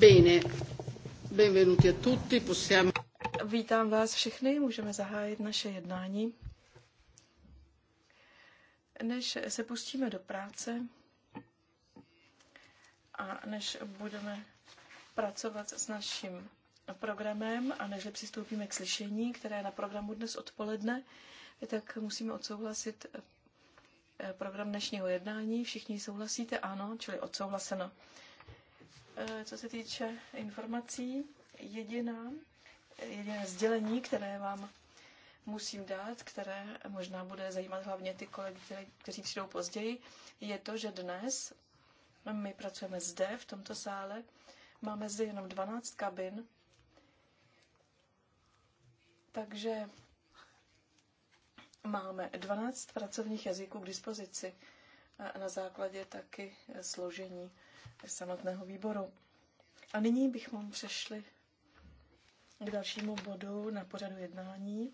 Bene, benvenuti a tutti, possiamo... Vítám vás všechny, můžeme zahájit naše jednání. Než se pustíme do práce a než budeme pracovat s naším programem a než přistoupíme k slyšení, které je na programu dnes odpoledne, tak musíme odsouhlasit eh, program dnešního jednání. Všichni souhlasíte? Ano, čili odsouhlaseno. Eh, co se týče informací, jediná, jediné sdělení, které vám musím dát, které možná bude zajímat hlavně ty kolegy, kteří přijdou později, je to, že dnes my pracujeme zde, v tomto sále, máme zde jenom 12 kabin, takže máme 12 pracovních jazyků k dispozici eh, na základě taky eh, složení samotného výboru. A nyní bychom přešli k dalšímu bodu na pořadu jednání.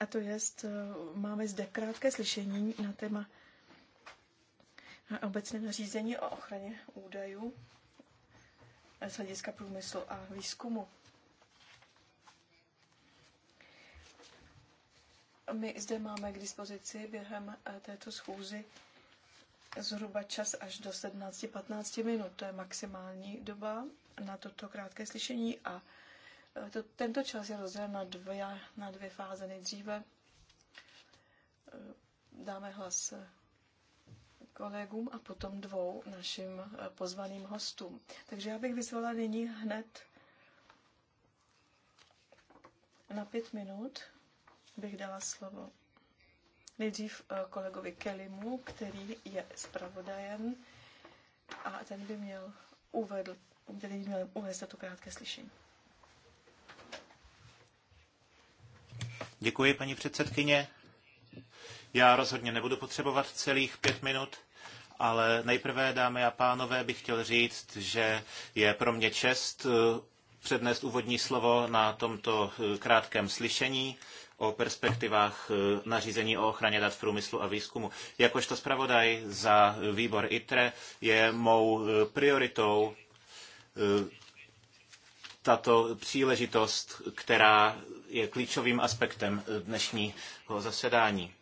A to jest, e, máme zde krátké slyšení na téma obecné nařízení o ochraně údajů z hlediska průmyslu a výzkumu. My zde máme k dispozici během eh, této schůzy zhruba čas až do 17-15 minut. To je maximální doba na toto krátké slyšení a eh, to, tento čas je rozdělen na dvě, na dvě fáze. Nejdříve eh, dáme hlas kolegům a potom dvou našim pozvaným hostům. Takže já bych vyzvala nyní hned na pět minut bych dala slovo nejdřív eh, kolegovi Kelimu, který je zpravodajem a ten by měl, uvedl, který by měl uvést to krátké slyšení. Děkuji, paní předsedkyně. Já rozhodně nebudu potřebovat celých pět minut, ale nejprve, dámy a pánové, bych chtěl říct, že je pro mě čest eh, přednést úvodní slovo na tomto eh, krátkém slyšení, o perspektivách e, nařízení o ochraně dat v průmyslu a výzkumu. Jakožto zpravodaj za výbor ITRE je mou e, prioritou e, tato příležitost, která je klíčovým aspektem dnešního zasedání.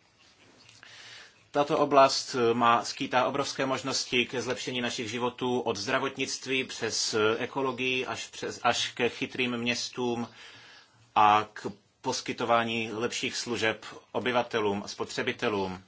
Tato oblast má, skýtá obrovské možnosti ke zlepšení našich životů od zdravotnictví přes ekologii až, přes, až ke chytrým městům a k poskytování lepších služeb obyvatelům, a spotřebitelům.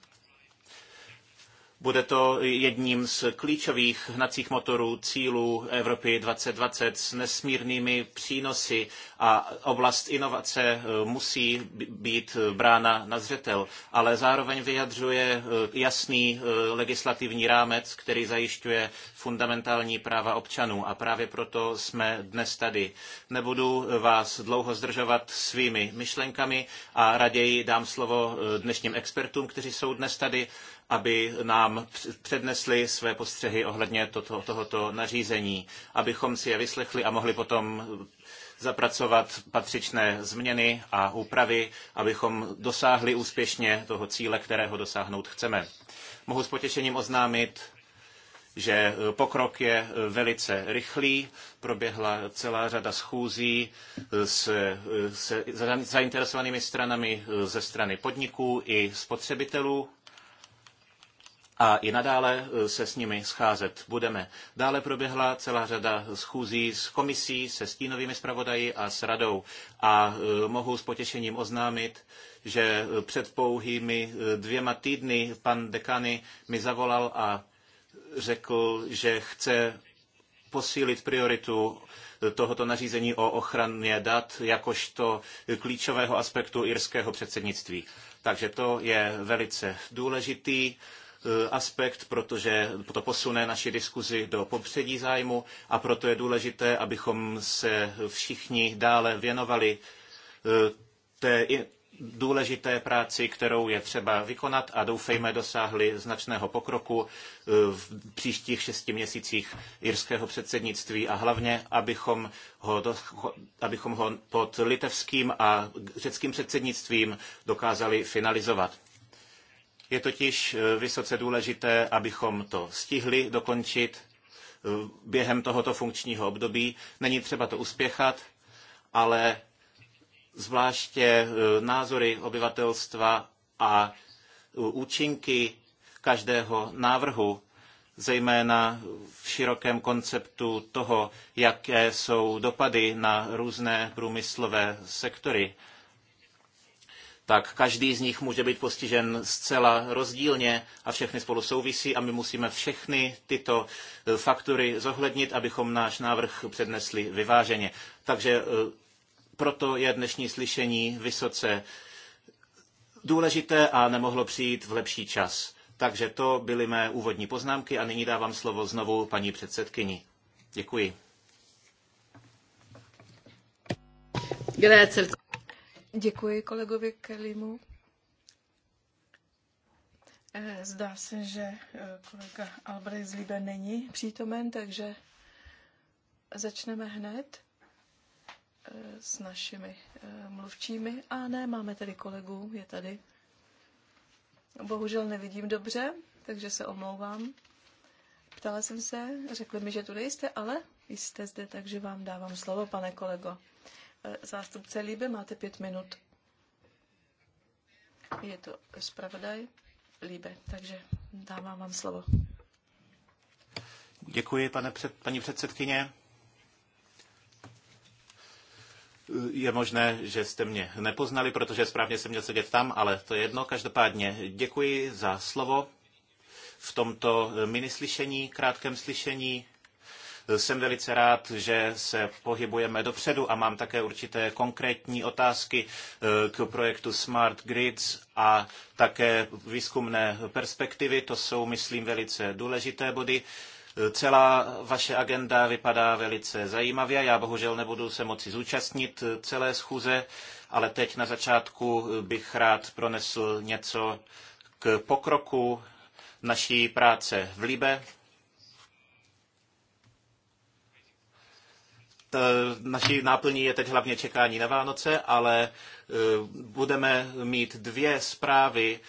Bude to jedním z klíčových hnacích motorů cílů Evropy 2020 s nesmírnými přínosy a oblast inovace eh, musí být brána na zřetel, ale zároveň vyjadřuje eh, jasný eh, legislativní rámec, který zajišťuje fundamentální práva občanů a právě proto jsme dnes tady. Nebudu vás dlouho zdržovat svými myšlenkami a raději dám slovo dnešním expertům, kteří jsou dnes tady aby nám přednesli své postřehy ohledně toto, tohoto nařízení, abychom si je vyslechli a mohli potom zapracovat patřičné změny a úpravy, abychom dosáhli úspěšně toho cíle, kterého dosáhnout chceme. Mohu s potěšením oznámit, že pokrok je velice rychlý. Proběhla celá řada schůzí s, s zainteresovanými stranami ze strany podniků i spotřebitelů a i nadále e, se s nimi scházet budeme. Dále proběhla celá řada schůzí s komisí, se stínovými zpravodaji a s radou a e, mohu s potěšením oznámit, že e, před pouhými dvěma týdny pan dekany mi zavolal a řekl, že chce posílit prioritu tohoto nařízení o ochraně dat jakožto klíčového aspektu irského předsednictví. Takže to je velice důležitý Eh, aspekt, protože to posune naši diskuzi do popředí zájmu a proto je důležité, abychom se všichni dále věnovali eh, té důležité práci, kterou je třeba vykonat a doufejme dosáhli značného pokroku eh, v příštích šesti měsících irského předsednictví a hlavně, abychom ho, do, abychom ho pod litevským a řeckým předsednictvím dokázali finalizovat. Je totiž eh, vysoce důležité, abychom to stihli dokončit eh, během tohoto funkčního období. Není třeba to uspěchat, ale zvláště eh, názory obyvatelstva a účinky každého návrhu, zejména v širokém konceptu toho, jaké jsou dopady na různé průmyslové sektory tak každý z nich může být postižen zcela rozdílně a všechny spolu souvisí a my musíme všechny tyto e, faktory zohlednit, abychom náš návrh přednesli vyváženě. Takže e, proto je dnešní slyšení vysoce důležité a nemohlo přijít v lepší čas. Takže to byly mé úvodní poznámky a nyní dávám slovo znovu paní předsedkyni. Děkuji. Grazie. Děkuji kolegovi Kelimu. Eh, zdá se, že eh, kolega Albrecht z Libe není přítomen, takže začneme hned eh, s našimi mluvčími. A ne, máme tady kolegu, je tady. Bohužel nevidím dobře, takže se omlouvám. Ptala jsem se, řekli mi, že tu nejste, ale jste zde, takže vám dávám slovo, pane kolego zástupce Líbe, máte pět minut. Je to zpravodaj Líbe, takže dávám vám slovo. Děkuji, pane před, paní předsedkyně. Je možné, že jste mě nepoznali, protože správně jsem měl sedět tam, ale to je jedno. Každopádně děkuji za slovo v tomto minislyšení, krátkém slyšení jsem velice rád, že se pohybujeme dopředu a mám také určité konkrétní otázky eh, k projektu Smart Grids a také výzkumné perspektivy. To jsou, myslím, velice důležité body. Eh, celá vaše agenda vypadá velice zajímavě. Já bohužel nebudu se moci zúčastnit eh, celé schůze, ale teď na začátku bych rád pronesl něco k pokroku naší práce v Libe Eh, naší náplní je teď hlavně čekání na Vánoce, ale eh, budeme mít dvě zprávy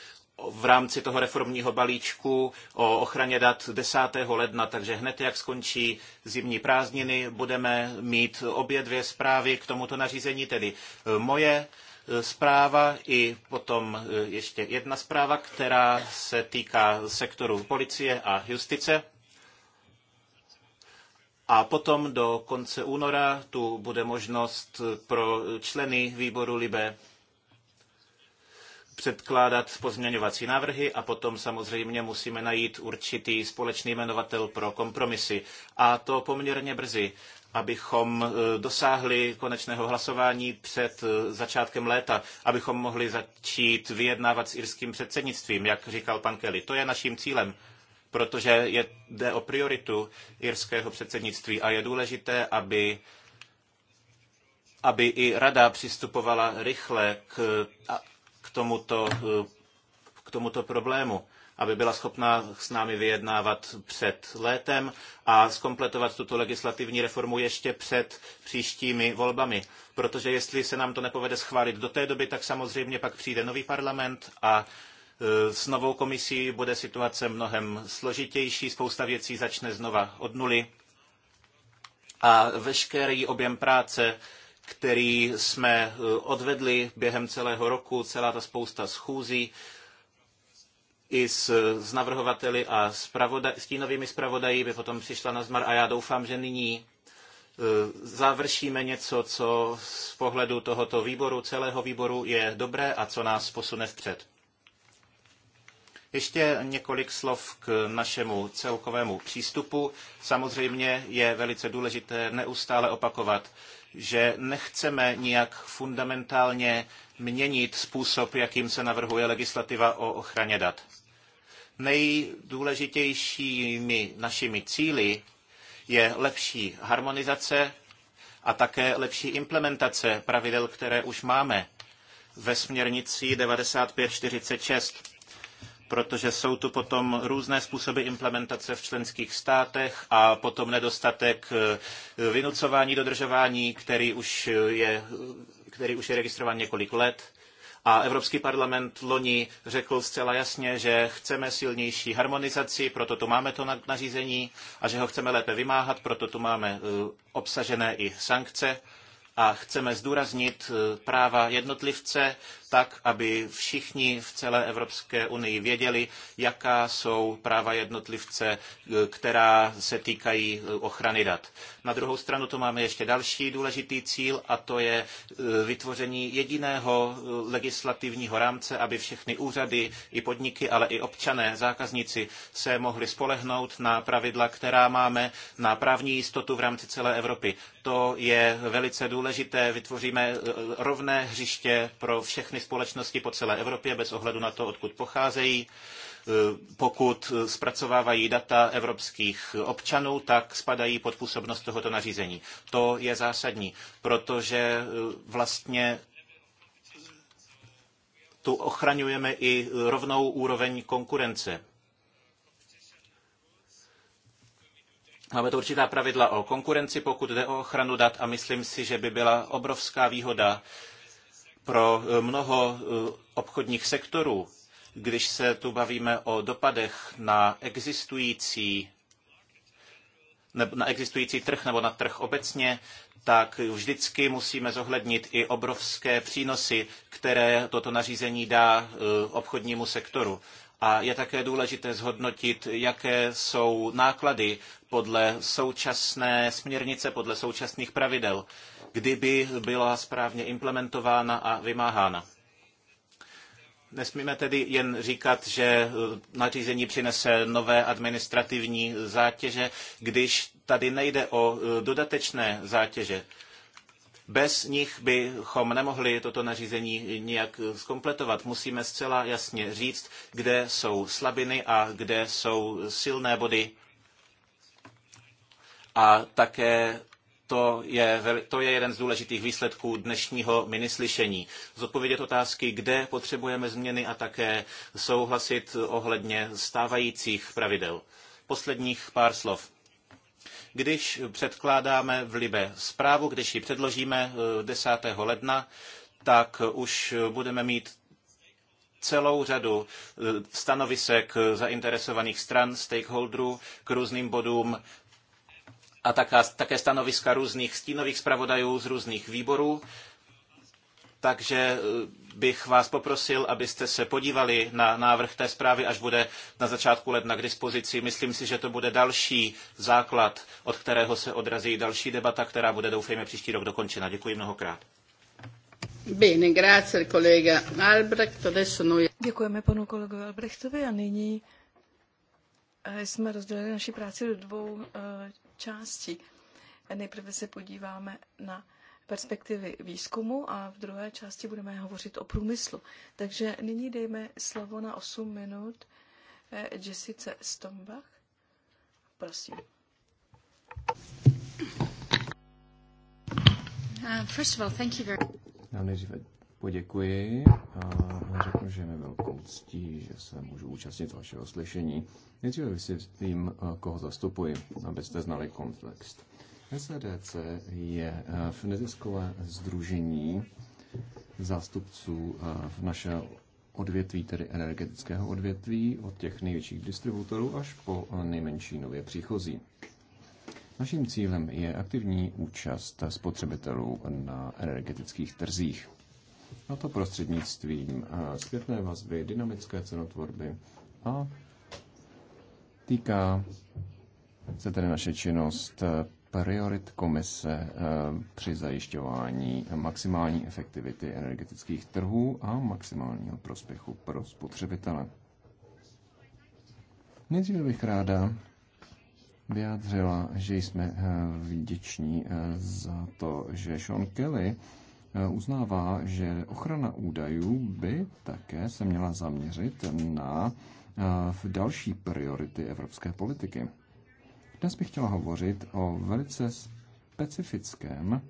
v rámci toho reformního balíčku o ochraně dat 10. ledna, takže hned jak skončí zimní prázdniny, budeme mít obě dvě zprávy k tomuto nařízení, tedy eh, moje zpráva i potom ještě jedna zpráva, která se týká sektoru policie a justice. A potom do konce února tu bude možnost pro členy výboru LIBE předkládat pozměňovací návrhy a potom samozřejmě musíme najít určitý společný jmenovatel pro kompromisy. A to poměrně brzy, abychom e, dosáhli konečného hlasování před e, začátkem léta, abychom mohli začít vyjednávat s irským předsednictvím, jak říkal pan Kelly. To je naším cílem protože je, jde o prioritu irského předsednictví a je důležité, aby aby i rada přistupovala rychle k, k, tomuto, k tomuto problému, aby byla schopna s námi vyjednávat před létem a skompletovat tuto legislativní reformu ještě před příštími volbami. Protože jestli se nám to nepovede schválit do té doby, tak samozřejmě pak přijde nový parlament a E, s novou komisí bude situace mnohem složitější, spousta věcí začne znova od nuly a veškerý objem práce, který jsme e, odvedli během celého roku, celá ta spousta schůzí, i s, s navrhovateli a s stínovými zpravodaji by potom přišla na zmar a já doufám, že nyní e, završíme něco, co z pohledu tohoto výboru, celého výboru je dobré a co nás posune vpřed. Ještě několik slov k našemu celkovému přístupu. Samozřejmě je velice důležité neustále opakovat, že nechceme nijak fundamentálně měnit způsob, jakým se navrhuje legislativa o ochraně dat. Nejdůležitějšími našimi cíli je lepší harmonizace a také lepší implementace pravidel, které už máme ve směrnici 9546 protože jsou tu potom různé způsoby implementace v členských státech a potom nedostatek eh, vynucování, dodržování, který už je, který už je registrován několik let. A Evropský parlament loni řekl zcela jasně, že chceme silnější harmonizaci, proto tu máme to nařízení a že ho chceme lépe vymáhat, proto tu máme eh, obsažené i sankce a chceme zdůraznit eh, práva jednotlivce, tak, aby všichni v celé Evropské unii věděli, jaká jsou práva jednotlivce, která se týkají eh, ochrany dat. Na druhou stranu tu máme ještě další důležitý cíl a to je eh, vytvoření jediného eh, legislativního rámce, aby všechny úřady i podniky, ale i občané, zákazníci se mohli spolehnout na pravidla, která máme, na právní jistotu v rámci celé Evropy. To je velice důležité, vytvoříme rovné hřiště pro všechny společnosti po celé Evropě bez ohledu na to, odkud pocházejí. E, pokud zpracovávají data evropských občanů, tak spadají pod působnost tohoto nařízení. To je zásadní, protože e, vlastně tu ochraňujeme i rovnou úroveň konkurence. Máme tu určitá pravidla o konkurenci, pokud jde o ochranu dat a myslím si, že by byla obrovská výhoda, pro eh, mnoho eh, obchodních sektorů, když se tu bavíme o dopadech na existující nebo na existující trh nebo na trh obecně, tak vždycky musíme zohlednit i obrovské přínosy, které toto nařízení dá eh, obchodnímu sektoru. A je také důležité zhodnotit, jaké jsou náklady podle současné směrnice, podle současných pravidel kdyby byla správně implementována a vymáhána. Nesmíme tedy jen říkat, že eh, nařízení přinese nové administrativní zátěže, když tady nejde o eh, dodatečné zátěže. Bez nich bychom nemohli toto nařízení nijak eh, zkompletovat. Musíme zcela jasně říct, kde jsou slabiny a kde jsou silné body. A také to je, to je jeden z důležitých výsledků dnešního minislyšení. Zodpovědět otázky, kde potřebujeme změny a také souhlasit ohledně stávajících pravidel. Posledních pár slov když předkládáme v Libe zprávu, když ji předložíme 10. Eh, ledna, tak už budeme mít celou řadu eh, stanovisek eh, zainteresovaných stran, stakeholderů k různým bodům a také stanoviska různých stínových zpravodajů z různých výborů. Takže eh, bych vás poprosil, abyste se podívali na návrh té zprávy, až bude na začátku ledna k dispozici. Myslím si, že to bude další základ, od kterého se odrazí další debata, která bude, doufejme, příští rok dokončena. Děkuji mnohokrát. Bene, grazie kolega Albrecht. Adesso noi... Děkujeme panu kolegovi Albrechtovi a nyní eh, jsme rozdělili naši práci do dvou eh, části Nejprve se podíváme na perspektivy výzkumu a v druhé části budeme hovořit o průmyslu. Takže nyní dejme slovo na 8 minut eh, Jessice Stombach. Prosím. Uh, first of all, thank you very... Já nejdříve poděkuji a řeknu, že mi velkou ctí, že se můžu účastnit vašeho slyšení. Nejdříve vysvětlím, eh, koho zastupuji, abyste znali kontext. SADC e je eh, v neziskové združení zástupců eh, v našeho odvětví, tedy energetického odvětví, od těch největších distributorů až po nejmenší nově příchozí. Naším cílem je aktivní účast spotřebitelů na energetických trzích. A to prostřednictvím eh, zpětné vazby, dynamické cenotvorby a týká se tedy naše činnost eh, priorit komise eh, při zajišťování maximální efektivity energetických trhů a maximálního prospěchu pro spotřebitele. Nejdříve bych ráda vyjádřila, že jsme vděční za to, že Sean Kelly Eh, uznává, že ochrana údajů by také se měla zaměřit na eh, v další priority evropské politiky. Dnes bych chtěla hovořit o velice specifickém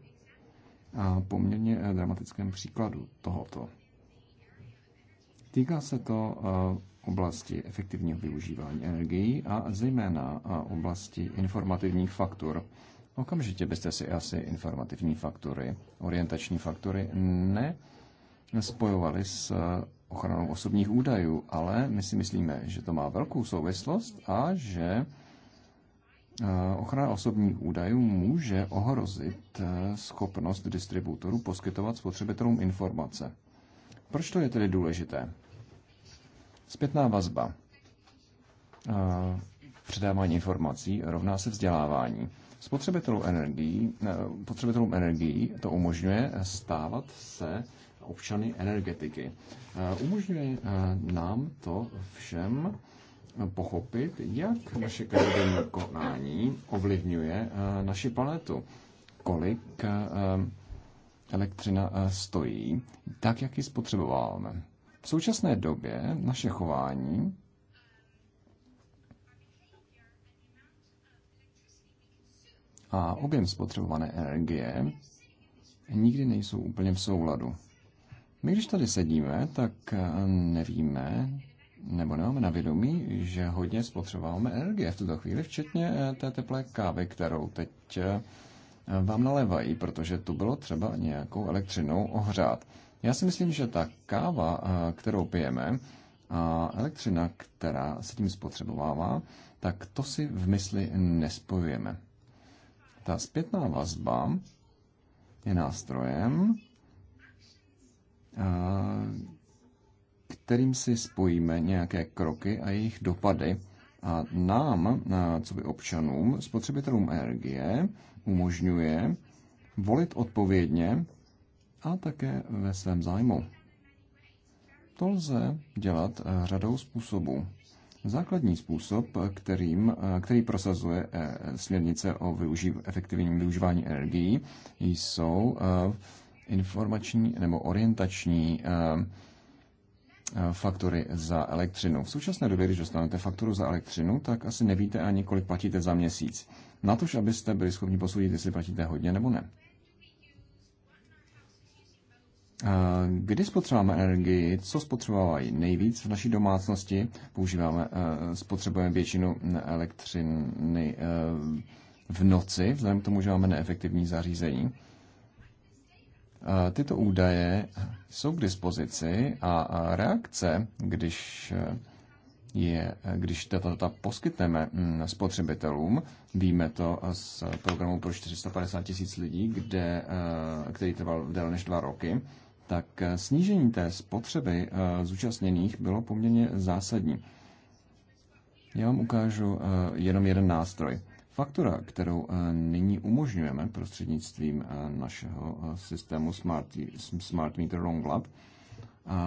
a poměrně eh, dramatickém příkladu tohoto. Týká se to oblasti efektivního využívání energií a zejména oblasti informativních faktur. Okamžitě byste si asi informativní faktury, orientační faktury ne spojovali s eh, ochranou osobních údajů, ale my si myslíme, že to má velkou souvislost a že eh, ochrana osobních údajů může ohrozit eh, schopnost distributorů poskytovat spotřebitelům informace. Proč to je tedy důležité? Zpětná vazba. Předávání informací rovná se vzdělávání. Spotřebitelům energií, eh, spotřebitelům energií to umožňuje stávat se občany energetiky. Eh, umožňuje eh, nám to všem pochopit, jak naše každodenní konání ovlivňuje naši planetu. Kolik elektřina stojí, tak jak ji spotřebováváme. V současné době naše chování a objem spotřebované energie nikdy nejsou úplně v souladu. My, když tady sedíme, tak eh, nevíme, nebo nemáme na vědomí, že hodně spotřebováváme energie v tuto chvíli, včetně eh, té teplé kávy, kterou teď eh, vám nalevají, protože tu bylo třeba nějakou elektřinou ohřát. Já si myslím, že ta káva, kterou pijeme, a elektřina, která se tím spotřebovává, tak to si v mysli nespojujeme. Ta zpětná vazba je nástrojem, kterým si spojíme nějaké kroky a jejich dopady a nám, co by občanům, spotřebitelům energie, umožňuje volit odpovědně a také ve svém zájmu. To lze dělat e, řadou způsobů. Základní způsob, kterým, který prosazuje eh, směrnice o využív, efektivním využívání energií, jsou eh, informační nebo orientační eh, faktury za elektřinu. V současné době, když dostanete fakturu za elektřinu, tak asi nevíte ani, kolik platíte za měsíc. Na to, abyste byli schopni posoudit, jestli platíte hodně nebo ne. Eh, kdy spotřebujeme energii? Co spotřebovávají nejvíc v naší domácnosti? Používáme, eh, spotřebujeme většinu mm, elektřiny eh, v noci, vzhledem k tomu, že máme neefektivní zařízení. Tyto údaje jsou k dispozici a reakce, když je, když tato data poskytneme mm, spotřebitelům, víme to z programu pro 450 tisíc lidí, kde, který trval déle než dva roky, tak eh, snížení té spotřeby eh, zúčastněných bylo poměrně zásadní. Já vám ukážu eh, jenom jeden nástroj. Faktura, kterou nyní umožňujeme prostřednictvím našeho systému Smart, Smart Meter Long Lab,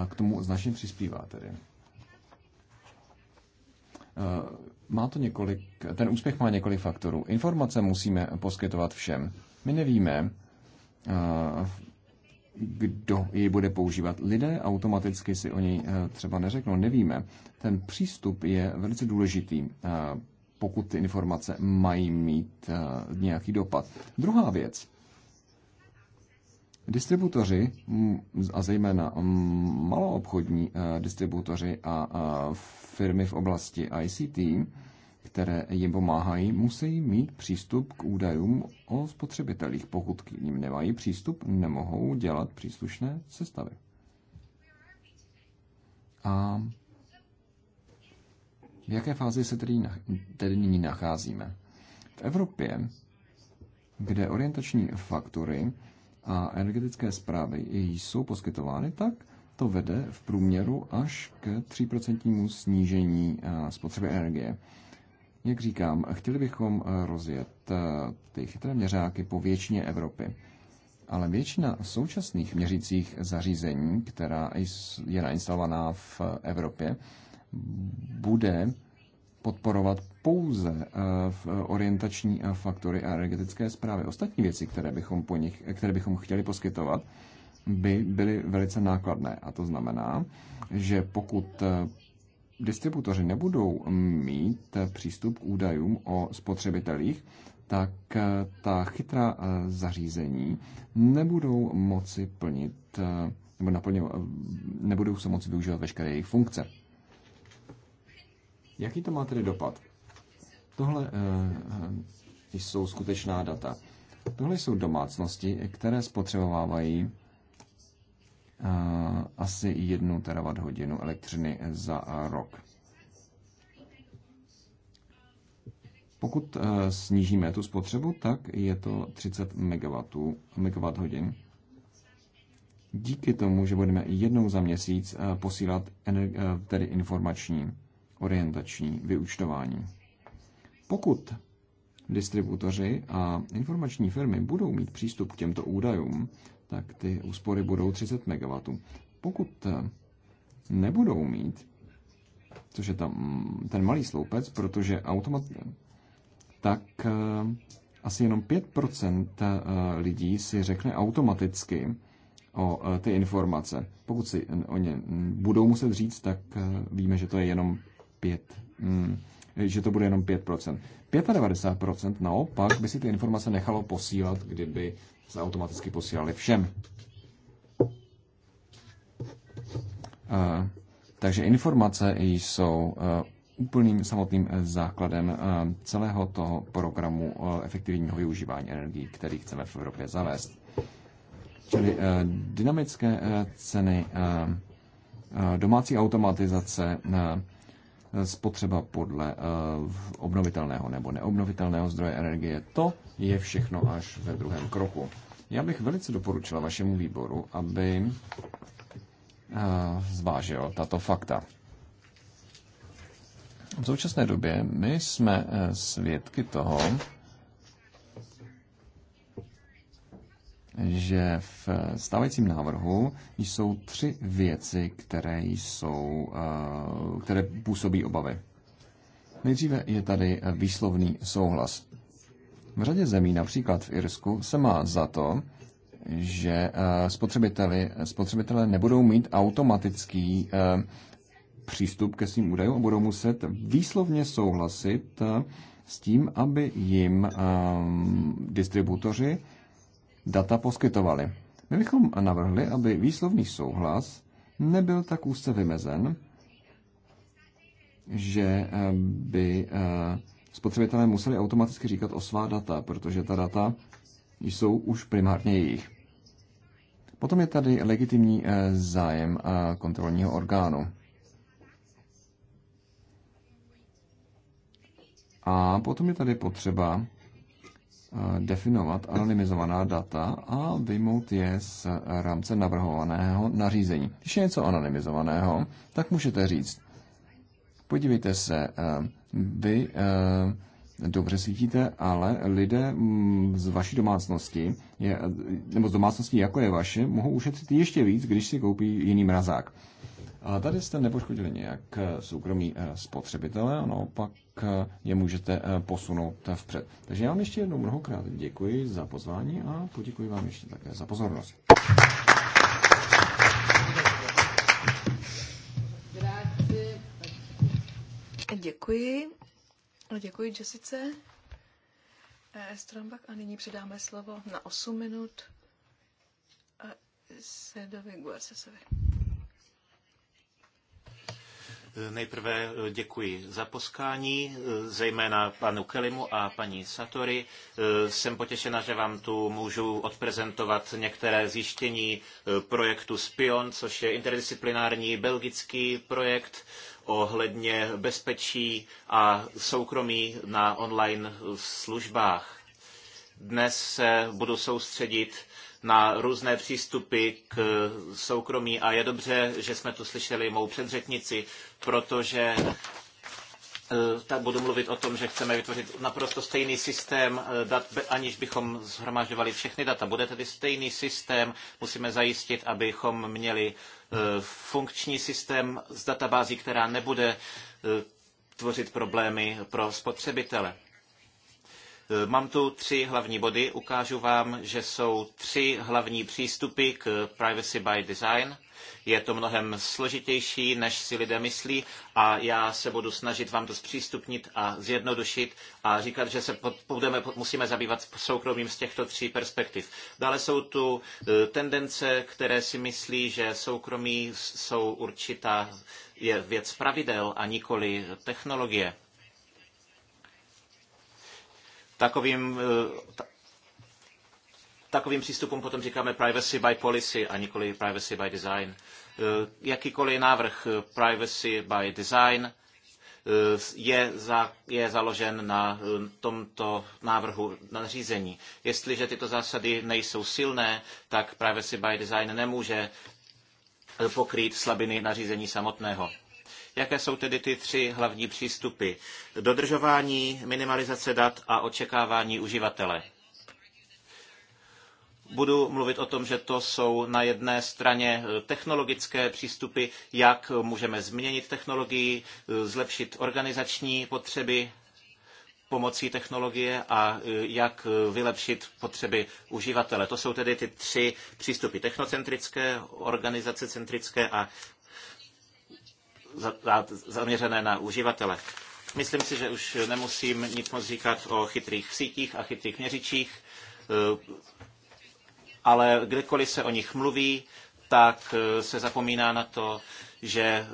k tomu značně přispívá tedy. Má to několik, ten úspěch má několik faktorů. Informace musíme poskytovat všem. My nevíme, kdo ji bude používat. Lidé automaticky si o něj eh, třeba neřeknou, nevíme. Ten přístup je velice důležitý, eh, pokud ty informace mají mít eh, nějaký dopad. Druhá věc. Distributoři, a zejména maloobchodní distributoři a firmy v oblasti ICT, které jim pomáhají, musí mít přístup k údajům o spotřebitelích. Pokud k ním nemají přístup, nemohou dělat příslušné sestavy. A v jaké fázi se tedy, tedy nyní nacházíme? V Evropě, kde orientační faktory a energetické zprávy jsou poskytovány tak, to vede v průměru až k 3% snížení eh, spotřeby energie. Jak říkám, chtěli bychom eh, rozjet eh, ty chytré měřáky po většině Evropy. Ale většina současných měřících zařízení, která je nainstalovaná v eh, Evropě, bude podporovat pouze v orientační faktory a energetické zprávy. Ostatní věci, které bychom, po nich, které bychom chtěli poskytovat, by byly velice nákladné. A to znamená, že pokud distributoři nebudou mít přístup k údajům o spotřebitelích, tak eh, ta chytrá eh, zařízení nebudou moci plnit, eh, nebo naplně, nebudou se moci využívat veškeré jejich funkce. Jaký to má tedy dopad? Tohle jsou skutečná data. Tohle jsou domácnosti, které spotřebovávají asi jednu terawatt hodinu elektřiny za rok. Pokud e, snížíme tu spotřebu, tak je to 30 MW, MW hodin. Díky tomu, že budeme jednou za měsíc e, posílat e, tedy informační, orientační vyučtování. Pokud distributoři a informační firmy budou mít přístup k těmto údajům, tak ty úspory budou 30 MW. Pokud eh, nebudou mít, což je tam mm, ten malý sloupec, protože automat, tak eh, asi jenom 5% eh, lidí si řekne automaticky o ty informace. Pokud si o ně budou muset říct, tak víme, že to je jenom 5, mm, že to bude jenom 5%. 95% naopak by si ty informace nechalo posílat, kdyby se automaticky posílaly všem. Eh, takže informace jsou eh, úplným samotným eh, základem celého toho programu efektivního využívání energií, který chceme v Evropě zavést. Čili dynamické ceny, domácí automatizace, spotřeba podle eh, obnovitelného nebo neobnovitelného zdroje energie. To je všechno až ve druhém kroku. Já bych velice doporučila vašemu výboru, aby eh, zvážil tato fakta. V současné době my jsme eh, svědky toho, že v stávajícím návrhu jsou tři věci, které, jsou, eh, které působí obavy. Nejdříve je tady výslovný souhlas. V řadě zemí, například v Irsku, se má za to, že eh, spotřebiteli, spotřebitelé nebudou mít automatický eh, přístup ke svým údajům a budou muset výslovně souhlasit s tím, aby jim distributoři data poskytovali. My bychom navrhli, aby výslovný souhlas nebyl tak úzce vymezen, že eh, by eh, spotřebitelé museli automaticky říkat o svá data, protože ta data jsou už primárně jejich. Potom je tady legitimní eh, zájem kontrolního orgánu. A potom je tady potřeba definovat anonymizovaná data a vyjmout je z rámce navrhovaného nařízení. Když je něco anonymizovaného, tak můžete říct, podívejte se, eh, vy eh, dobře svítíte, ale lidé mm, z vaší domácnosti, nebo z domácnosti jako je vaše, mohou ušetřit ještě víc, když si koupí jiný mrazák. A tady jste nepoškodili nějak eh, soukromí spotřebitele, a naopak Eh, je můžete eh, posunout vpřed. Takže já vám ještě jednou mnohokrát děkuji za pozvání a poděkuji vám ještě také za pozornost. Děkuji. Děkuji, Jessice. Eh, Strambak a nyní předáme slovo na 8 minut Sedovi Guarcesovi. Nejprve děkuji za poskání, zejména panu Kelimu a paní Satori. Jsem potěšena, že vám tu můžu odprezentovat některé zjištění eh, projektu SPION, což je interdisciplinární belgický projekt ohledně bezpečí a soukromí na online službách. Dnes se budu soustředit na různé přístupy k soukromí a je dobře, že jsme tu slyšeli mou předřetnici, protože eh, tak budu mluvit o tom, že chceme vytvořit naprosto stejný systém eh, dat, aniž bychom shromažďovali všechny data. Bude tedy stejný systém, musíme zajistit, abychom měli eh, funkční systém z databází, která nebude tvořit problémy pro spotřebitele. Eh, mám tu tři hlavní body. Ukážu vám, že jsou tři hlavní přístupy k Privacy by Design. Je to mnohem složitější, než si lidé myslí a já se budu snažit vám to zpřístupnit a zjednodušit a říkat, že se pod, budeme, musíme zabývat soukromím z těchto tří perspektiv. Dále jsou tu eh, tendence, které si myslí, že soukromí jsou určitá je věc pravidel a nikoli technologie. Takovým, eh, takovým přístupům potom říkáme privacy by policy a nikoli privacy by design. Eh, jakýkoliv návrh privacy by design eh, je, za, je založen na tomto návrhu nařízení. Jestliže tyto zásady nejsou silné, tak privacy by design nemůže pokrýt slabiny nařízení samotného. Jaké jsou tedy ty tři hlavní přístupy? Dodržování, minimalizace dat a očekávání uživatele. Budu mluvit o tom, že to jsou na jedné straně technologické přístupy, jak můžeme změnit technologii, zlepšit organizační potřeby pomocí technologie a jak vylepšit potřeby uživatele. To jsou tedy ty tři přístupy technocentrické, organizace centrické a zaměřené na uživatele. Myslím si, že už nemusím nic moc říkat o chytrých sítích a chytrých měřičích, eh, ale kdekoliv se o nich mluví, tak eh, se zapomíná na to, že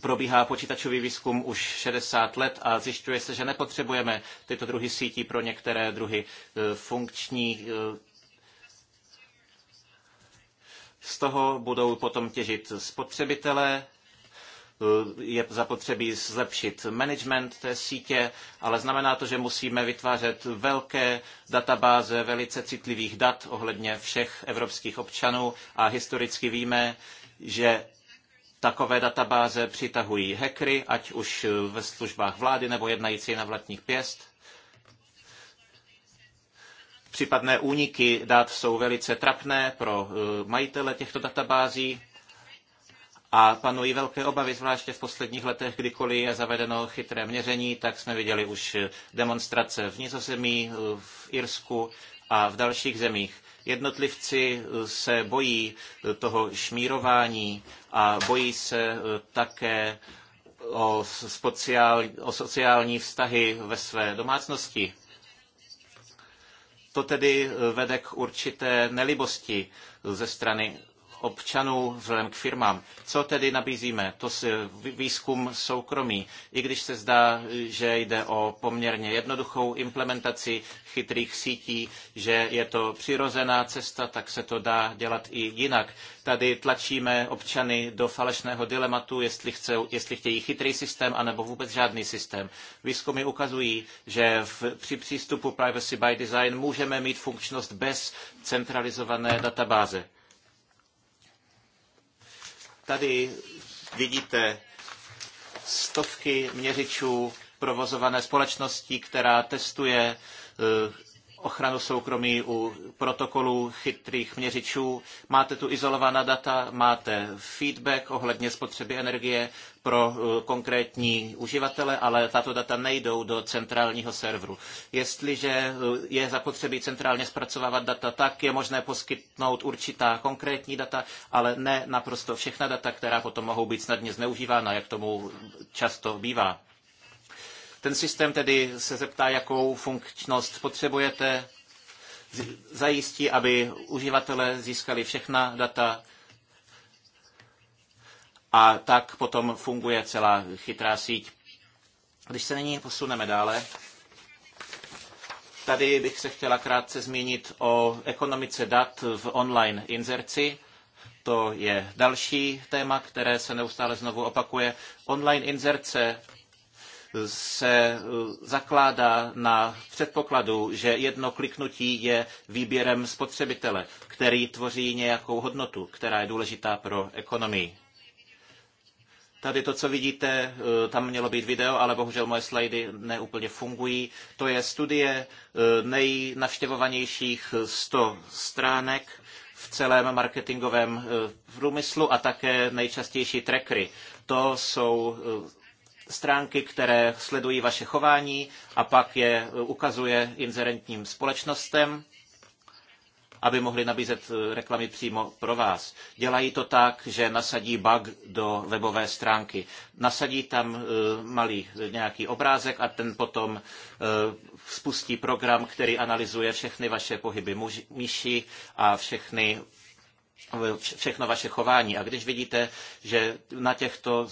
probíhá počítačový výzkum už 60 let a zjišťuje se, že nepotřebujeme tyto druhy sítí pro některé druhy eh, funkční z toho budou potom těžit spotřebitelé, je zapotřebí zlepšit management té sítě, ale znamená to, že musíme vytvářet velké databáze velice citlivých dat ohledně všech evropských občanů a historicky víme, že takové databáze přitahují hackery, ať už ve službách vlády nebo jednající na vlastních pěst. Případné úniky dat jsou velice trapné pro eh, majitele těchto databází a panují velké obavy, zvláště v posledních letech, kdykoliv je zavedeno chytré měření, tak jsme viděli už eh, demonstrace v Nizozemí, eh, v Irsku a v dalších zemích. Jednotlivci se bojí toho šmírování a bojí se také o, o sociální vztahy ve své domácnosti. To tedy eh, vede k určité nelibosti ze strany občanů vzhledem k firmám. Co tedy nabízíme? To si výzkum soukromí. I když se zdá, že jde o poměrně jednoduchou implementaci chytrých sítí, že je to přirozená cesta, tak se to dá dělat i jinak. Tady tlačíme občany do falešného dilematu, jestli, chce, jestli chtějí chytrý systém, anebo vůbec žádný systém. Výzkumy ukazují, že v, při přístupu Privacy by Design můžeme mít funkčnost bez centralizované databáze. Tady vidíte stovky měřičů provozované společností, která testuje eh, ochranu soukromí u protokolů chytrých měřičů, máte tu izolovaná data, máte feedback ohledně spotřeby energie pro eh, konkrétní uživatele, ale tato data nejdou do centrálního serveru. Jestliže eh, je zapotřebí centrálně zpracovávat data, tak je možné poskytnout určitá konkrétní data, ale ne naprosto všechna data, která potom mohou být snadně zneužívána, jak tomu často bývá. Ten systém tedy se zeptá, jakou funkčnost potřebujete, zajistí, aby uživatelé získali všechna data a tak potom funguje celá chytrá síť. Když se nyní posuneme dále, tady bych se chtěla krátce zmínit o ekonomice dat v online inzerci. To je další téma, které se neustále znovu opakuje. Online inzerce se eh, zakládá na předpokladu, že jedno kliknutí je výběrem spotřebitele, který tvoří nějakou hodnotu, která je důležitá pro ekonomii. Tady to, co vidíte, eh, tam mělo být video, ale bohužel moje slajdy neúplně fungují. To je studie eh, nejnavštěvovanějších 100 stránek v celém marketingovém průmyslu a také nejčastější trackery. To jsou stránky, které sledují vaše chování a pak je e, ukazuje inzerentním společnostem, aby mohli nabízet e, reklamy přímo pro vás. Dělají to tak, že nasadí bug do webové stránky. Nasadí tam e, malý nějaký obrázek a ten potom spustí program, který analyzuje všechny vaše pohyby myší a všechny všechno vaše chování. A když vidíte, že na těchto,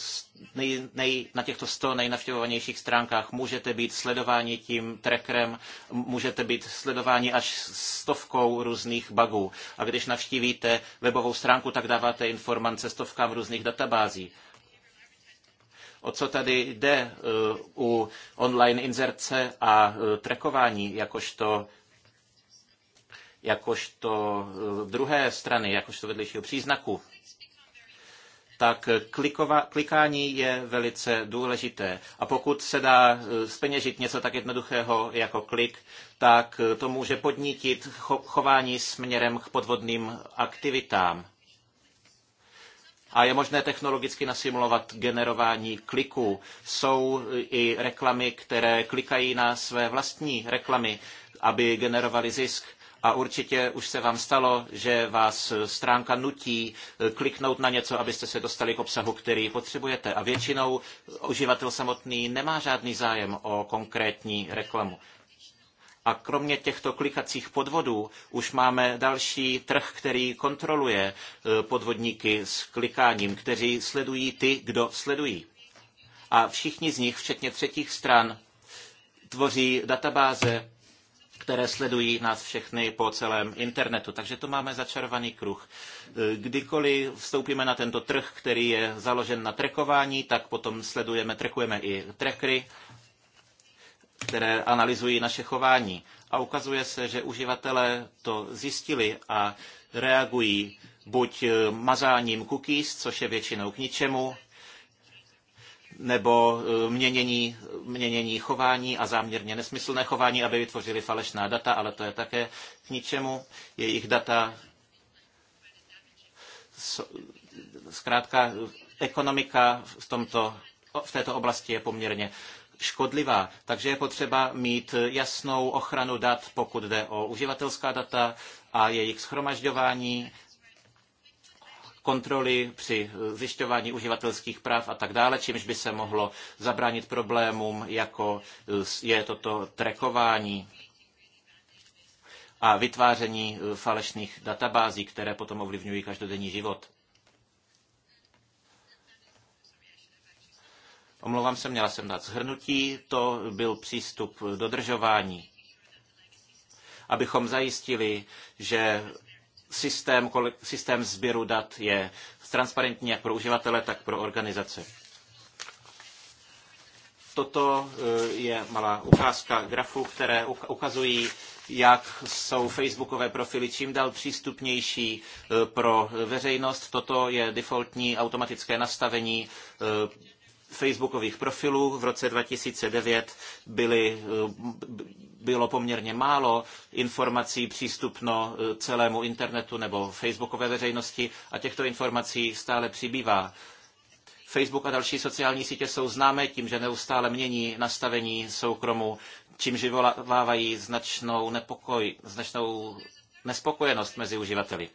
nej, nej, na těchto 100 nejnavštěvovanějších stránkách můžete být sledováni tím trackerem, můžete být sledováni až stovkou různých bugů. A když navštívíte webovou stránku, tak dáváte informace stovkám různých databází. O co tady jde uh, u online inzerce a uh, trackování jakožto jakožto eh, druhé strany, jakožto vedlejšího příznaku, tak kliková, klikání je velice důležité. A pokud se dá speněžit eh, něco tak jednoduchého jako klik, tak eh, to může podnítit chování směrem k podvodným aktivitám. A je možné technologicky nasimulovat generování kliků. Jsou i reklamy, které klikají na své vlastní reklamy, aby generovali zisk a určitě už se vám stalo, že vás stránka nutí eh, kliknout na něco, abyste se dostali k obsahu, který potřebujete. A většinou uživatel samotný nemá žádný zájem o konkrétní reklamu. A kromě těchto klikacích podvodů už máme další trh, který kontroluje eh, podvodníky s klikáním, kteří sledují ty, kdo sledují. A všichni z nich, včetně třetích stran, tvoří databáze které sledují nás všechny po celém internetu. Takže to máme začarovaný kruh. Kdykoliv vstoupíme na tento trh, který je založen na trekování, tak potom sledujeme, trekujeme i trekry, které analyzují naše chování. A ukazuje se, že uživatelé to zjistili a reagují buď mazáním cookies, což je většinou k ničemu, nebo eh, měnění, měnění chování a záměrně nesmyslné chování, aby vytvořili falešná data, ale to je také k ničemu. Jejich data zkrátka ekonomika v, tomto, v této oblasti je poměrně škodlivá, takže je potřeba mít jasnou ochranu dat, pokud jde o uživatelská data a jejich schromažďování kontroly při eh, zjišťování uživatelských práv a tak dále, čímž by se mohlo zabránit problémům, jako eh, je toto trekování a vytváření eh, falešných databází, které potom ovlivňují každodenní život. Omlouvám se, měla jsem dát shrnutí, to byl přístup dodržování. Abychom zajistili, že systém, systém sběru dat je transparentní jak pro uživatele, tak pro organizace. Toto eh, je malá ukázka grafu, které ukazují, jak jsou facebookové profily čím dál přístupnější eh, pro veřejnost. Toto je defaultní automatické nastavení eh, facebookových profilů v roce 2009 byly, eh, bylo poměrně málo informací přístupno eh, celému internetu nebo facebookové veřejnosti a těchto informací stále přibývá. Facebook a další sociální sítě jsou známé tím, že neustále mění nastavení soukromu, čímž vyvolávají značnou nepokoj, značnou nespokojenost mezi uživateli.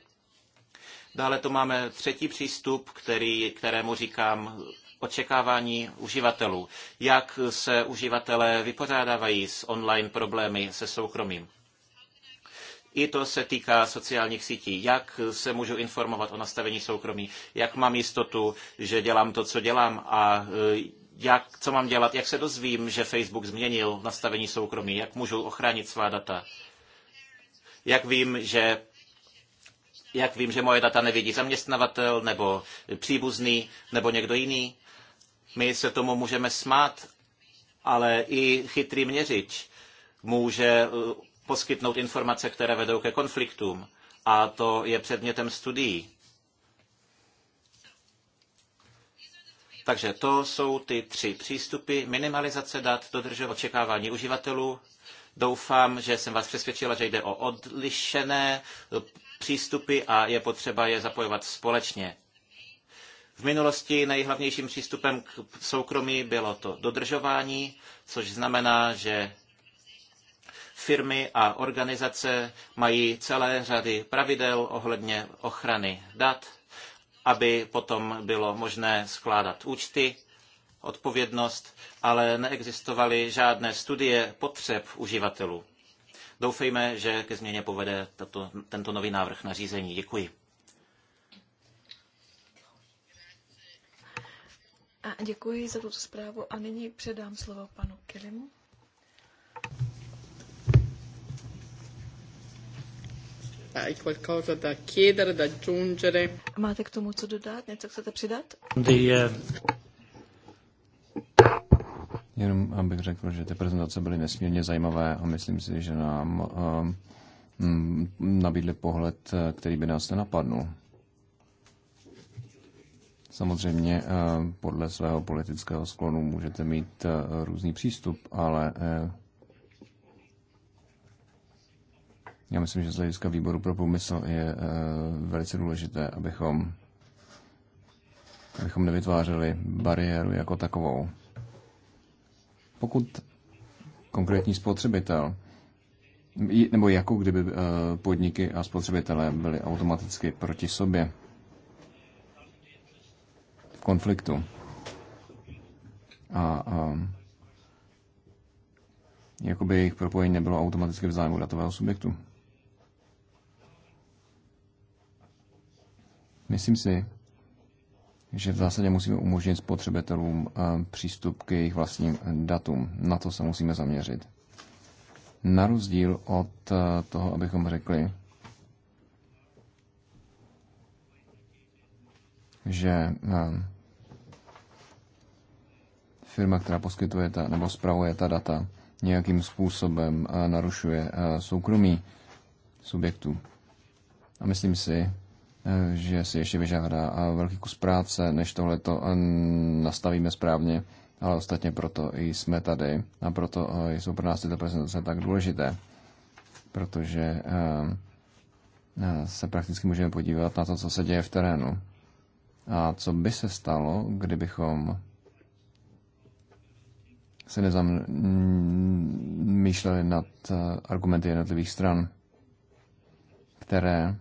Dále tu máme třetí přístup, který, kterému říkám očekávání uživatelů, jak se uživatelé vypořádávají s online problémy se soukromím. I to se týká sociálních sítí. Jak se můžu informovat o nastavení soukromí, jak mám jistotu, že dělám to, co dělám a e, jak, co mám dělat, jak se dozvím, že Facebook změnil nastavení soukromí, jak můžu ochránit svá data, jak vím, že jak vím, že moje data nevidí zaměstnavatel nebo příbuzný nebo někdo jiný. My se tomu můžeme smát, ale i chytrý měřič může eh, poskytnout informace, které vedou ke konfliktům. A to je předmětem studií. Takže to jsou ty tři přístupy. Minimalizace dat, dodržování očekávání uživatelů. Doufám, že jsem vás přesvědčila, že jde o odlišené eh, přístupy a je potřeba je zapojovat společně. V minulosti nejhlavnějším přístupem k soukromí bylo to dodržování, což znamená, že firmy a organizace mají celé řady pravidel ohledně ochrany dat, aby potom bylo možné skládat účty, odpovědnost, ale neexistovaly žádné studie potřeb uživatelů. Doufejme, že ke změně povede tato, tento nový návrh nařízení. Děkuji. A děkuji za tuto zprávu a nyní předám slovo panu Kilimu. hai qualcosa da chiedere, da aggiungere? Máte k tomu co dodat? Něco chcete přidat? The, Jenom abych řekl, že ty prezentace byly nesmírně zajímavé a myslím si, že nám um, nabídly pohled, eh, který by nás nenapadnul. Samozřejmě eh, podle svého politického sklonu můžete mít eh, různý přístup, ale eh, já myslím, že z hlediska výboru pro průmysl je velice důležité, abychom, abychom nevytvářeli bariéru jako takovou. Pokud konkrétní spotřebitel nebo jako kdyby podniky a spotřebitelé byli automaticky proti sobě konfliktu. A, a jakoby jejich propojení nebylo automaticky v zájmu datového subjektu. Myslím si, že v zásadě musíme umožnit spotřebitelům eh, přístup k jejich vlastním datům. Na to se musíme zaměřit. Na rozdíl od eh, toho, abychom řekli, že eh, firma, která poskytuje ta, nebo zpravuje ta data, nějakým způsobem eh, narušuje eh, soukromí subjektů. A myslím si, eh, že si ještě vyžádá velký kus práce, než tohle to nastavíme správně, ale ostatně proto i jsme tady a proto jsou pro nás tyto prezentace tak důležité, protože se prakticky můžeme podívat na to, co se děje v terénu a co by se stalo, kdybychom se nezamýšleli nad eh, argumenty jednotlivých stran, které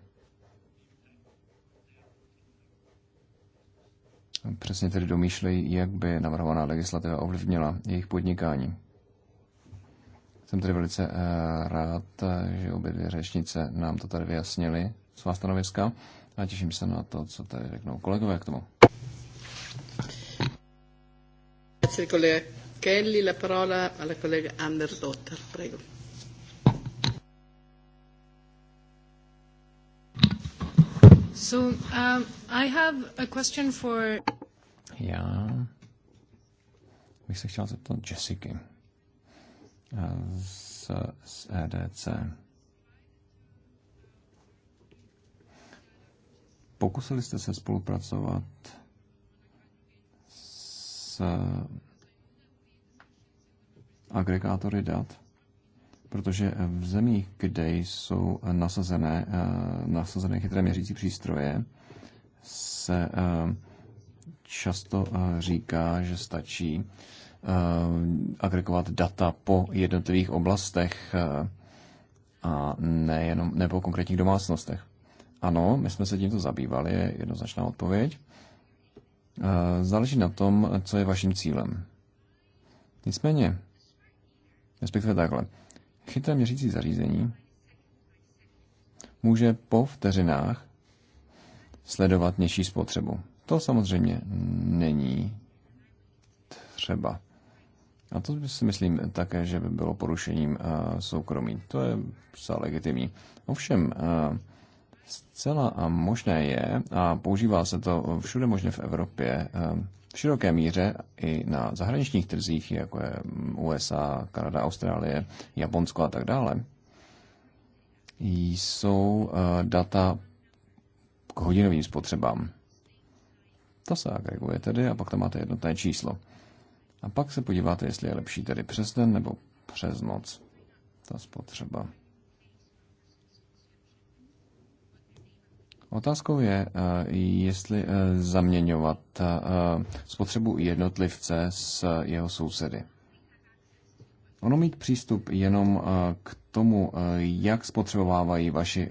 přesně tedy domýšlejí, jak by navrhovaná legislativa ovlivnila jejich podnikání. Jsem tedy velice eh, rád, že obě dvě řečnice nám to tady vyjasnili, svá stanoviska, a těším se na to, co tady řeknou kolegové k tomu. Kelly, la parola alla collega Anderdotter, prego. So, um, I have a question for... Já bych se chtěla zeptat Jessiky eh, z, z EDC. Pokusili jste se spolupracovat s agregátory dat, protože v zemích, kde jsou nasazené, eh, nasazené chytré měřící přístroje, se eh, často eh, říká, že stačí agregovat data po jednotlivých oblastech a nejenom, ne po konkrétních domácnostech. Ano, my jsme se tímto zabývali, je jednoznačná odpověď. Záleží na tom, co je vaším cílem. Nicméně, Respektive takhle. Chytré měřící zařízení může po vteřinách sledovat nižší spotřebu. To samozřejmě není třeba. A to si myslím také, že by bylo porušením eh, soukromí. To je zcela legitimní. Ovšem, eh, zcela eh, možné je, a používá se to všude možně v Evropě, v široké míře i na zahraničních trzích, jako je USA, Kanada, Austrálie, Japonsko a tak dále, jsou eh, data k hodinovým spotřebám. To se agreguje tedy a pak tam máte jednotné číslo. A pak se podíváte, jestli je lepší tedy přes den nebo přes noc ta spotřeba. Otázkou je, eh, jestli eh, zaměňovat eh, spotřebu jednotlivce s jeho sousedy. Ono mít přístup jenom k tomu, jak spotřebovávají vaši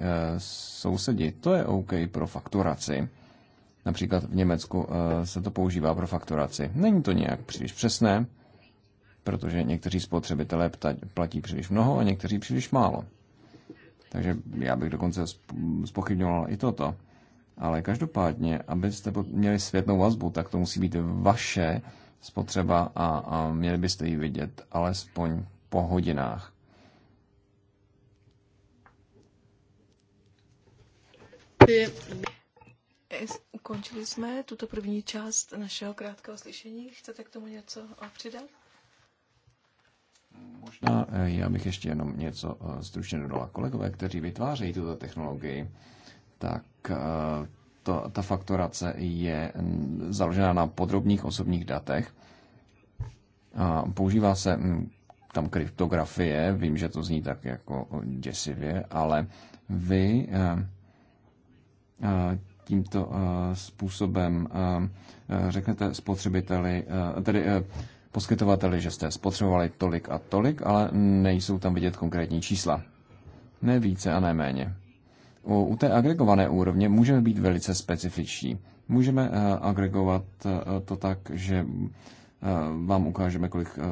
sousedi, to je OK pro fakturaci. Například v Německu se to používá pro fakturaci. Není to nějak příliš přesné, protože někteří spotřebitelé platí příliš mnoho a někteří příliš málo. Takže já bych dokonce spochybňoval i toto. Ale každopádně, abyste měli světnou vazbu, tak to musí být vaše spotřeba a, a měli byste ji vidět alespoň po hodinách. Ukončili jsme tuto první část našeho krátkého slyšení. Chcete k tomu něco přidat? Možná eh, já bych ještě jenom něco eh, stručně dodala. Kolegové, kteří vytvářejí tuto technologii, tak eh, to, ta fakturace je založena na podrobných osobních datech. A používá se hm, tam kryptografie, vím, že to zní tak jako děsivě, ale vy tímto způsobem řeknete spotřebiteli, tedy poskytovateli, že jste spotřebovali tolik a tolik, ale nejsou tam vidět konkrétní čísla. Ne více a ne méně. U, u té agregované úrovně můžeme být velice specifičtí. Můžeme uh, agregovat uh, to tak, že uh, vám ukážeme, kolik uh,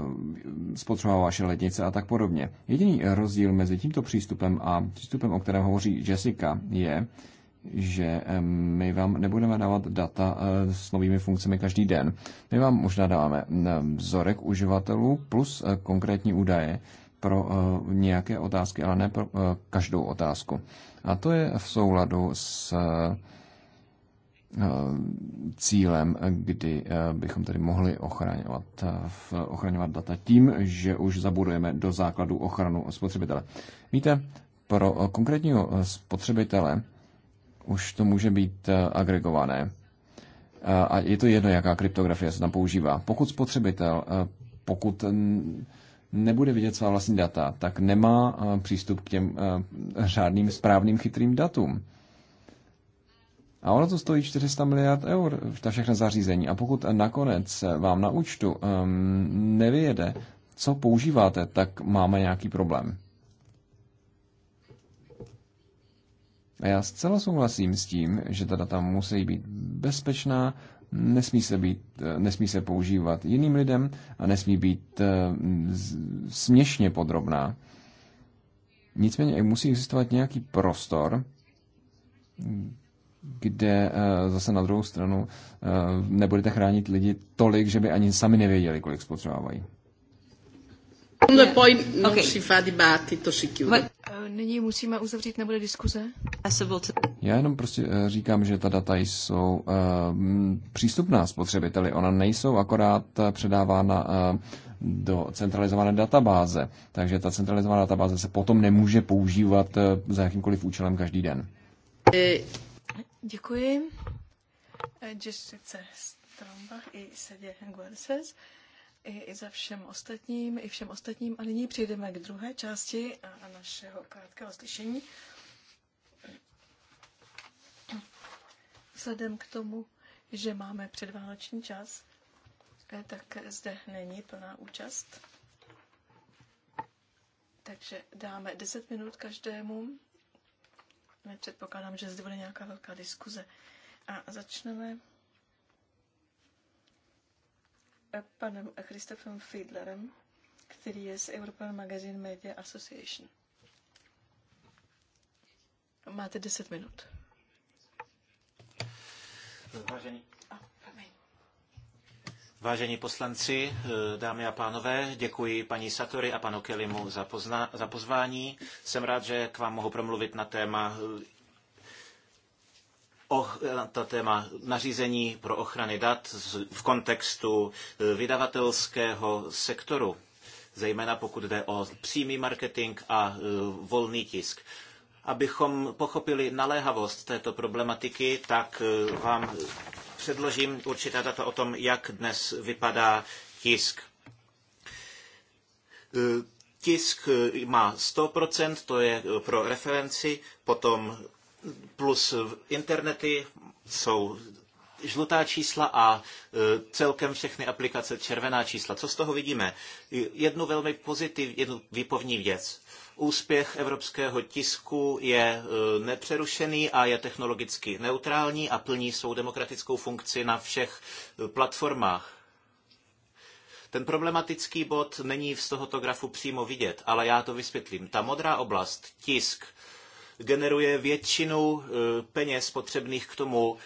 spotřebovala vaše lednice a tak podobně. Jediný rozdíl mezi tímto přístupem a přístupem, o kterém hovoří Jessica, je, uh, že eh, my vám nebudeme dávat data eh, s novými funkcemi každý den. My vám možná dáváme eh, vzorek uživatelů plus konkrétní údaje pro nějaké otázky, ale ne pro každou otázku. A to je v souladu s cílem, kdy bychom tedy mohli ochraňovat, ochraňovat data tím, že už zabudujeme do základu ochranu spotřebitele. Víte, pro konkrétního spotřebitele už to může být eh, agregované. Eh, a je to jedno, jaká kryptografie se tam používá. Pokud spotřebitel, eh, pokud nebude vidět svá vlastní data, tak nemá přístup k těm řádným, správným, chytrým datům. A ono to stojí 400 miliard eur, ta všechna zařízení. A pokud nakonec vám na účtu um, nevyjede, co používáte, tak máme nějaký problém. A já zcela souhlasím s tím, že ta data musí být bezpečná, nesmí se, být, nesmí se používat jiným lidem a nesmí být eh, směšně podrobná. Nicméně musí existovat nějaký prostor, kde eh, zase na druhou stranu eh, nebudete chránit lidi tolik, že by ani sami nevěděli, kolik spotřebávají. Yeah. Okay nyní musíme uzavřít, nebude diskuze? Já jenom prostě eh, říkám, že ta data jsou eh, přístupná spotřebiteli. Ona nejsou akorát eh, předávána do centralizované databáze. Takže ta centralizovaná databáze se potom nemůže používat za jakýmkoliv účelem každý den. Děkuji. Jessica Strombach i Sedě Guerces i, i za všem ostatním, i všem ostatním. A nyní přejdeme k druhé části a, a našeho krátkého slyšení. Vzhledem k tomu, že máme předvánoční čas, eh, tak zde není plná účast. Takže dáme 10 minut každému. Nepředpokládám, že zde bude nějaká velká diskuze. A začneme panem Christophem Fiedlerem, který je z European Magazine Media Association. Máte 10 minut. Vážení. Vážení poslanci, dámy a pánové, děkuji paní Satory a panu Kelimu za, pozna, za pozvání. Jsem rád, že k vám mohu promluvit na téma Eh, to téma nařízení pro ochrany dat v kontextu eh, vydavatelského sektoru, zejména pokud jde o přímý marketing a eh, volný tisk. Abychom pochopili naléhavost této problematiky, tak vám předložím určitá data o tom, jak dnes vypadá tisk. Tisk má 100%, to je pro referenci, potom plus internety jsou žlutá čísla a e, celkem všechny aplikace červená čísla. Co z toho vidíme? Jednu velmi pozitivní, jednu výpovní věc. Úspěch evropského tisku je e, nepřerušený a je technologicky neutrální a plní svou demokratickou funkci na všech e, platformách. Ten problematický bod není z tohoto grafu přímo vidět, ale já to vysvětlím. Ta modrá oblast, tisk, generuje většinu eh, peněz potřebných k tomu,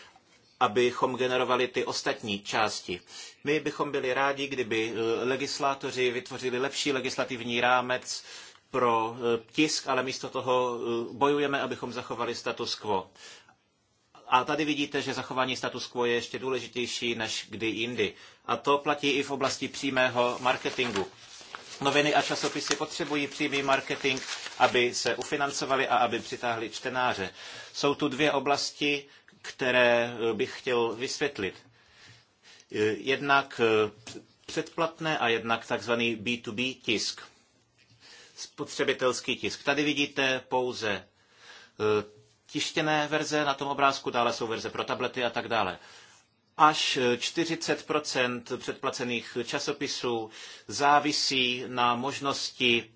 abychom generovali ty ostatní části. My bychom byli rádi, kdyby eh, legislátoři vytvořili lepší legislativní rámec pro eh, tisk, ale místo toho bojujeme, abychom zachovali status quo. A tady vidíte, že zachování status quo je ještě důležitější než kdy jindy. A to platí i v oblasti přímého marketingu. Noviny a časopisy potřebují přímý marketing, aby se ufinancovaly a aby přitáhli čtenáře. Jsou tu dvě oblasti, které eh, bych chtěl vysvětlit. Eh, jednak eh, předplatné a jednak takzvaný B2B tisk, spotřebitelský tisk. Tady vidíte pouze tištěné verze na tom obrázku, dále jsou verze pro tablety a tak dále až 40 předplacených časopisů závisí na možnosti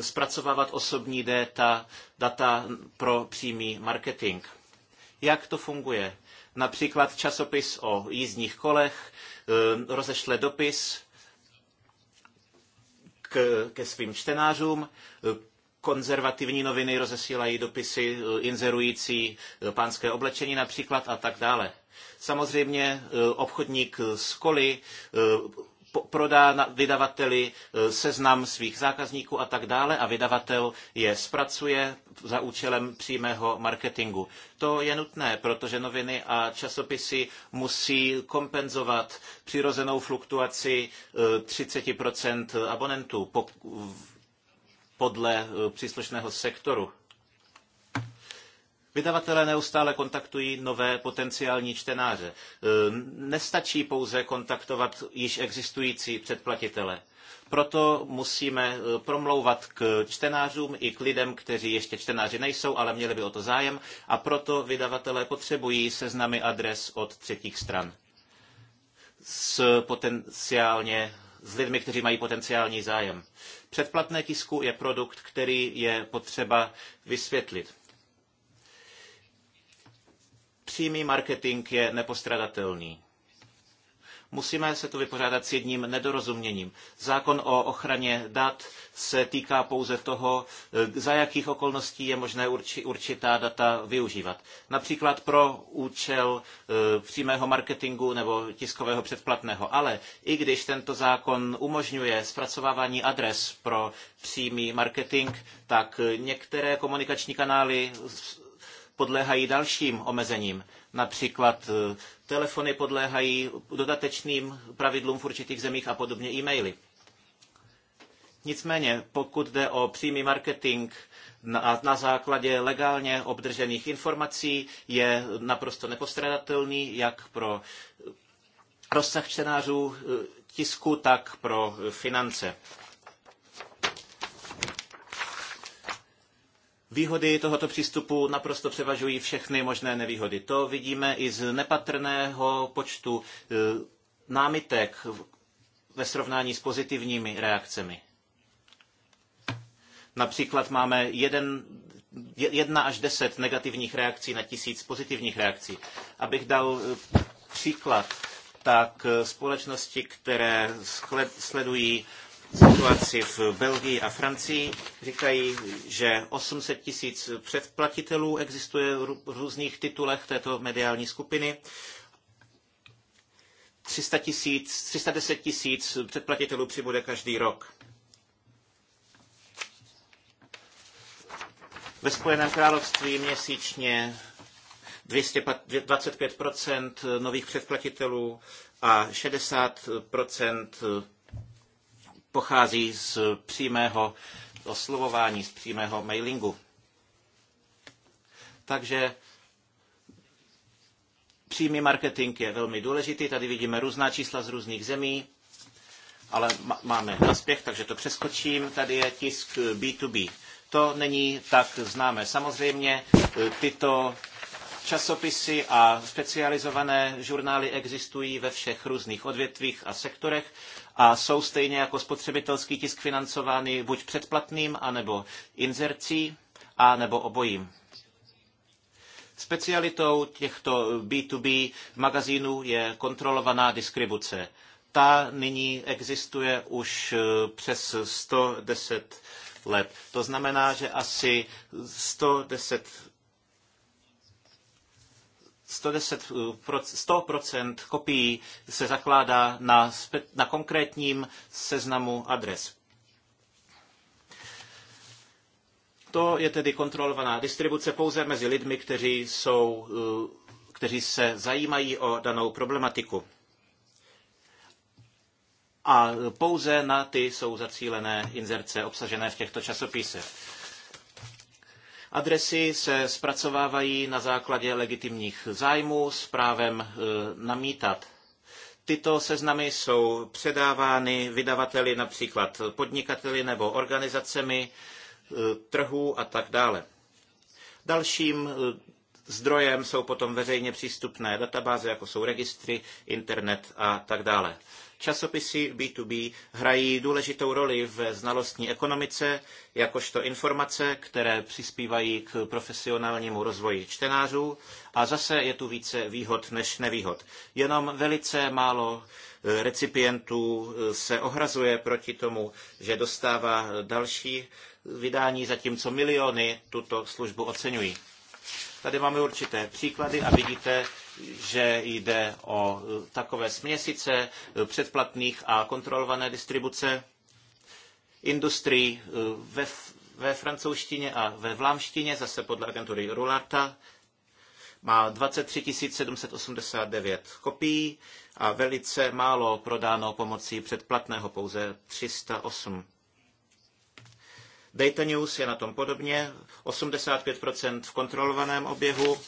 zpracovávat osobní data, data pro přímý marketing. Jak to funguje? Například časopis o jízdních kolech eh, rozešle dopis k, ke svým čtenářům, konzervativní noviny rozesílají dopisy eh, inzerující eh, pánské oblečení například a tak dále. Samozřejmě e, obchodník z koli e, prodá vydavateli e, seznam svých zákazníků a tak dále a vydavatel je zpracuje za účelem přímého marketingu. To je nutné, protože noviny a časopisy musí kompenzovat přirozenou fluktuaci 30% abonentů podle příslušného sektoru. Vydavatelé neustále kontaktují nové potenciální čtenáře. E, nestačí pouze kontaktovat již existující předplatitele. Proto musíme e, promlouvat k čtenářům i k lidem, kteří ještě čtenáři nejsou, ale měli by o to zájem a proto vydavatelé potřebují seznamy adres od třetích stran s potenciálně s lidmi, kteří mají potenciální zájem. Předplatné tisku je produkt, který je potřeba vysvětlit. Přímý marketing je nepostradatelný. Musíme se tu vypořádat s jedním nedorozuměním. Zákon o ochraně dat se týká pouze toho, za jakých okolností je možné určitá data využívat. Například pro účel e, přímého marketingu nebo tiskového předplatného. Ale i když tento zákon umožňuje zpracovávání adres pro přímý marketing, tak některé komunikační kanály podléhají dalším omezením. Například e, telefony podléhají dodatečným pravidlům v určitých zemích a podobně e-maily. Nicméně, pokud jde o přímý marketing na, na základě legálně obdržených informací, je naprosto nepostradatelný jak pro e, rozsah čtenářů e, tisku, tak pro finance. Výhody tohoto přístupu naprosto převažují všechny možné nevýhody. To vidíme i z nepatrného počtu e, námitek ve srovnání s pozitivními reakcemi. Například máme jeden, jedna až deset negativních reakcí na tisíc pozitivních reakcí. Abych dal e, příklad, tak e, společnosti, které sledují situaci v Belgii a Francii. Říkají, že 800 tisíc předplatitelů existuje v různých titulech této mediální skupiny. 300 tisíc, 310 tisíc předplatitelů přibude každý rok. Ve Spojeném království měsíčně 225 nových předplatitelů a 60 pochází z přímého oslovování, z přímého mailingu. Takže přímý marketing je velmi důležitý. Tady vidíme různá čísla z různých zemí, ale máme naspěch, takže to přeskočím. Tady je tisk B2B. To není tak známé. Samozřejmě e, tyto Časopisy a specializované žurnály existují ve všech různých odvětvích a sektorech a jsou stejně jako spotřebitelský tisk financovány buď předplatným, anebo inzercí, a nebo obojím. Specialitou těchto B2B magazínů je kontrolovaná distribuce. Ta nyní existuje už eh, přes 110 let. To znamená, že asi 110 110, 100% eh, kopií se zakládá na, na konkrétním seznamu adres. To je tedy kontrolovaná distribuce pouze mezi lidmi, kteří, jsou, eh, kteří se zajímají o danou problematiku. A pouze na ty jsou zacílené inzerce obsažené v těchto časopisech. Adresy se zpracovávají na základě legitimních zájmů s právem e, namítat. Tyto seznamy jsou předávány vydavateli, například podnikateli nebo organizacemi e, trhů a tak dále. Dalším e, zdrojem jsou potom veřejně přístupné databáze, jako jsou registry, internet a tak dále. Časopisy B2B hrají důležitou roli v znalostní ekonomice, jakožto informace, které přispívají k profesionálnímu rozvoji čtenářů a zase je tu více výhod než nevýhod. Jenom velice málo eh, recipientů eh, se ohrazuje proti tomu, že dostává další vydání, zatímco miliony tuto službu oceňují. Tady máme určité příklady a vidíte, že jde o e, takové směsice e, předplatných a kontrolované distribuce industrií e, ve, ve francouzštině a ve vlámštině, zase podle agentury Rularta má 23 789 kopií a velice málo prodáno pomocí předplatného, pouze 308. Data News je na tom podobně, 85% v kontrolovaném oběhu,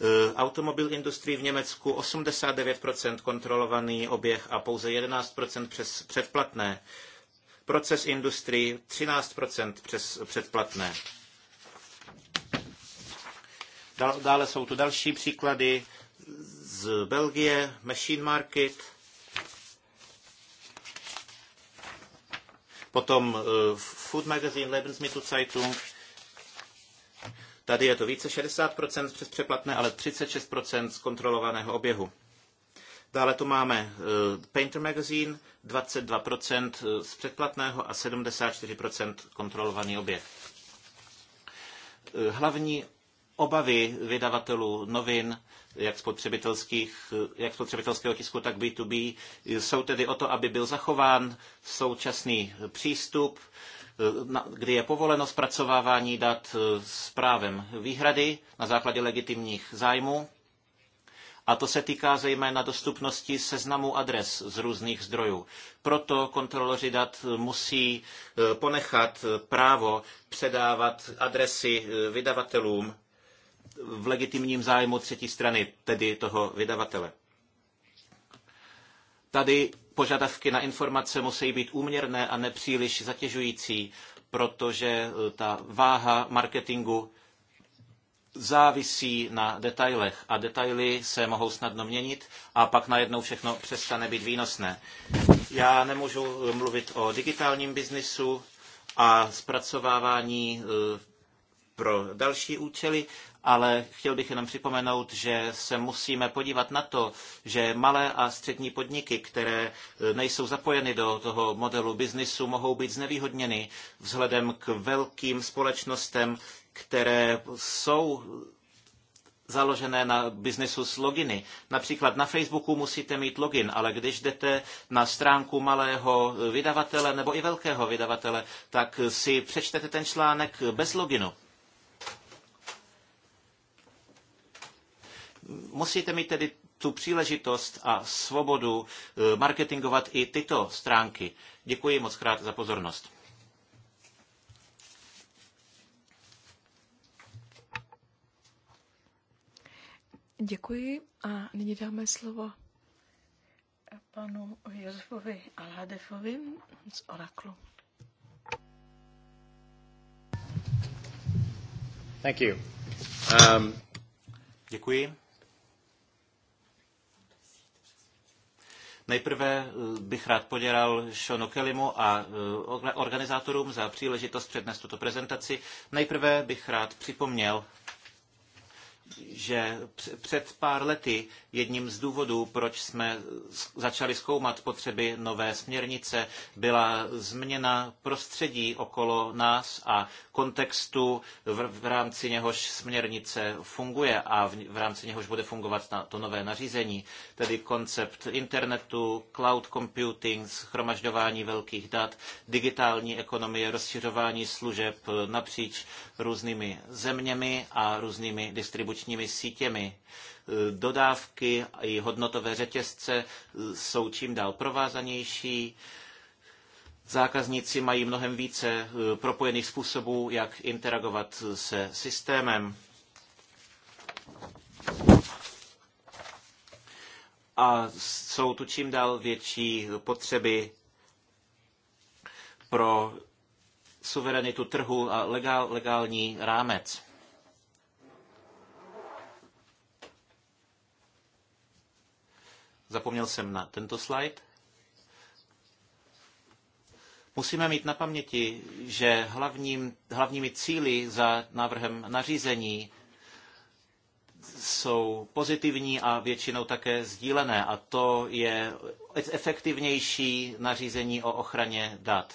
Eh, automobil industrie v Německu 89% kontrolovaný oběh a pouze 11% přes předplatné. Proces industrie 13% přes předplatné. Dále jsou tu další příklady z Belgie, Machine Market, potom eh, Food Magazine Lebensmittelzeitung, Tady je to více 60% přes přeplatné, ale 36% z kontrolovaného oběhu. Dále tu máme eh, Painter Magazine, 22% eh, z předplatného a 74% kontrolovaný oběh. Eh, hlavní obavy vydavatelů novin, jak, spotřebitelských, jak spotřebitelského tisku, tak B2B, jsou tedy o to, aby byl zachován současný přístup, Eh, kdy je povoleno zpracovávání dat eh, s právem výhrady na základě legitimních zájmů. A to se týká zejména dostupnosti seznamu adres z různých zdrojů. Proto kontroloři dat eh, musí ponechat právo předávat adresy vydavatelům v legitimním zájmu třetí strany, tedy toho vydavatele. Tady požadavky na informace musí být úměrné a nepříliš zatěžující, protože eh, ta váha marketingu závisí na detailech a detaily se mohou snadno měnit a pak najednou všechno přestane být výnosné. Já nemůžu eh, mluvit o digitálním biznisu a zpracovávání eh, pro další účely, ale chtěl bych jenom připomenout, že se musíme podívat na to, že malé a střední podniky, které eh, nejsou zapojeny do toho modelu biznisu, mohou být znevýhodněny vzhledem k velkým společnostem, které jsou založené na biznesu s loginy. Například na Facebooku musíte mít login, ale když jdete na stránku malého vydavatele nebo i velkého vydavatele, tak si přečtete ten článek bez loginu. musíte mít tedy tu příležitost a svobodu eh, marketingovat i tyto stránky. Děkuji moc krát za pozornost. Děkuji a nyní dáme slovo panu Josefovi Alhadefovi z Oraklu. Thank you. Um... Děkuji. Nejprve eh, bych rád podělal Seanu Kellymu a eh, organizátorům za příležitost přednést tuto prezentaci. Nejprve bych rád připomněl, že před pár lety jedním z důvodů, proč jsme začali zkoumat potřeby nové směrnice, byla změna prostředí okolo nás a kontextu, v, rámci něhož směrnice funguje a v, rámci něhož bude fungovat to nové nařízení, tedy koncept internetu, cloud computing, schromažďování velkých dat, digitální ekonomie, rozšiřování služeb napříč různými zeměmi a různými distribučními sítěmi. E, dodávky i hodnotové řetězce e, jsou čím dál provázanější. Zákazníci mají mnohem více e, propojených způsobů, jak interagovat se systémem. A jsou tu čím dál větší potřeby pro suverenitu trhu a legál, legální rámec. Zapomněl jsem na tento slide. Musíme mít na paměti, že hlavním, hlavními cíly za návrhem nařízení jsou pozitivní a většinou také sdílené, a to je efektivnější nařízení o ochraně dat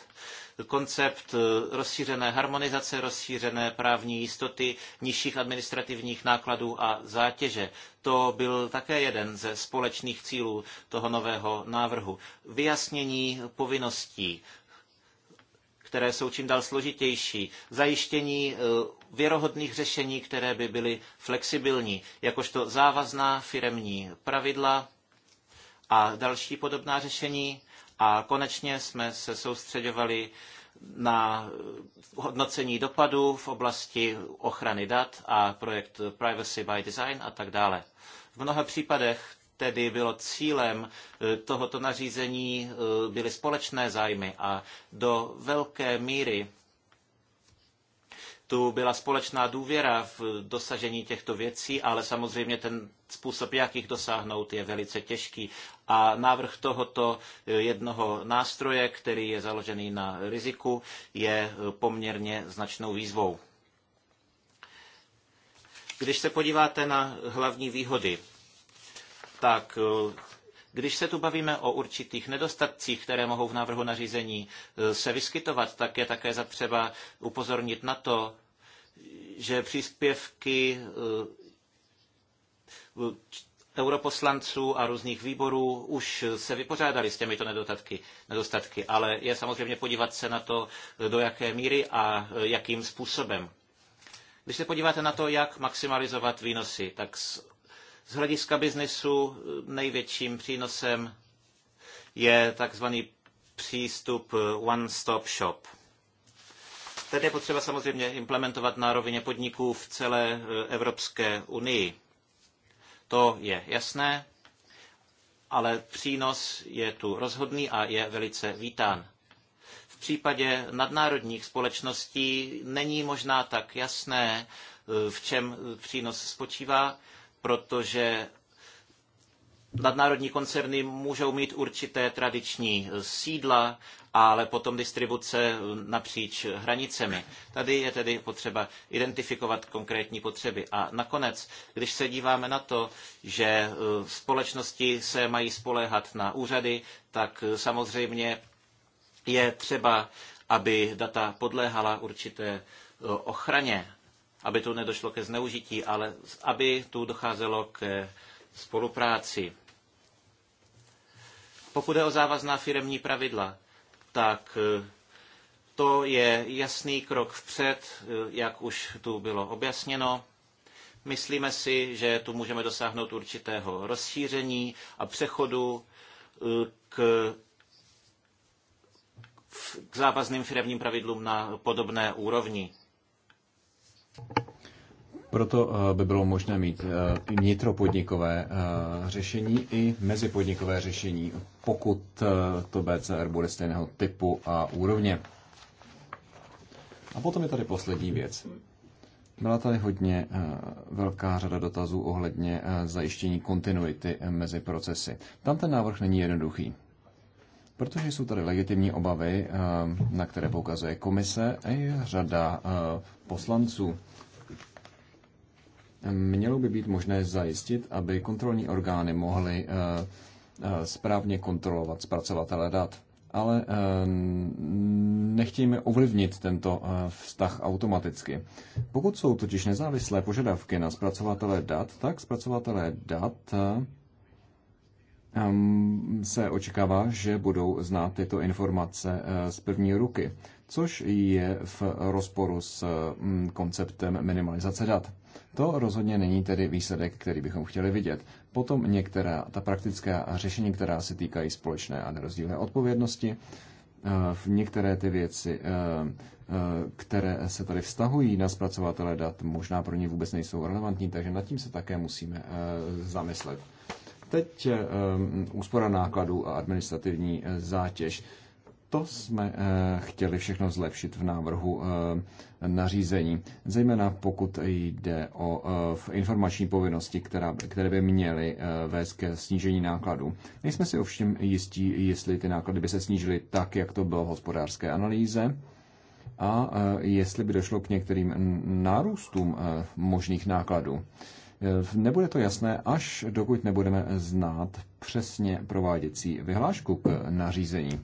koncept eh, rozšířené harmonizace, rozšířené právní jistoty, nižších administrativních nákladů a zátěže. To byl také jeden ze společných cílů toho nového návrhu. Vyjasnění povinností, které jsou čím dál složitější, zajištění eh, věrohodných řešení, které by byly flexibilní, jakožto závazná firemní pravidla a další podobná řešení, a konečně jsme se soustředovali na hodnocení dopadu v oblasti ochrany dat a projekt Privacy by Design a tak dále. V mnoha případech tedy bylo cílem eh, tohoto nařízení eh, byly společné zájmy a do velké míry tu byla společná důvěra v dosažení těchto věcí, ale samozřejmě ten způsob, jak jich dosáhnout, je velice těžký. A návrh tohoto jednoho nástroje, který je založený na riziku, je poměrně značnou výzvou. Když se podíváte na hlavní výhody, tak když se tu bavíme o určitých nedostatcích, které mohou v návrhu nařízení e, se vyskytovat, tak je také zapřeba upozornit na to, že příspěvky e, europoslanců a různých výborů už se vypořádali s těmito nedostatky, nedostatky, ale je samozřejmě podívat se na to, e, do jaké míry a jakým způsobem. Když se podíváte na to, jak maximalizovat výnosy, tak z hlediska biznesu eh, největším přínosem je takzvaný přístup eh, one-stop shop. Tady je potřeba samozřejmě implementovat na rovině podniků v celé eh, Evropské unii. To je jasné, ale přínos je tu rozhodný a je velice vítán. V případě nadnárodních společností není možná tak jasné, v čem přínos spočívá protože nadnárodní koncerny můžou mít určité tradiční sídla, ale potom distribuce napříč hranicemi. Tady je tedy potřeba identifikovat konkrétní potřeby. A nakonec, když se díváme na to, že e, společnosti se mají spoléhat na úřady, tak e, samozřejmě je třeba, aby data podléhala určité e, ochraně aby tu nedošlo ke zneužití, ale aby tu docházelo k spolupráci. Pokud je o závazná firemní pravidla, tak eh, to je jasný krok vpřed, eh, jak už tu bylo objasněno. Myslíme si, že tu můžeme dosáhnout určitého rozšíření a přechodu eh, k, k závazným firemním pravidlům na podobné úrovni. Proto eh, by bylo možné mít eh, vnitropodnikové eh, řešení i mezipodnikové řešení, pokud to BCR bude stejného typu a úrovně. A potom je tady poslední věc. Byla tady hodně velká řada dotazů ohledně zajištění kontinuity mezi procesy. Tam ten návrh není jednoduchý. Protože jsou tady legitimní obavy, eh, na které poukazuje komise i řada eh, poslanců. Mělo by být možné zajistit, aby kontrolní orgány mohly eh, správně kontrolovat zpracovatele dat. Ale nechtějme ovlivnit tento vztah automaticky. Pokud jsou totiž nezávislé požadavky na zpracovatele dat, tak zpracovatele dat Ehm, se očekává, že budou znát tyto informace eh, z první ruky, což je v rozporu s mm, konceptem minimalizace dat. To rozhodně není tedy výsledek, který bychom chtěli vidět. Potom některá ta praktická řešení, která se týkají společné a nerozdílné odpovědnosti, eh, v některé ty věci, eh, které se tady vztahují na zpracovatele dat, možná pro ně vůbec nejsou relevantní, takže nad tím se také musíme zamyslet. Teď eh, mm, úspora nákladů a administrativní eh, zátěž. To jsme eh, chtěli všechno zlepšit v návrhu nařízení, zejména pokud jde o informační povinnosti, která, které by měly vést ke snížení nákladů. Nejsme si ovšem jistí, jestli ty náklady by se snížily tak, jak to bylo v hospodářské analýze, a jestli by došlo k některým nárůstům možných nákladů. Eh, nebude to jasné, až dokud nebudeme znát přesně prováděcí vyhlášku k nařízení.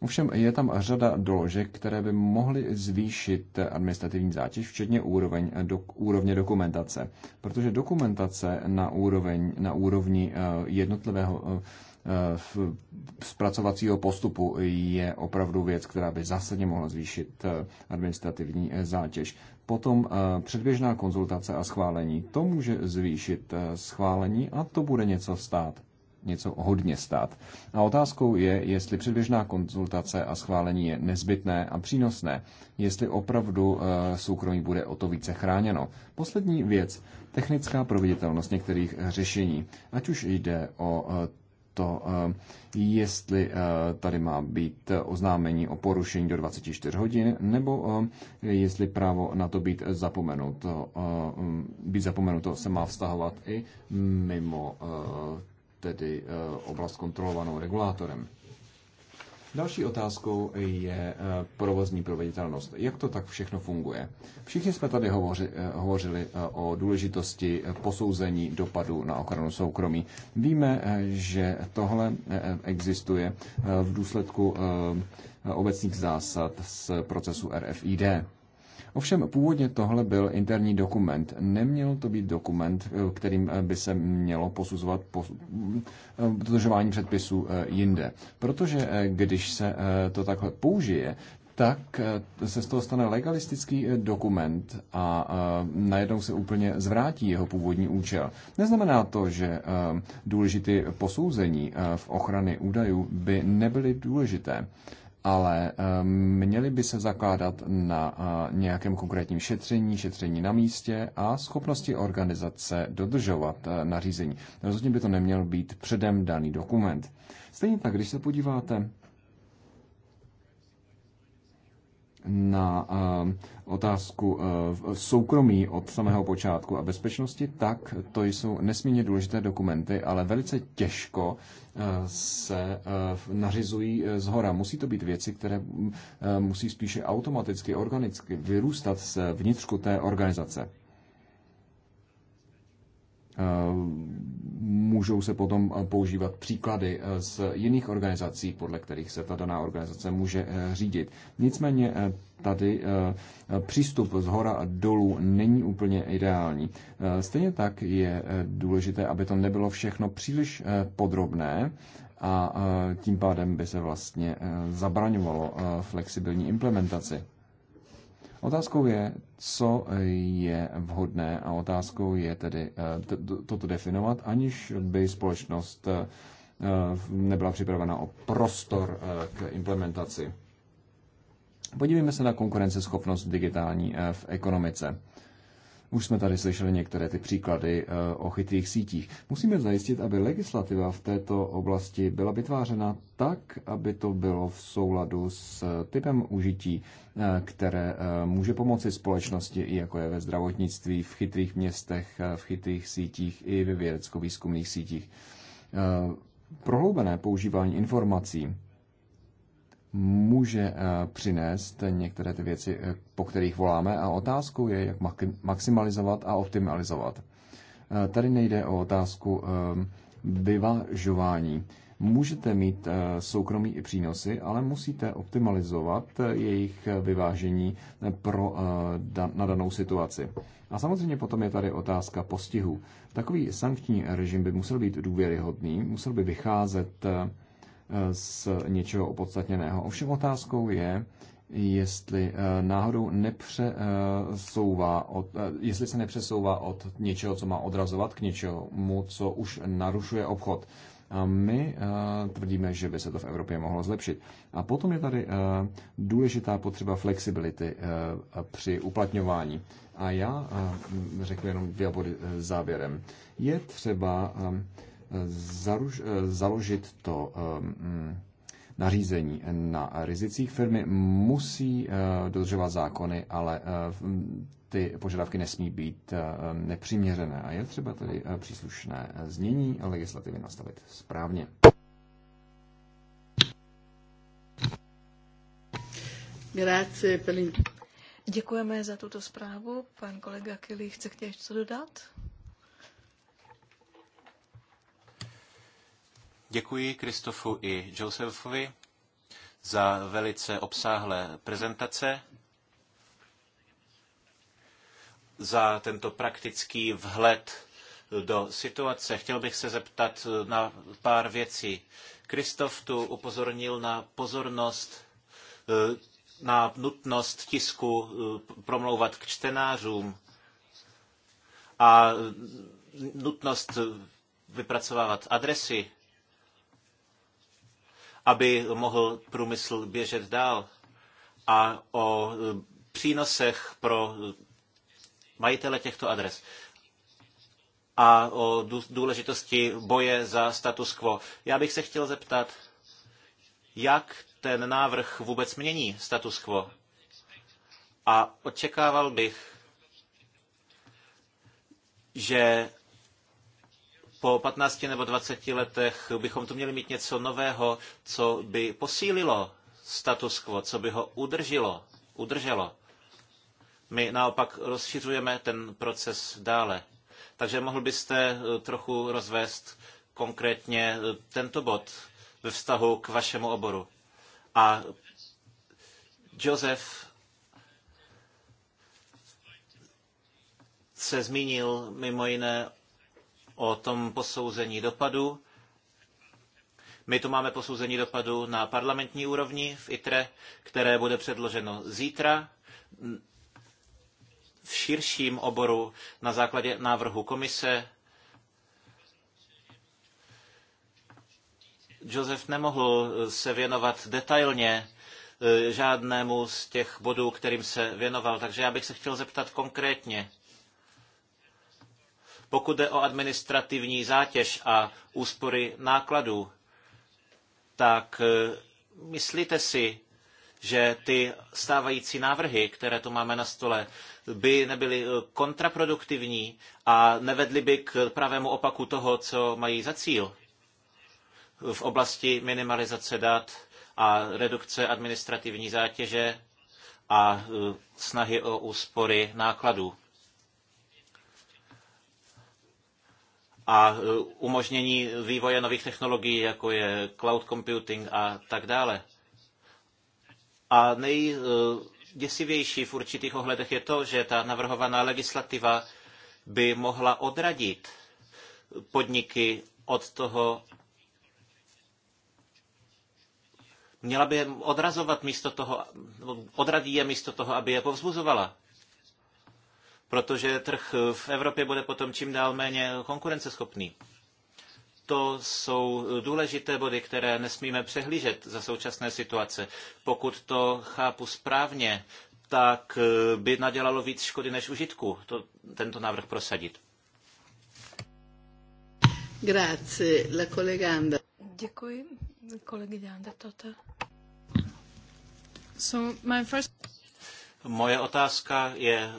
Ovšem je tam řada doložek, které by mohly zvýšit administrativní zátěž, včetně úroveň, eh, do, úrovně dokumentace. Protože dokumentace na, úroveň, na úrovni eh, jednotlivého Eh, zpracovacího postupu je opravdu věc, která by zásadně mohla zvýšit eh, administrativní eh, zátěž. Potom předběžná konzultace a schválení. To může zvýšit schválení a to bude něco stát něco hodně stát. A otázkou je, jestli předběžná konzultace a schválení je nezbytné a přínosné, jestli opravdu soukromí bude o to více chráněno. Poslední věc, technická proveditelnost některých řešení, ať už jde o to, eh, jestli eh, tady má být oznámení o porušení do 24 hodin, nebo eh, jestli právo na to být zapomenuto, mm, být zapomenuto se má vztahovat i mimo tedy oblast kontrolovanou regulátorem. Další otázkou je eh, provozní proveditelnost. Jak to tak všechno funguje? Všichni jsme tady hovoři, eh, hovořili eh, o důležitosti posouzení dopadu na ochranu soukromí. Víme, že tohle existuje v důsledku obecných zásad z procesu RFID. Ovšem původně tohle byl interní dokument. Neměl to být dokument, eh, kterým eh, by se mělo posuzovat eh, dodržování předpisů jinde. Protože když se to takhle použije, tak se z toho stane legalistický dokument a najednou se úplně zvrátí jeho původní účel. Neznamená to, že důležité posouzení v ochrany údajů by nebyly důležité ale ehm, měly by se zakládat na nějakém konkrétním šetření, šetření na místě a schopnosti organizace dodržovat e, nařízení. Rozhodně by to neměl být předem daný dokument. Stejně tak, když se podíváte na ehm, otázku e, soukromí od samého počátku a bezpečnosti, tak to jsou nesmírně důležité dokumenty, ale velice těžko se eh, nařizují eh, z hora. Musí to být věci, které eh, musí spíše automaticky, organicky vyrůstat z vnitřku té organizace můžou se potom eh, používat příklady eh, z jiných organizací, podle kterých se ta daná organizace může eh, řídit. Nicméně tady přístup z hora a dolů není úplně ideální. Stejně tak je důležité, aby to nebylo všechno příliš podrobné a tím pádem by se vlastně zabraňovalo flexibilní implementaci. Otázkou je, co eh, je vhodné a otázkou je tedy eh, toto definovat, aniž by společnost eh, nebyla připravena o prostor k implementaci. Podívejme se na konkurenceschopnost digitální v ekonomice. Už jsme tady slyšeli některé ty příklady eh, o chytrých sítích. Musíme zajistit, aby legislativa v této oblasti byla vytvářena tak, aby to bylo v souladu s typem užití, eh, které eh, může pomoci společnosti, i jako je ve zdravotnictví, v chytrých městech, v chytrých sítích i ve vědecko-výzkumných sítích. Prohloubené používání informací může eh, přinést některé ty věci, eh, po kterých voláme a otázkou je, jak maximalizovat a optimalizovat. Eh, tady nejde o otázku vyvažování. Můžete mít soukromí i přínosy, ale musíte optimalizovat jejich vyvážení pro, na danou situaci. A samozřejmě potom je tady otázka postihu. Takový sankční režim by musel být důvěryhodný, musel by vycházet z něčeho opodstatněného. Ovšem otázkou je, jestli eh, náhodou nepřesouvá eh, od, eh, jestli se nepřesouvá od něčeho, co má odrazovat, k něčemu, co už narušuje obchod. A my tvrdíme, že by se to v Evropě mohlo zlepšit. A potom je tady důležitá potřeba flexibility při uplatňování. A já řeknu jenom diabody závěrem. Je třeba zaruž, eh, založit to ehm, mm, nařízení na rizicích. Firmy musí eh, dodržovat zákony, ale eh, mm, ty požadavky nesmí být ehm, nepřiměřené a je třeba tedy příslušné znění legislativy nastavit správně. Děkujeme za tuto zprávu. Pan kolega Kelly chce k něčemu dodat? Děkuji Kristofu i Josefovi za velice obsáhlé prezentace, za tento praktický vhled do situace. Chtěl bych se zeptat na pár věcí. Kristof tu upozornil na pozornost, eh, na nutnost tisku eh, promlouvat k čtenářům a nutnost eh, vypracovávat adresy aby mohl průmysl běžet dál a o e, přínosech pro majitele těchto adres a o důležitosti boje za status quo. Já bych se chtěl zeptat, jak ten návrh vůbec mění status quo. A očekával bych, že po 15 nebo 20 letech bychom tu měli mít něco nového, co by posílilo status quo, co by ho udržilo, udrželo. My naopak rozšiřujeme ten proces dále. Takže mohl byste eh, trochu rozvést konkrétně eh, tento bod ve vztahu k vašemu oboru. A Josef se zmínil mimo jiné o tom posouzení dopadu. My tu máme posouzení dopadu na parlamentní úrovni v ITRE, které bude předloženo zítra v širším oboru na základě návrhu komise. Josef nemohl se věnovat detailně eh, žádnému z těch bodů, kterým se věnoval, takže já bych se chtěl zeptat konkrétně pokud jde o administrativní zátěž a úspory nákladů, tak e, myslíte si, že ty stávající návrhy, které tu máme na stole, by nebyly e, kontraproduktivní a nevedly by k pravému opaku toho, co mají za cíl v oblasti minimalizace dat a redukce administrativní zátěže a e, snahy o úspory nákladů. a e, umožnění vývoje nových technologií, jako je cloud computing a tak dále. A nejděsivější v určitých ohledech je to, že ta navrhovaná legislativa by mohla odradit podniky od toho, měla by je odrazovat místo toho, odradí je místo toho, aby je povzbuzovala protože trh v Evropě bude potom čím dál méně konkurenceschopný. To jsou důležité body, které nesmíme přehlížet za současné situace. Pokud to chápu správně, tak by nadělalo víc škody než užitku to, tento návrh prosadit. Grazie, la kolega Děkuji, kolegyně Ander Tota. So my first... Moje otázka je eh,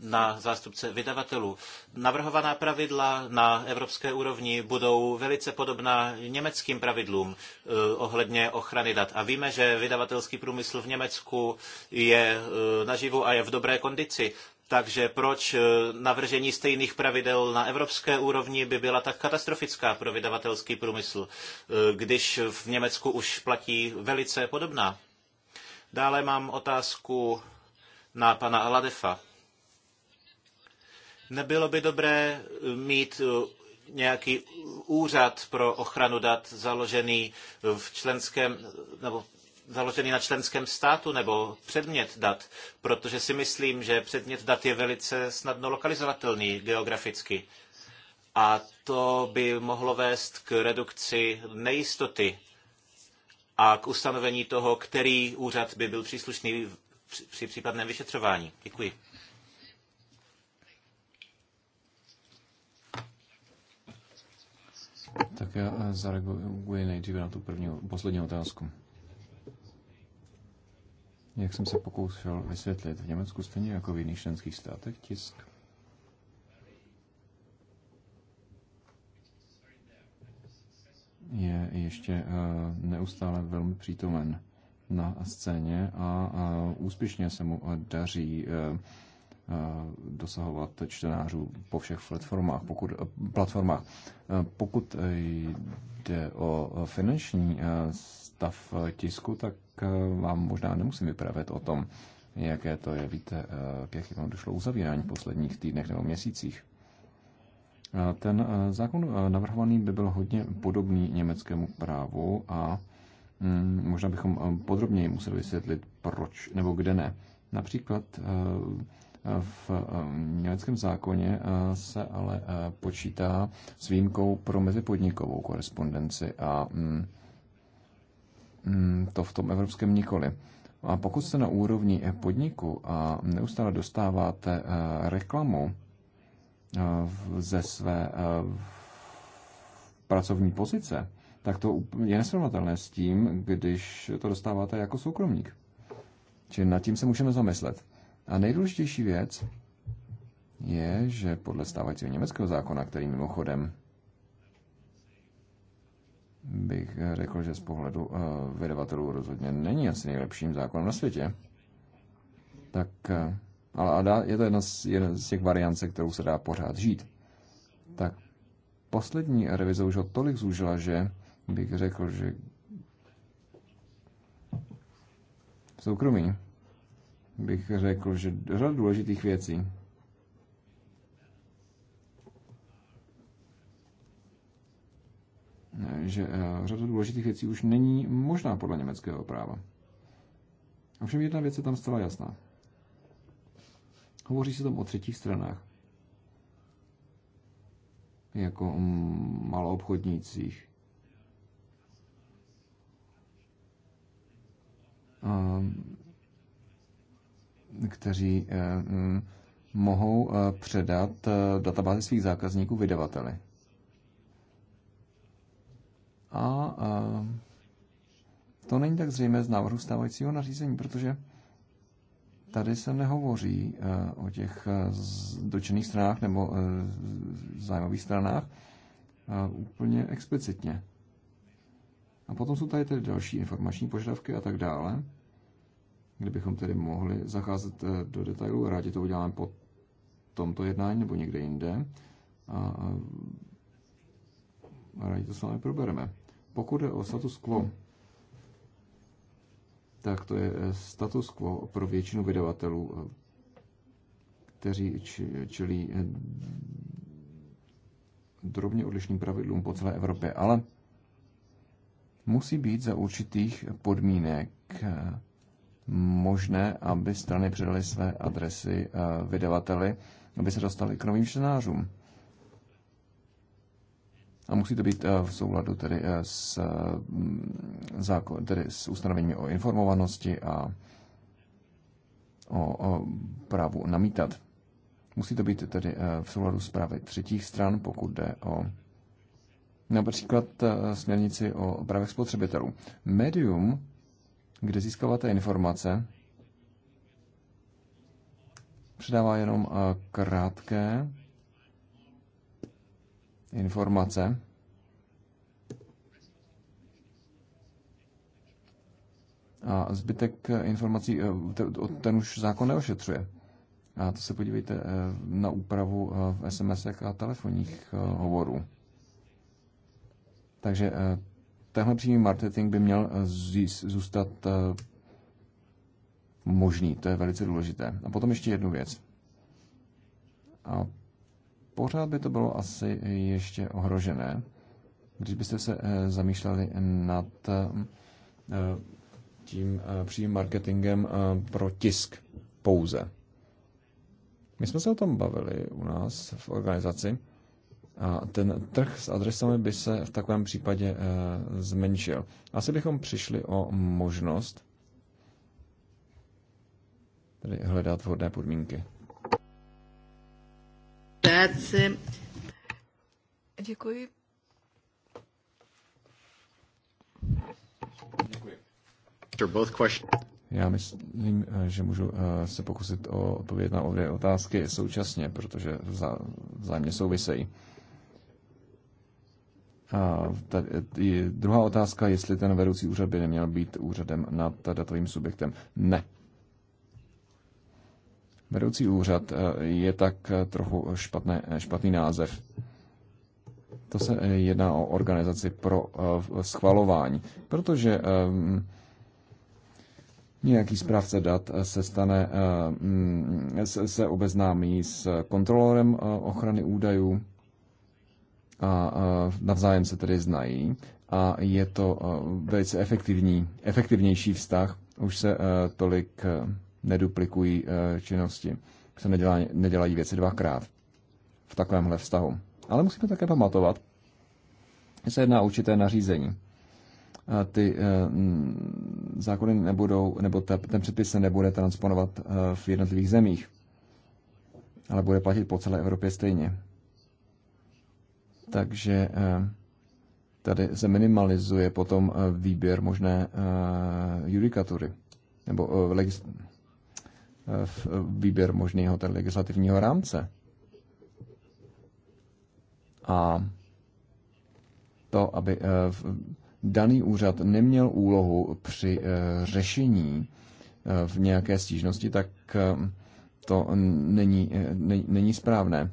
na zástupce vydavatelů. Navrhovaná pravidla na evropské úrovni budou velice podobná německým pravidlům eh, ohledně ochrany dat. A víme, že vydavatelský průmysl v Německu je eh, naživu a je v dobré kondici. Takže proč navržení stejných pravidel na evropské úrovni by byla tak katastrofická pro vydavatelský průmysl, když v Německu už platí velice podobná? Dále mám otázku na pana Aladefa. Nebylo by dobré eh, mít eh, nějaký úřad pro ochranu dat založený v členském, nebo založený na členském státu nebo předmět dat, protože si myslím, že předmět dat je velice snadno lokalizovatelný geograficky. A to by mohlo vést k redukci nejistoty a k ustanovení toho, který úřad by byl příslušný při případném vyšetřování. Děkuji. Tak já eh, zareaguji nejdříve na tu první, poslední otázku. Jak jsem se pokoušel vysvětlit, v Německu stejně jako v jiných členských státech tisk je ještě eh, neustále velmi přítomen na scéně a úspěšně se mu eh, daří eh, eh, dosahovat čtenářů po všech platformách. Pokud, platformách. pokud jde o finanční stav tisku, tak vám možná nemusím vyprávět o tom, jaké to je. Víte, k jakému došlo uzavírání v posledních týdnech nebo měsících. Ten zákon navrhovaný by byl hodně podobný německému právu a Mm, možná bychom eh, podrobněji museli vysvětlit, proč nebo kde ne. Například eh, v eh, německém zákoně se ale počítá s výjimkou pro mezipodnikovou korespondenci a mm, mm, to v tom evropském nikoli. A pokud jste na úrovni podniku a neustále dostáváte reklamu ze své pracovní pozice, tak to je nesrovnatelné s tím, když to dostáváte jako soukromník. Čili nad tím se můžeme zamyslet. A nejdůležitější věc je, že podle stávajícího německého zákona, který mimochodem bych řekl, že z pohledu uh, vydavatelů rozhodně není asi nejlepším zákonem na světě, tak uh, ale dá, je to jedna z, jedna z těch variant, se kterou se dá pořád žít. Tak poslední revize už ho tolik zúžila, že bych řekl, že soukromí bych řekl, že řada důležitých věcí že eh, řada důležitých věcí už není možná podle německého práva. Ovšem jedna věc je tam zcela jasná. Hovoří se tam o třetích stranách. Jako maloobchodnících, Eh, kteří eh, mm, mohou eh, předat databázi svých zákazníků vydavateli. A to není tak zřejmé z návrhu stávajícího nařízení, protože tady se nehovoří o těch dočených stranách nebo zájmových stranách úplně explicitně. A potom jsou tady tedy další informační požadavky a tak dále, kdybychom tedy mohli zacházet eh, do detailů. Rádi to uděláme po tomto jednání nebo někde jinde. A, a, a rádi to s vámi probereme. Pokud je o status quo, tak to je eh, status quo pro většinu vydavatelů, eh, kteří čelí drobně odlišným pravidlům po celé Evropě, ale musí být za určitých podmínek eh, možné, aby strany předaly své adresy eh, vydavateli, aby se dostali k novým čtenářům. A musí to být eh, v souladu tedy s, mm, zákon, tedy s ustanoveními o informovanosti a o, o právu namítat. Musí to být tedy v souladu s právy třetích stran, pokud jde o například eh, směrnici o právech spotřebitelů. Medium, kde získáváte informace, předává jenom eh, krátké informace. A zbytek eh, informací ten už zákon neošetřuje. A to se podívejte na úpravu v SMS a telefonních hovorů. Takže eh, tenhle přímý marketing by měl eh, zůstat eh, možný, to je velice důležité. A potom ještě jednu věc. A pořád by to bylo asi ještě ohrožené, když byste se zamýšleli nad tím přímým marketingem pro tisk pouze. My jsme se o tom bavili u nás v organizaci a ten trh s adresami by se v takovém případě eh, zmenšil. Asi bychom přišli o možnost tedy hledat vhodné podmínky. Práce. Děkuji. Děkuji. Já myslím, eh, že můžu eh, se pokusit o odpověď na obě otázky současně, protože vzájemně souvisejí. A tak, je, druhá otázka, jestli ten vedoucí úřad by neměl být úřadem nad datovým subjektem. Ne. Vedoucí úřad e, je tak e, trochu špatné, e, špatný název. To se jedná o organizaci pro schvalování, protože nějaký správce dat se stane, se obeznámí s kontrolorem ochrany údajů, a navzájem se tedy znají a je to velice efektivní, efektivnější vztah, už se tolik neduplikují činnosti, se nedělá, nedělají věci dvakrát v takovémhle vztahu. Ale musíme také pamatovat, že se jedná o určité nařízení. A ty e, zákony nebudou, nebo ta, ten předpis se nebude transponovat e, v jednotlivých zemích, ale bude platit po celé Evropě stejně. Takže eh, tady se minimalizuje potom eh, výběr možné eh, judikatury nebo výběr možného ten legislativního rámce. A to, aby daný úřad neměl úlohu při řešení v nějaké stížnosti, tak to není, není, není správné.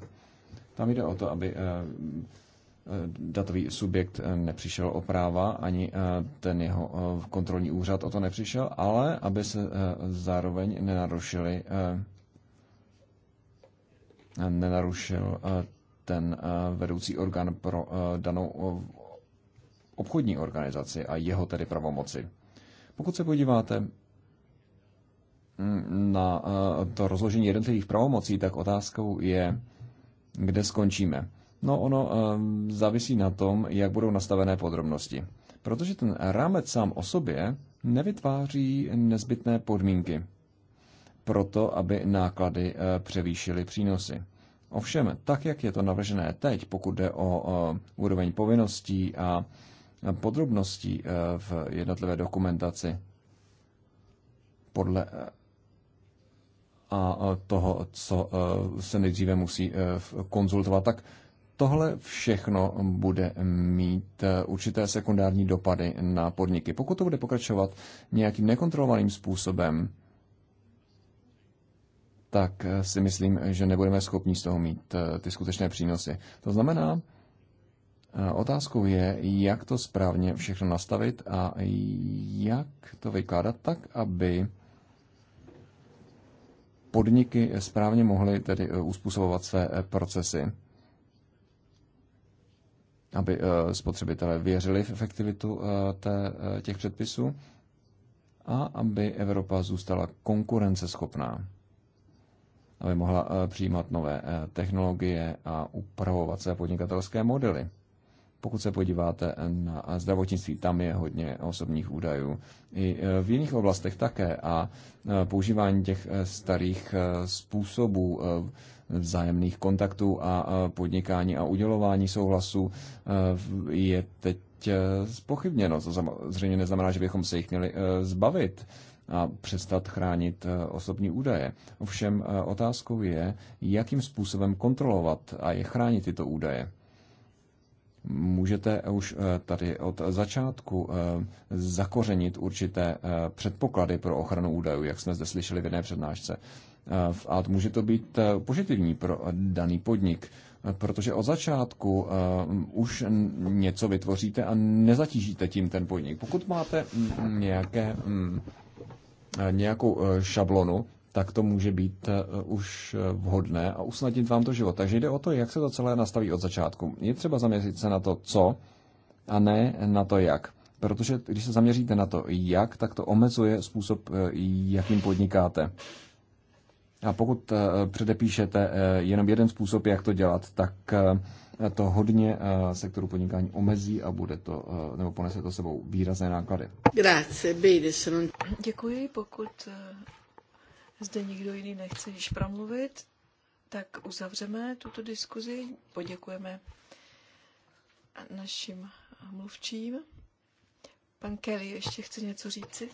Tam jde o to, aby Eh, datový subjekt eh, nepřišel o práva, ani eh, ten jeho kontrolní úřad o to nepřišel, ale aby se zároveň nenarušili nenarušil ten vedoucí orgán pro danou obchodní organizaci a jeho tedy pravomoci. Pokud se podíváte mm, na to rozložení jednotlivých pravomocí, tak otázkou je, kde skončíme. No ono eh, závisí na tom, jak budou nastavené podrobnosti. Protože ten rámec sám o sobě nevytváří nezbytné podmínky pro to, aby náklady eh, převýšily přínosy. Ovšem, tak jak je to navržené teď, pokud jde o eh, úroveň povinností a podrobností v jednotlivé dokumentaci, podle a toho, co se nejdříve musí konzultovat, tak Tohle všechno bude mít eh, určité sekundární dopady na podniky. Pokud to bude pokračovat nějakým nekontrolovaným způsobem, tak eh, si myslím, že nebudeme schopni z toho mít eh, ty skutečné přínosy. To znamená, otázkou je, jak to správně všechno nastavit a jak to vykládat tak, aby podniky správně mohly tedy uspůsobovat své procesy aby eh, spotřebitelé věřili v efektivitu eh, eh, těch předpisů a aby Evropa zůstala konkurenceschopná, aby mohla přijímat nové technologie a upravovat své podnikatelské modely. Pokud se podíváte na zdravotnictví, tam je hodně osobních údajů. I v jiných oblastech také a používání těch starých způsobů vzájemných kontaktů a podnikání a udělování souhlasu e, je teď e, spochybněno. To zřejmě neznamená, že bychom se jich měli e, zbavit a přestat chránit osobní údaje. Ovšem otázkou je, jakým způsobem kontrolovat a je chránit tyto údaje. Můžete už tady od začátku zakořenit určité předpoklady pro ochranu údajů, jak jsme zde slyšeli v jedné přednášce. Eh, a může to být eh, pozitivní pro eh, daný podnik, protože od začátku už něco vytvoříte a nezatížíte tím ten podnik. Pokud máte nějaké, nějakou šablonu, tak to může být už vhodné a usnadnit vám to život. Takže jde o to, jak se to celé nastaví od začátku. Je třeba zaměřit se na to, co a ne na to, jak. Protože když se zaměříte na to, jak, tak to omezuje způsob, jakým podnikáte. A pokud eh, předepíšete eh, jenom jeden způsob, jak to dělat, tak eh, to hodně sektoru podnikání omezí a bude to, nebo ponese to sebou výrazné náklady. Děkuji, pokud zde nikdo jiný nechce již promluvit, tak uzavřeme tuto diskuzi, poděkujeme našim mluvčím. Pan Kelly ještě chce něco říci?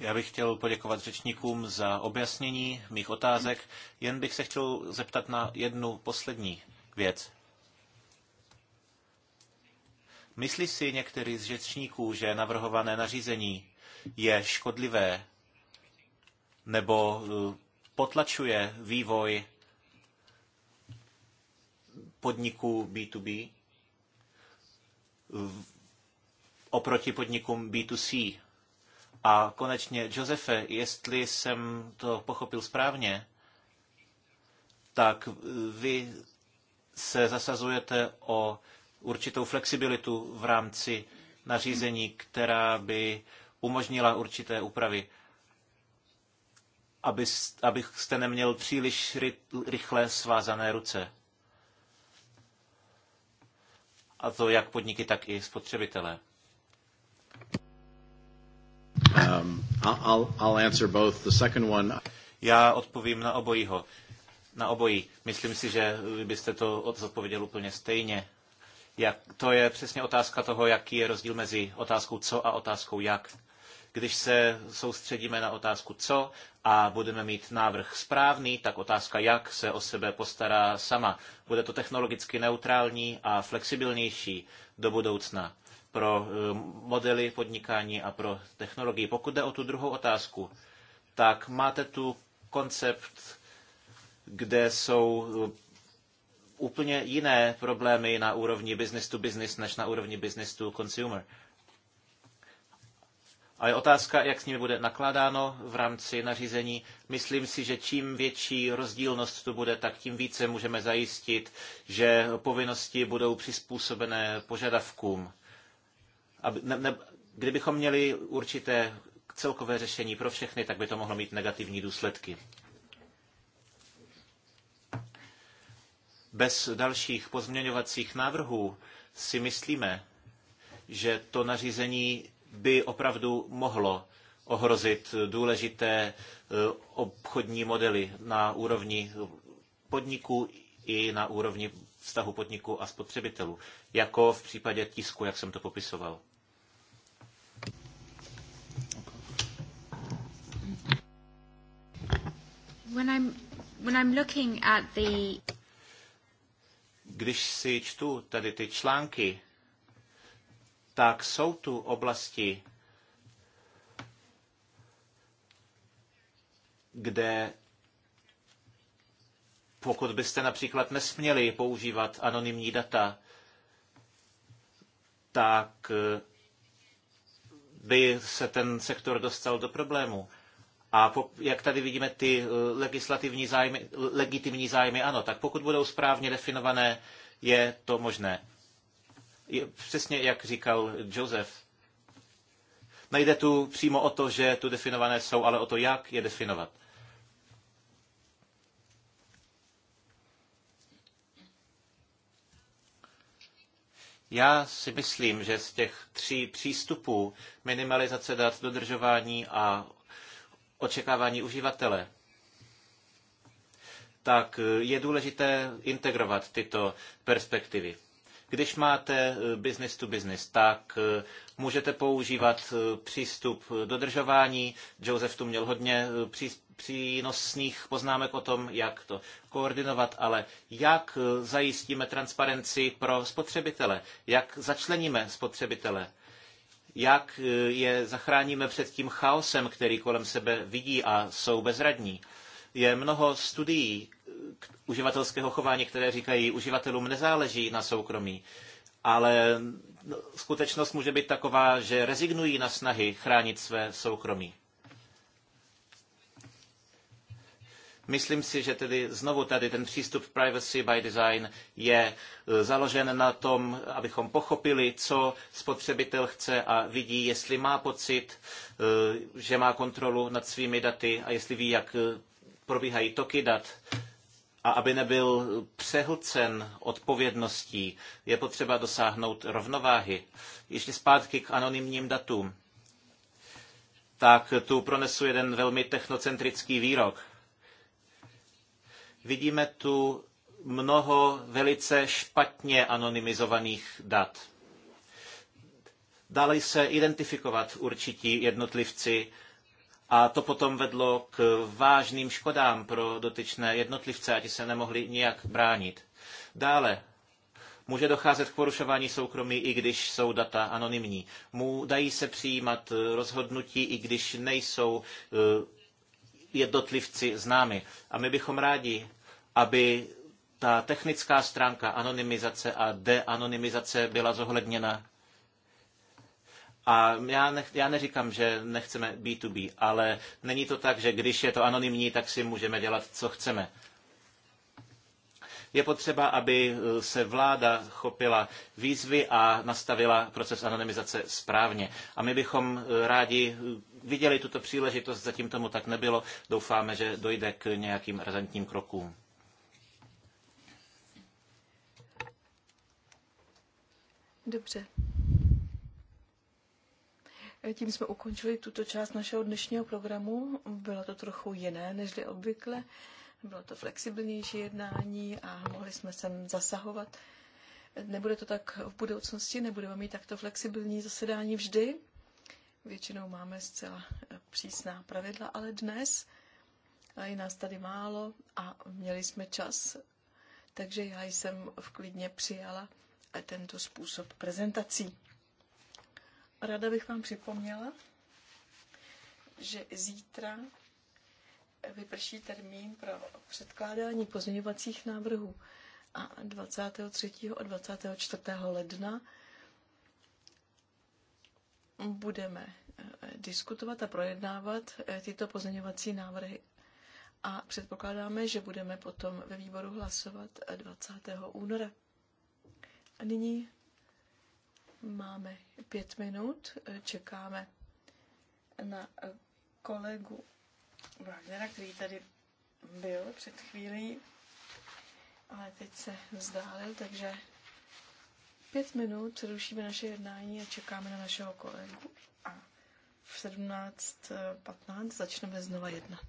Já bych chtěl poděkovat řečníkům za objasnění mých otázek. Jen bych se chtěl zeptat na jednu poslední věc. Myslí si některý z řečníků, že navrhované nařízení je škodlivé nebo eh, potlačuje vývoj podniků B2B oproti podnikům B2C? A konečně, Josefe, jestli jsem to pochopil správně, tak vy se zasazujete o určitou flexibilitu v rámci nařízení, která by umožnila určité úpravy, aby, abyste neměl příliš rychle svázané ruce. A to jak podniky, tak i spotřebitelé. Um, I'll, I'll answer both. The second one... Já odpovím na obojího. Na obojí. Myslím si, že byste to odpověděl úplně stejně. Jak, to je přesně otázka toho, jaký je rozdíl mezi otázkou co a otázkou jak. Když se soustředíme na otázku co a budeme mít návrh správný, tak otázka jak se o sebe postará sama. Bude to technologicky neutrální a flexibilnější do budoucna pro eh, modely podnikání a pro technologii. Pokud jde o tu druhou otázku, tak máte tu koncept, kde jsou eh, úplně jiné problémy na úrovni business to business než na úrovni business to consumer. A je otázka, jak s nimi bude nakládáno v rámci nařízení. Myslím si, že čím větší rozdílnost tu bude, tak tím více můžeme zajistit, že povinnosti budou přizpůsobené požadavkům aby, ne, ne, kdybychom měli určité celkové řešení pro všechny, tak by to mohlo mít negativní důsledky. Bez dalších pozměňovacích návrhů si myslíme, že to nařízení by opravdu mohlo ohrozit důležité eh, obchodní modely na úrovni podniku i na úrovni vztahu podniku a spotřebitelů, jako v případě tisku, jak jsem to popisoval. When I'm, when I'm looking at the... Když si čtu tady ty články, tak jsou tu oblasti, kde pokud byste například nesměli používat anonymní data, tak by se ten sektor dostal do problému. A jak tady vidíme ty eh, legislativní zájmy, legitimní zájmy, ano, tak pokud budou správně definované, je to možné. Je přesně jak říkal Joseph. Nejde tu přímo o to, že tu definované jsou, ale o to, jak je definovat. Já si myslím, že z těch tří přístupů minimalizace dat, dodržování a očekávání uživatele, tak je důležité integrovat tyto perspektivy. Když máte business to business, tak můžete používat přístup dodržování. Joseph tu měl hodně přínosných poznámek o tom, jak to koordinovat, ale jak zajistíme transparenci pro spotřebitele, jak začleníme spotřebitele jak e, je zachráníme před tím chaosem, který kolem sebe vidí a jsou bezradní. Je mnoho studií e, uživatelského chování, které říkají, uživatelům nezáleží na soukromí, ale no, skutečnost může být taková, že rezignují na snahy chránit své soukromí. Myslím si, že tedy znovu tady ten přístup privacy by design je e, založen na tom, abychom pochopili, co spotřebitel chce a vidí, jestli má pocit, e, že má kontrolu nad svými daty a jestli ví, jak e, probíhají toky dat a aby nebyl přehlcen odpovědností, je potřeba dosáhnout rovnováhy. Ještě zpátky k anonymním datům. Tak tu pronesu jeden velmi technocentrický výrok. Vidíme tu mnoho velice špatně anonymizovaných dat. Dali se identifikovat určití jednotlivci a to potom vedlo k vážným škodám pro dotyčné jednotlivce a ti se nemohli nijak bránit. Dále může docházet k porušování soukromí, i když jsou data anonymní. Mu dají se přijímat rozhodnutí, i když nejsou eh, jednotlivci námi A my bychom rádi, aby ta technická stránka anonymizace a deanonymizace byla zohledněna. A já, ne, já neříkám, že nechceme B2B, ale není to tak, že když je to anonymní, tak si můžeme dělat, co chceme. Je potřeba, aby eh, se vláda chopila výzvy a nastavila proces anonymizace správně. A my bychom eh, rádi eh, viděli tuto příležitost, zatím tomu tak nebylo. Doufáme, že dojde k nějakým razantním krokům. Dobře. Tím jsme ukončili tuto část našeho dnešního programu. Bylo to trochu jiné než obvykle. Bylo to flexibilnější jednání a mohli jsme sem zasahovat. Nebude to tak v budoucnosti, nebudeme mít takto flexibilní zasedání vždy. Většinou máme zcela eh, přísná pravidla, ale dnes a je nás tady málo a měli jsme čas, takže já jsem v klidně přijala eh, tento způsob prezentací. Ráda bych vám připomněla, že zítra vyprší termín pro předkládání pozměňovacích návrhů a 23. a 24. ledna budeme eh, diskutovat a projednávat eh, tyto pozměňovací návrhy. A předpokládáme, že budeme potom ve výboru hlasovat 20. Eh, února. A nyní máme pět minut, čekáme na kolegu Wagnera, který tady byl před chvílí, ale teď se vzdálil, takže pět minut přerušíme naše jednání a čekáme na našeho kolegu a v 17.15 začneme znova jednat.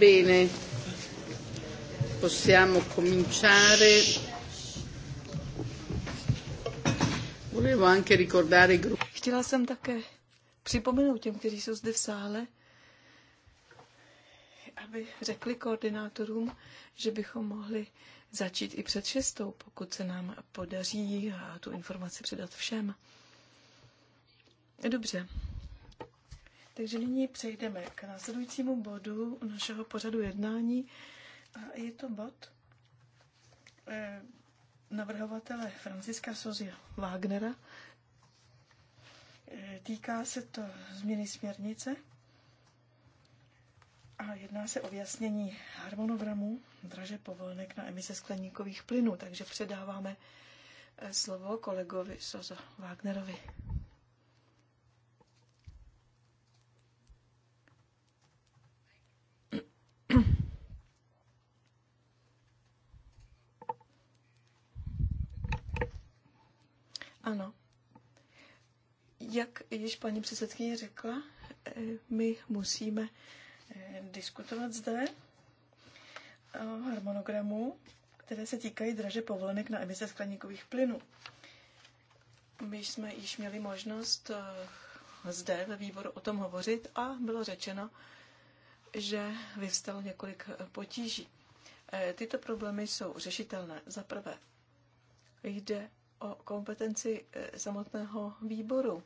Bene, possiamo cominciare. Volevo anche ricordare i gruppi. Chtěla jsem také připomenout těm, kteří jsou zde v sále, aby řekli koordinátorům, že bychom mohli začít i před šestou, pokud se nám podaří a tu informaci předat všem. Dobře, takže nyní přejdeme k následujícímu bodu našeho pořadu jednání. A je to bod eh, navrhovatele Franciska Sozia Wagnera. Eh, týká se to změny směrnice a jedná se o vyjasnění harmonogramu draže povolenek na emise skleníkových plynů, takže předáváme eh, slovo kolegovi Sozo Wagnerovi. Ano. Jak již paní předsedkyně řekla, eh, my musíme eh, diskutovat zde harmonogramu, které se týkají draže povolenek na emise skleníkových plynů. My jsme již měli možnost eh, zde ve výboru o tom hovořit a bylo řečeno, že vyvstalo několik potíží. Tyto problémy jsou řešitelné. Za prvé, jde o kompetenci eh, samotného výboru.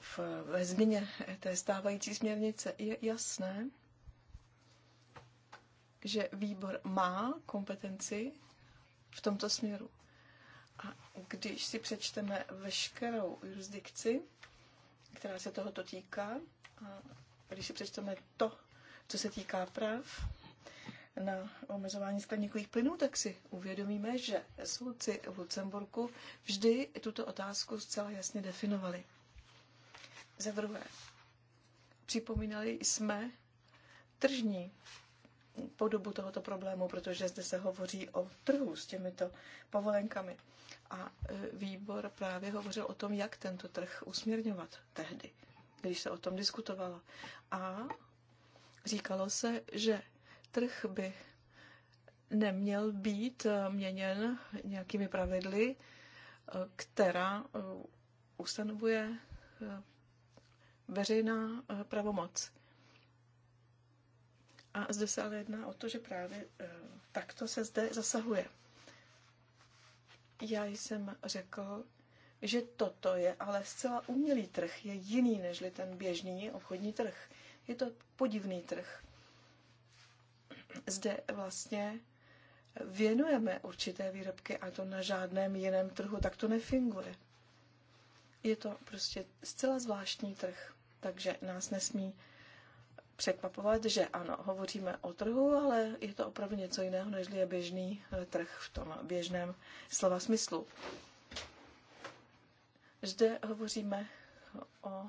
V, ve změně té stávající směrnice je jasné, že výbor má kompetenci v tomto směru. A když si přečteme veškerou jurisdikci, která se tohoto týká, a když si přečteme to, co se týká práv, na omezování skleníkových plynů, tak si uvědomíme, že soudci v Lucemburku vždy tuto otázku zcela jasně definovali. Za druhé, připomínali jsme tržní podobu tohoto problému, protože zde se hovoří o trhu s těmito povolenkami. A e, výbor právě hovořil o tom, jak tento trh usměrňovat tehdy, když se o tom diskutovalo. A říkalo se, že Trh by neměl být eh, měněn nějakými pravidly, eh, která eh, ustanovuje veřejná pravomoc. A zde se ale jedná o to, že právě takto se zde zasahuje. Já jsem řekl, že toto je ale zcela umělý trh, je jiný nežli ten běžný obchodní trh. Je to podivný trh zde vlastně věnujeme určité výrobky a to na žádném jiném trhu, tak to nefunguje. Je to prostě zcela zvláštní trh, takže nás nesmí překvapovat, že ano, hovoříme o trhu, ale je to opravdu něco jiného, než je běžný eh, trh v tom běžném slova smyslu. Zde hovoříme o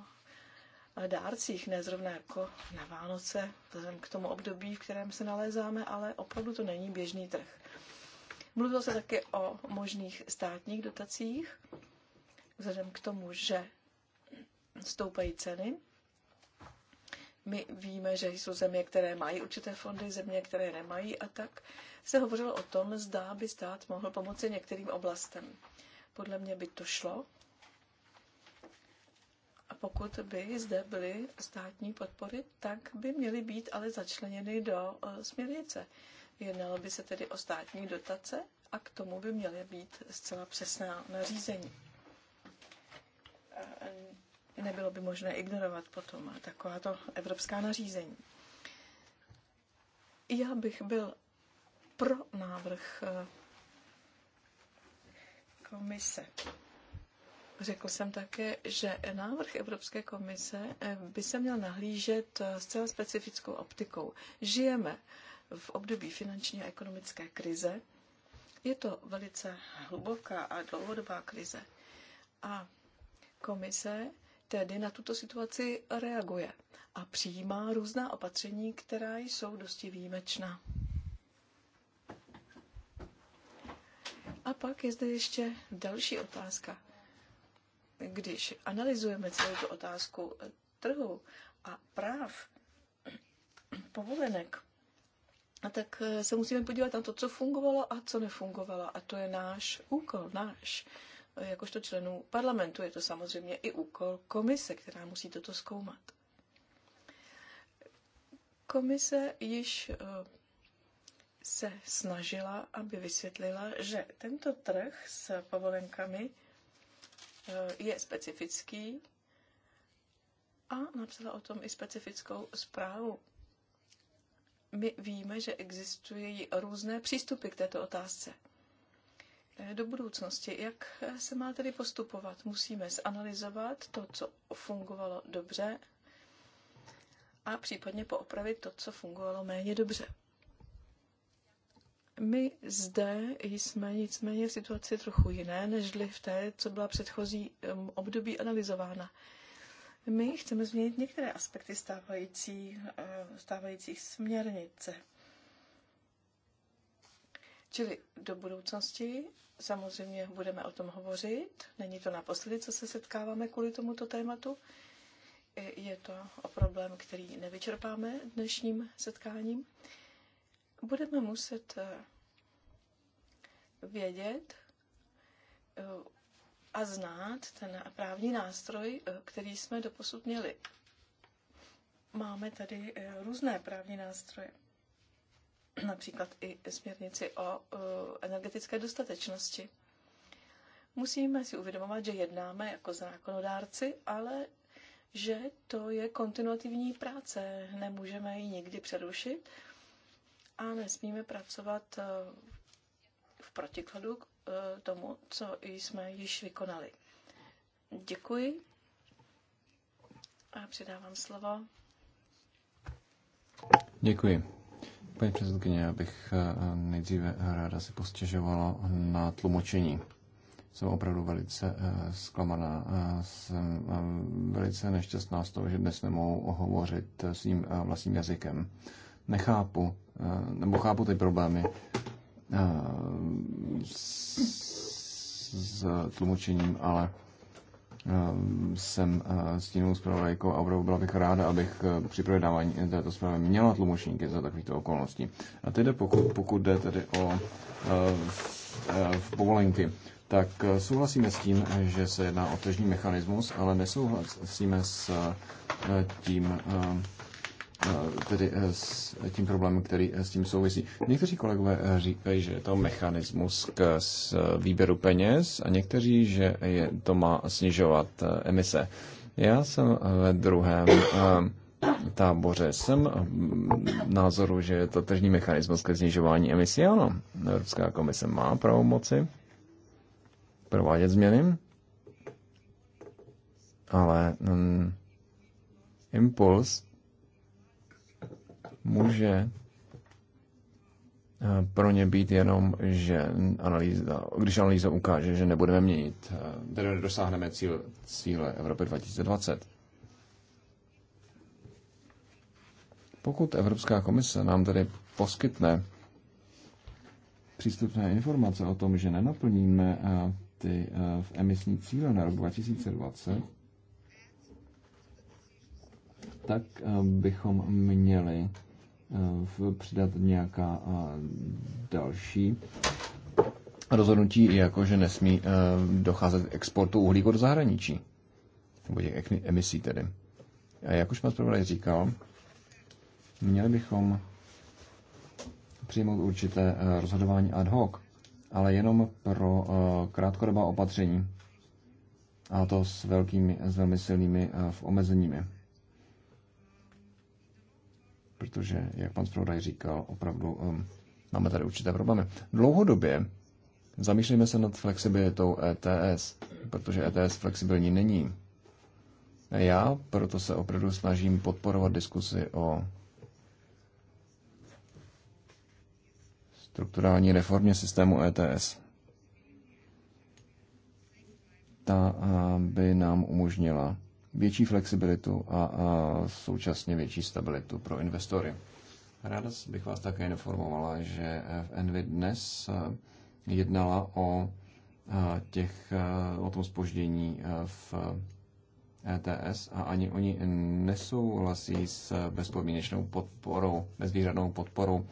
dárcích, ne zrovna jako na Vánoce, vzhledem k tomu období, v kterém se nalézáme, ale opravdu to není běžný trh. Mluvilo se také o možných státních dotacích, vzhledem k tomu, že stoupají ceny. My víme, že jsou země, které mají určité fondy, země, které nemají a tak se hovořilo o tom, zda by stát mohl pomoci některým oblastem. Podle mě by to šlo, pokud by zde byly státní podpory, tak by měly být ale začleněny do eh, směrnice. Jednalo by se tedy o státní dotace a k tomu by měly být zcela přesná nařízení. Eh, nebylo by možné ignorovat potom takováto evropská nařízení. Já bych byl pro návrh eh, komise. Řekl jsem také, že návrh Evropské komise eh, by se měl nahlížet eh, zcela specifickou optikou. Žijeme v období finanční a ekonomické krize. Je to velice hluboká a dlouhodobá krize. A komise tedy na tuto situaci reaguje a přijímá různá opatření, která jsou dosti výjimečná. A pak je zde ještě další otázka když analyzujeme celou tu otázku eh, trhu a práv eh, povolenek, a tak eh, se musíme podívat na to, co fungovalo a co nefungovalo. A to je náš úkol, náš, jakožto členů parlamentu. Je to samozřejmě i úkol komise, která musí toto zkoumat. Komise již se snažila, aby vysvětlila, že tento trh s povolenkami Eh, je specifický a napsala o tom i specifickou zprávu. My víme, že existují různé přístupy k této otázce. Eh, do budoucnosti, jak se má tedy postupovat? Musíme zanalizovat to, co fungovalo dobře a případně poopravit to, co fungovalo méně dobře. My zde jsme nicméně v situaci trochu jiné, nežli v té, co byla předchozí období analyzována. My chceme změnit některé aspekty stávající, eh, stávajících směrnice. Čili do budoucnosti samozřejmě budeme o tom hovořit. Není to naposledy, co se setkáváme kvůli tomuto tématu. Eh, je to o problém, který nevyčerpáme dnešním setkáním budeme muset eh, vědět eh, a znát ten právní nástroj, eh, který jsme doposud měli. Máme tady různé právní nástroje, například i směrnici o energetické dostatečnosti. Musíme si uvědomovat, že jednáme jako zákonodárci, ale že to je kontinuativní práce, nemůžeme ji nikdy přerušit a nesmíme pracovat eh, v protikladu k eh, tomu, co jsme již vykonali. Děkuji a předávám slovo. Děkuji. Paní předsedkyně, já bych eh, nejdříve ráda si postěžovala na tlumočení. Jsem opravdu velice zklamaná. Jsem velice nešťastná z toho, že dnes nemohu hovořit svým vlastním jazykem nechápu, eh, nebo chápu ty problémy eh, s tlumočením, ale eh, jsem s tím zpravodajkou a opravdu byla bych ráda, abych při projednávání této zprávy měla tlumočníky za takovýchto okolností. A tedy pokud, pokud jde tedy o v povolenky, tak souhlasíme s tím, že se jedná o tržní mechanismus, ale nesouhlasíme s tím, tedy eh, s tím problémem, který eh, s tím souvisí. Někteří kolegové eh, říkají, že je to mechanismus k výběru peněz a někteří, že je, to má snižovat emise. Já jsem ve druhém táboře jsem hm, názoru, že je to tržní mechanismus ke snižování emisí. Ano, Evropská komise má pravomoci provádět změny, ale um, impuls může eh, pro ně být jenom, že analýza, když analýza ukáže, že nebudeme měnit, eh, tedy dosáhneme cíl, cíle Evropy 2020. Pokud Evropská komise nám tedy poskytne přístupné informace o tom, že nenaplníme eh, ty emisní cíle na rok 2020, tak bychom měli přidat nějaká další rozhodnutí, jako že nesmí docházet k exportu uhlíku do zahraničí, nebo těch emisí tedy. A jak už pan zpravodaj říkal, měli bychom přijmout určité rozhodování ad hoc, ale jenom pro krátkodobá opatření, a to s, velkými, s velmi silnými omezeními protože, jak pan zpravodaj říkal, opravdu um, máme tady určité problémy. Dlouhodobě zamýšlíme se nad flexibilitou ETS, protože ETS flexibilní není. Já proto se opravdu snažím podporovat diskusy o strukturální reformě systému ETS. Ta eh, by nám umožnila větší flexibilitu a, a současně větší stabilitu pro investory. Ráda bych vás také informovala, že v Envy dnes jednala o, těch, o tom spoždění v ETS a ani oni nesouhlasí s bezpodmínečnou podporou, bezvýhradnou podporou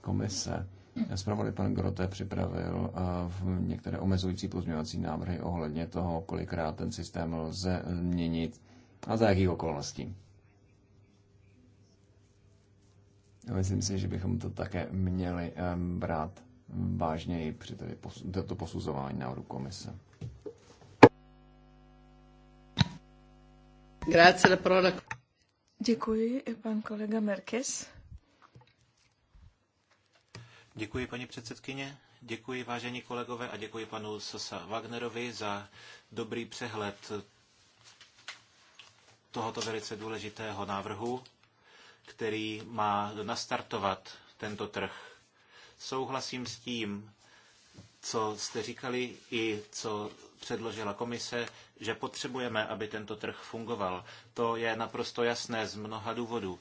komise Zpravodaj pan Grote připravil eh, některé omezující pozměňovací návrhy ohledně toho, kolikrát ten systém lze změnit a za jakých okolností. Myslím si, že bychom to také měli ehm, brát vážněji při tedy to posuzování návrhu komise. Děkuji, pan kolega Merkes. Děkuji, paní předsedkyně. Děkuji, vážení kolegové, a děkuji panu Sosa Wagnerovi za dobrý přehled tohoto velice důležitého návrhu, který má nastartovat tento trh. Souhlasím s tím, co jste říkali i co předložila komise, že potřebujeme, aby tento trh fungoval. To je naprosto jasné z mnoha důvodů.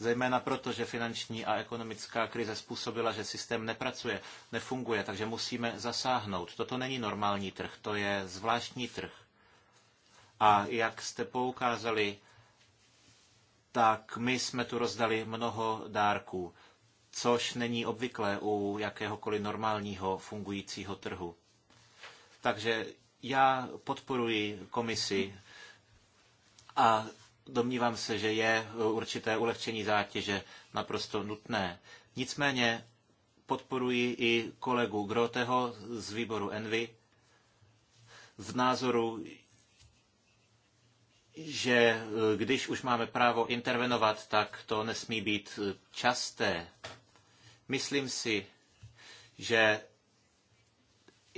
Zejména proto, že finanční a ekonomická krize způsobila, že systém nepracuje, nefunguje, takže musíme zasáhnout. Toto není normální trh, to je zvláštní trh. A jak jste poukázali, tak my jsme tu rozdali mnoho dárků, což není obvyklé u jakéhokoliv normálního fungujícího trhu. Takže já podporuji komisi a Domnívám se, že je e, určité ulehčení zátěže naprosto nutné. Nicméně podporuji i kolegu Groteho z výboru Envy v názoru, že e, když už máme právo intervenovat, tak to nesmí být e, časté. Myslím si, že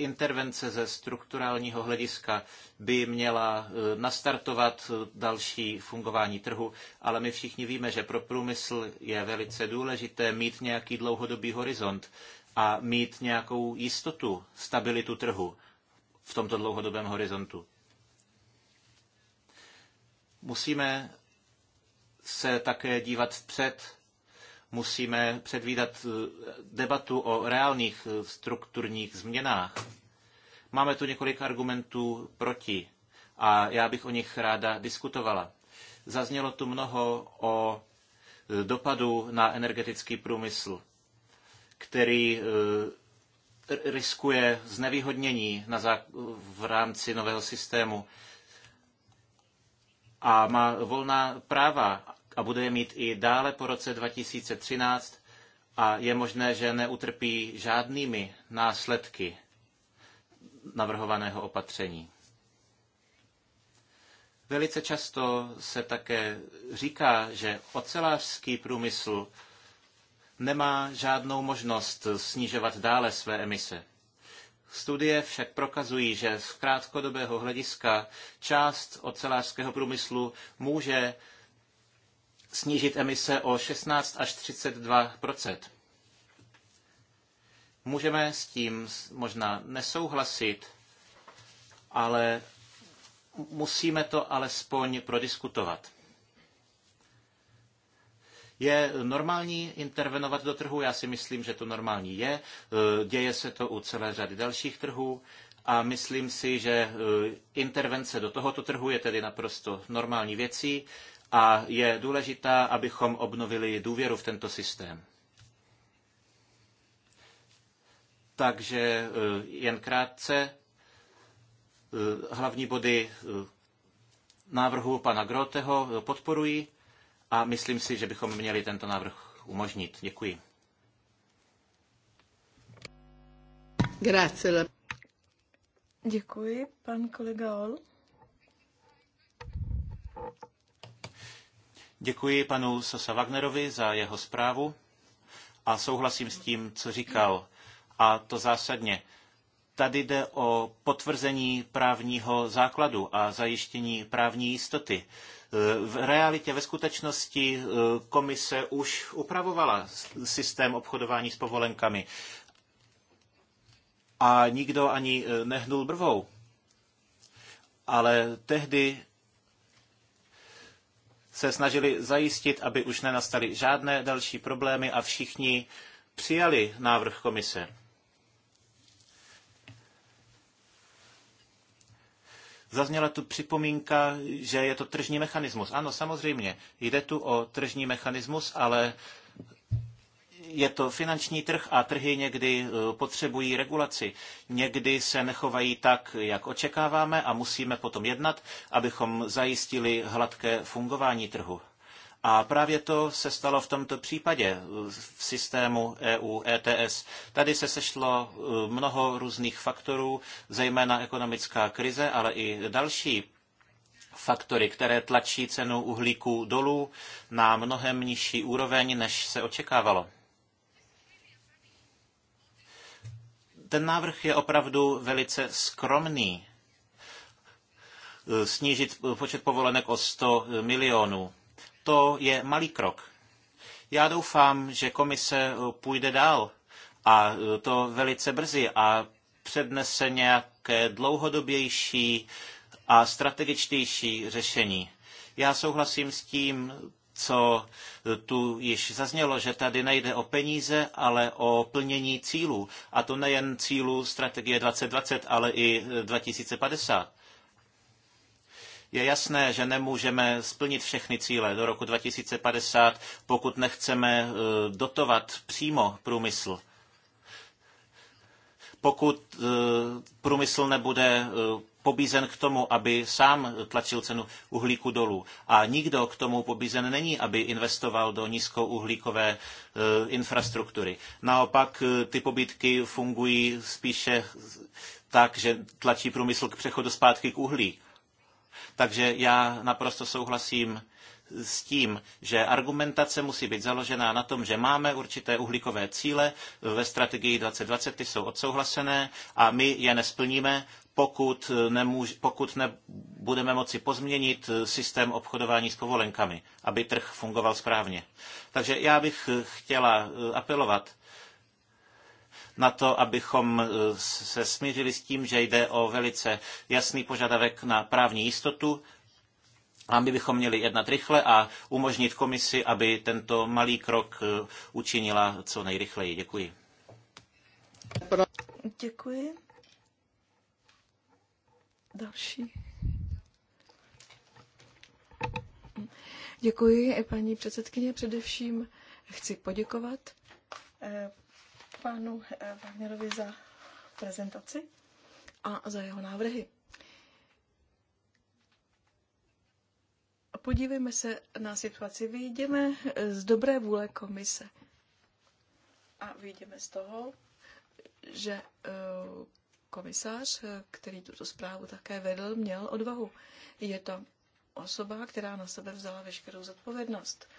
intervence ze strukturálního hlediska by měla eh, nastartovat eh, další fungování trhu, ale my všichni víme, že pro průmysl je velice důležité mít nějaký dlouhodobý horizont a mít nějakou jistotu, stabilitu trhu v tomto dlouhodobém horizontu. Musíme se také dívat vpřed musíme předvídat eh, debatu o reálných eh, strukturních změnách. Máme tu několik argumentů proti a já bych o nich ráda diskutovala. Zaznělo tu mnoho o eh, dopadu na energetický průmysl, který riskuje znevýhodnění na zá... v rámci nového systému a má volná práva a bude je mít i dále po roce 2013 a je možné, že neutrpí žádnými následky navrhovaného opatření. Velice často se také říká, že ocelářský průmysl nemá žádnou možnost snižovat dále své emise. Studie však prokazují, že z krátkodobého hlediska část ocelářského průmyslu může snížit emise o 16 až 32 Můžeme s tím možná nesouhlasit, ale musíme to alespoň prodiskutovat. Je normální intervenovat do trhu? Já si myslím, že to normální je. E, děje se to u celé řady dalších trhů a myslím si, že e, intervence do tohoto trhu je tedy naprosto normální věcí a je důležitá, abychom obnovili důvěru v tento systém. Takže eh, jen krátce eh, hlavní body eh, návrhu pana Groteho podporuji a myslím si, že bychom měli tento návrh umožnit. Děkuji. Grazie. Děkuji, pan kolega Ol. Děkuji panu Sosa Wagnerovi za jeho zprávu a souhlasím s tím, co říkal. A to zásadně. Tady jde o potvrzení právního základu a zajištění právní jistoty. V realitě, ve skutečnosti eh, komise už upravovala systém obchodování s povolenkami a nikdo ani eh, nehnul brvou. Ale tehdy se snažili zajistit, aby už nenastaly žádné další problémy a všichni přijali návrh komise. Zazněla tu připomínka, že je to tržní mechanismus. Ano, samozřejmě, jde tu o tržní mechanismus, ale je to finanční trh a trhy někdy e, potřebují regulaci. Někdy se nechovají tak, jak očekáváme a musíme potom jednat, abychom zajistili hladké fungování trhu. A právě to se stalo v tomto případě e, v systému EU ETS. Tady se sešlo e, mnoho různých faktorů, zejména ekonomická krize, ale i další faktory, které tlačí cenu uhlíku dolů na mnohem nižší úroveň, než se očekávalo. Ten návrh je opravdu velice skromný. E, snížit počet povolenek o 100 milionů. To je malý krok. Já doufám, že komise e, půjde dál a e, to velice brzy a přednese nějaké dlouhodobější a strategičtější řešení. Já souhlasím s tím, co tu již zaznělo, že tady nejde o peníze, ale o plnění cílů. A to nejen cílů strategie 2020, ale i 2050. Je jasné, že nemůžeme splnit všechny cíle do roku 2050, pokud nechceme e, dotovat přímo průmysl pokud e, průmysl nebude e, pobízen k tomu, aby sám tlačil cenu uhlíku dolů. A nikdo k tomu pobízen není, aby investoval do nízkouhlíkové e, infrastruktury. Naopak e, ty pobídky fungují spíše tak, že tlačí průmysl k přechodu zpátky k uhlí. Takže já naprosto souhlasím s tím, že argumentace musí být založená na tom, že máme určité uhlíkové cíle ve strategii 2020, ty jsou odsouhlasené a my je nesplníme, pokud, eh, nemůž, pokud nebudeme moci pozměnit eh, systém obchodování s povolenkami, aby trh fungoval správně. Takže já bych eh, chtěla apelovat na to, abychom se smířili s tím, že jde o velice jasný požadavek na právní jistotu a my bychom měli jednat rychle a umožnit komisi, aby tento malý krok učinila co nejrychleji. Děkuji. Děkuji. Další. Děkuji, paní předsedkyně. Především chci poděkovat eh, panu eh, Wagnerovi za prezentaci a za jeho návrhy. Podívejme se na situaci. Vyjdeme z dobré vůle komise a vyjdeme z toho, že eh, komisař, který tuto zprávu také vedl, měl odvahu. Je to osoba, která na sebe vzala veškerou zodpovědnost.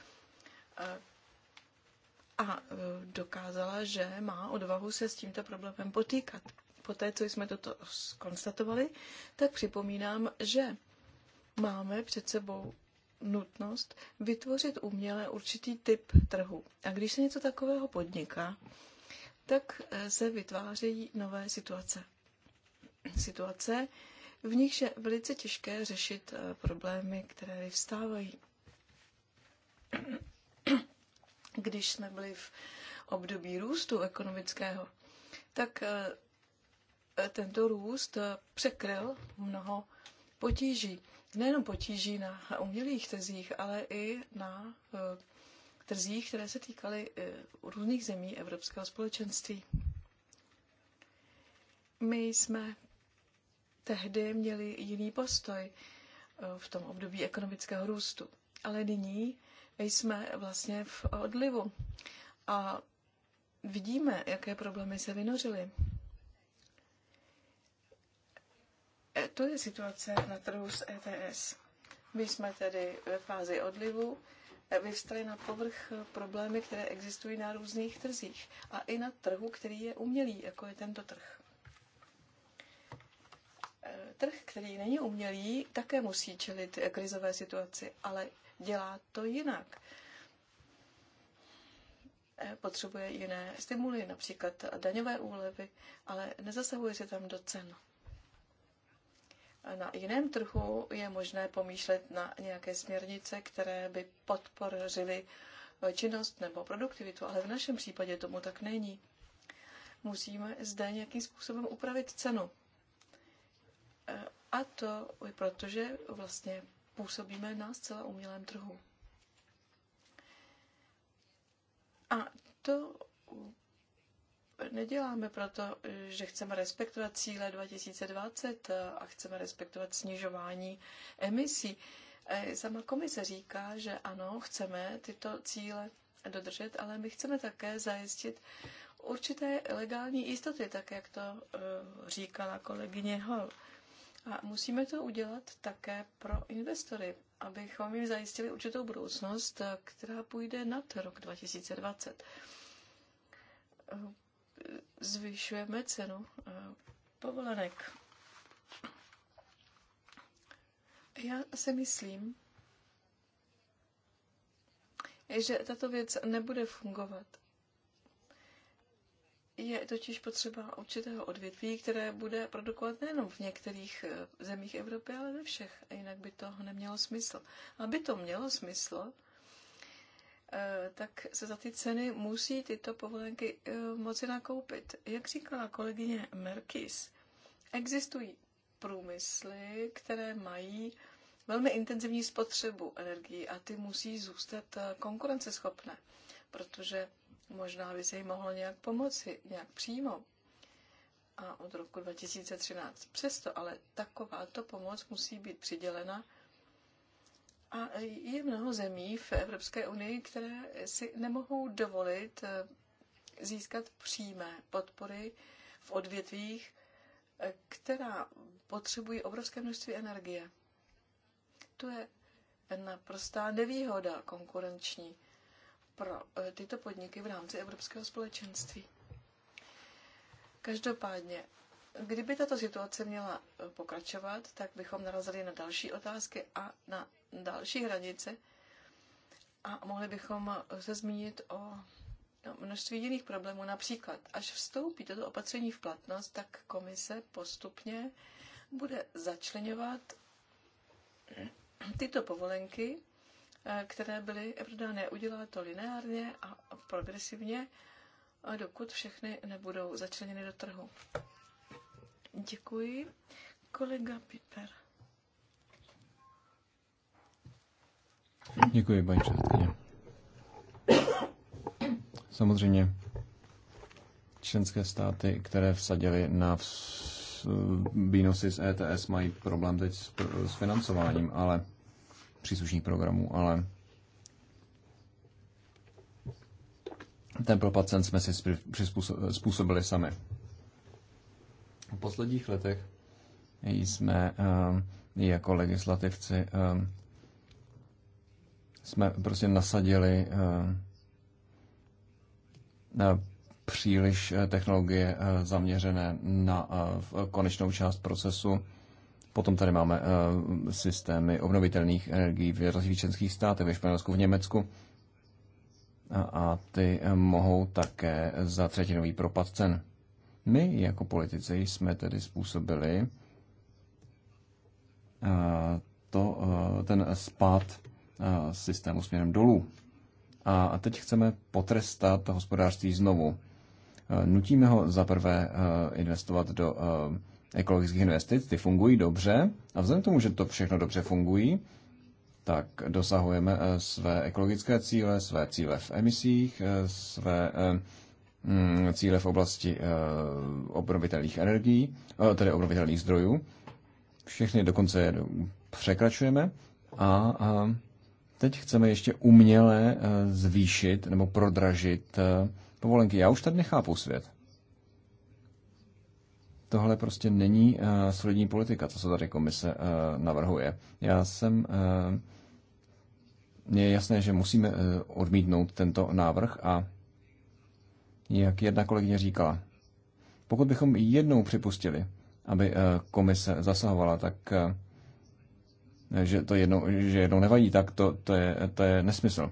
A dokázala, že má odvahu se s tímto problémem potýkat. Poté, co jsme toto skonstatovali, tak připomínám, že máme před sebou nutnost vytvořit uměle určitý typ trhu. A když se něco takového podniká, tak eh, se vytvářejí nové situace situace, v nichž je velice těžké řešit eh, problémy, které vyvstávají. Když jsme byli v období růstu ekonomického, tak eh, eh, tento růst překryl mnoho potíží. Nejenom potíží na umělých trzích, ale i na trzích, které se týkaly různých zemí Evropského společenství. My jsme tehdy měli jiný postoj eh, v tom období ekonomického růstu. Ale nyní jsme vlastně v odlivu a vidíme, jaké problémy se vynořily. Eh, to je situace na trhu s ETS. My jsme tedy ve fázi odlivu, eh, vyvstaly na povrch problémy, které existují na různých trzích a i na trhu, který je umělý, jako je tento trh trh, který není umělý, také musí čelit krizové situaci, ale dělá to jinak. E, potřebuje jiné stimuly, například daňové úlevy, ale nezasahuje se tam do cen. Na jiném trhu je možné pomýšlet na nějaké směrnice, které by podpořily činnost nebo produktivitu, ale v našem případě tomu tak není. Musíme zde nějakým způsobem upravit cenu. A to i proto, že vlastně působíme na zcela umělém trhu. A to neděláme proto, že chceme respektovat cíle 2020 a chceme respektovat snižování emisí. E, sama komise říká, že ano, chceme tyto cíle dodržet, ale my chceme také zajistit určité legální jistoty, tak jak to e, říkala kolegyně Hall. A musíme to udělat také pro investory, abychom jim zajistili určitou budoucnost, která půjde nad rok 2020. Zvyšujeme cenu eh, povolenek. Já si myslím, že tato věc nebude fungovat je totiž potřeba určitého odvětví, které bude produkovat nejenom v některých eh, zemích Evropy, ale ve všech. A jinak by to nemělo smysl. Aby to mělo smysl, eh, tak se za ty ceny musí tyto povolenky eh, moci nakoupit. Jak říkala kolegyně Merkis, existují průmysly, které mají velmi intenzivní spotřebu energii a ty musí zůstat konkurenceschopné, protože Možná by se jim mohlo nějak pomoci, nějak přímo. A od roku 2013. Přesto ale takováto pomoc musí být přidělena a je mnoho zemí v Evropské unii, které si nemohou dovolit eh, získat přímé podpory v odvětvích, eh, která potřebují obrovské množství energie. To je naprostá nevýhoda konkurenční pro eh, tyto podniky v rámci Evropského společenství. Každopádně, kdyby tato situace měla eh, pokračovat, tak bychom narazili na další otázky a na další hranice a mohli bychom eh, se zmínit o no, množství jiných problémů. Například, až vstoupí toto opatření v platnost, tak komise postupně bude začlenovat tyto povolenky Eh, které byly prodány. udělali to lineárně a progresivně, dokud všechny nebudou začleněny do trhu. Děkuji. Kolega Piper. Děkuji, paní předsedkyně. Samozřejmě členské státy, které vsadily na výnosy z ETS, mají problém teď s, s financováním, ale příslušných programů, ale ten propad cen jsme si způsobili sami. V posledních letech jsme ehm, jako legislativci ehm, jsme prostě nasadili ehm, příliš eh, technologie eh, zaměřené na eh, konečnou část procesu Potom tady máme eh, systémy obnovitelných energií v jednotlivých členských státech, ve Španělsku, v Německu. A ty eh, mohou také za třetinový propad cen. My jako politici jsme tedy způsobili eh, to, ten uh, systému směrem dolů. A teď chceme potrestat hospodářství znovu. Nutíme ho za prvé investovat do ekologických investic, ty fungují dobře a vzhledem k tomu, že to všechno dobře fungují, tak dosahujeme eh, své ekologické cíle, své cíle v emisích, eh, své eh, mm, cíle v oblasti obnovitelných energií, tedy obnovitelných zdrojů. Všechny dokonce překračujeme a teď chceme ještě uměle zvýšit nebo prodražit povolenky. Já už tady nechápu svět. Tohle prostě není eh, solidní politika, co se tady komise eh, navrhuje. Já jsem eh, je jasné, že musíme odmítnout tento návrh a jak jedna kolegyně říkala, pokud bychom jednou připustili, aby komise zasahovala, tak že to jednou, že jednou nevadí, tak to, to, je, to je nesmysl.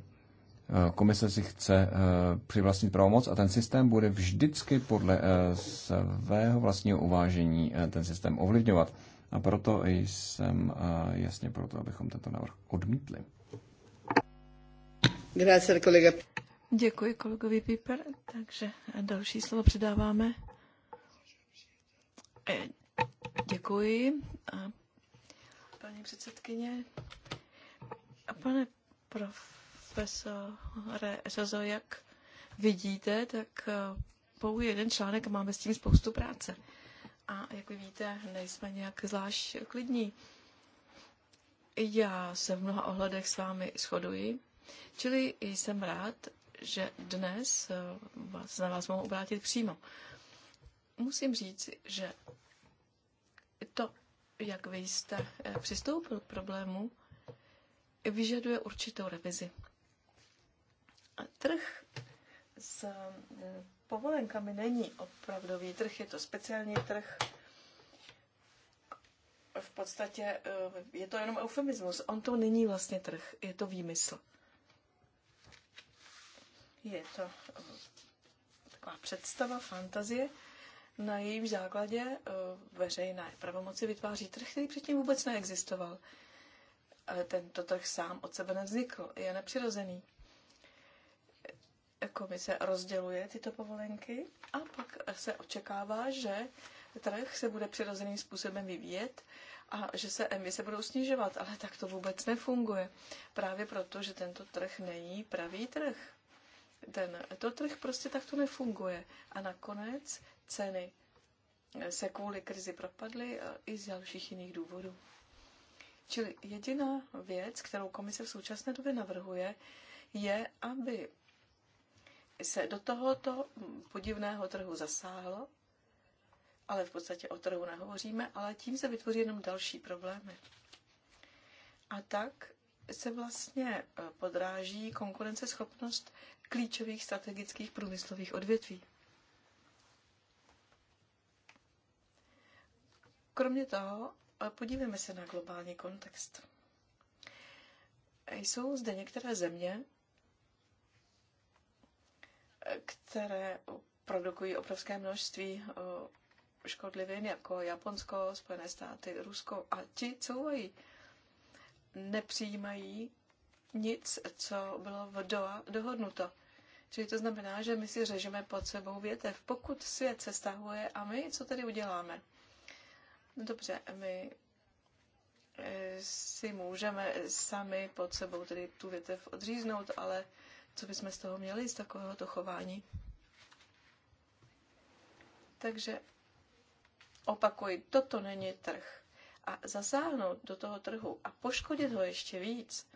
Eh, komise si chce eh, přivlastnit pravomoc a ten systém bude vždycky podle eh, svého vlastního uvážení ten systém ovlivňovat. A proto jsem jasně proto, abychom tento návrh odmítli. Grazie, kolega. Děkuji kolegovi Piper. Takže další slovo předáváme. Děkuji. paní předsedkyně a pane prof profesore Řazo, jak vidíte, tak eh, pouhý jeden článek a máme s tím spoustu práce. A jak vy víte, nejsme nějak zvlášť klidní. Já se v mnoha ohledech s vámi shoduji, čili jsem rád, že dnes eh, vás, na vás mohu obrátit přímo. Musím říct, že to, jak vy jste eh, přistoupil k problému, vyžaduje určitou revizi. Trh s mm, povolenkami není opravdový trh, je to speciální trh. V podstatě eh, je to jenom eufemismus. On to není vlastně trh, je to výmysl. Je to eh, taková představa, fantazie, na jejím základě eh, veřejné pravomoci vytváří trh, který předtím vůbec neexistoval. Ale tento trh sám od sebe nevznikl, je nepřirozený komise rozděluje tyto povolenky a pak se očekává, že trh se bude přirozeným způsobem vyvíjet a že se emise budou snižovat, ale tak to vůbec nefunguje. Právě proto, že tento trh není pravý trh. Ten, to trh prostě takto nefunguje. A nakonec ceny se kvůli krizi propadly a i z dalších jiných důvodů. Čili jediná věc, kterou komise v současné době navrhuje, je, aby se do tohoto podivného trhu zasáhlo, ale v podstatě o trhu nehovoříme, ale tím se vytvoří jenom další problémy. A tak se vlastně e, podráží konkurenceschopnost klíčových strategických průmyslových odvětví. Kromě toho, e, podívejme se na globální kontext. Jsou zde některé země, které produkují obrovské množství škodlivin, jako Japonsko, Spojené státy, Rusko. A ti couvají, nepřijímají nic, co bylo v Doha dohodnuto. Čili to znamená, že my si řežeme pod sebou větev. Pokud svět se stahuje a my, co tedy uděláme? Dobře, my e, si můžeme sami pod sebou tedy tu větev odříznout, ale co bychom z toho měli, z takovéhoto chování. Takže opakuji, toto není trh. A zasáhnout do toho trhu a poškodit ho ještě víc,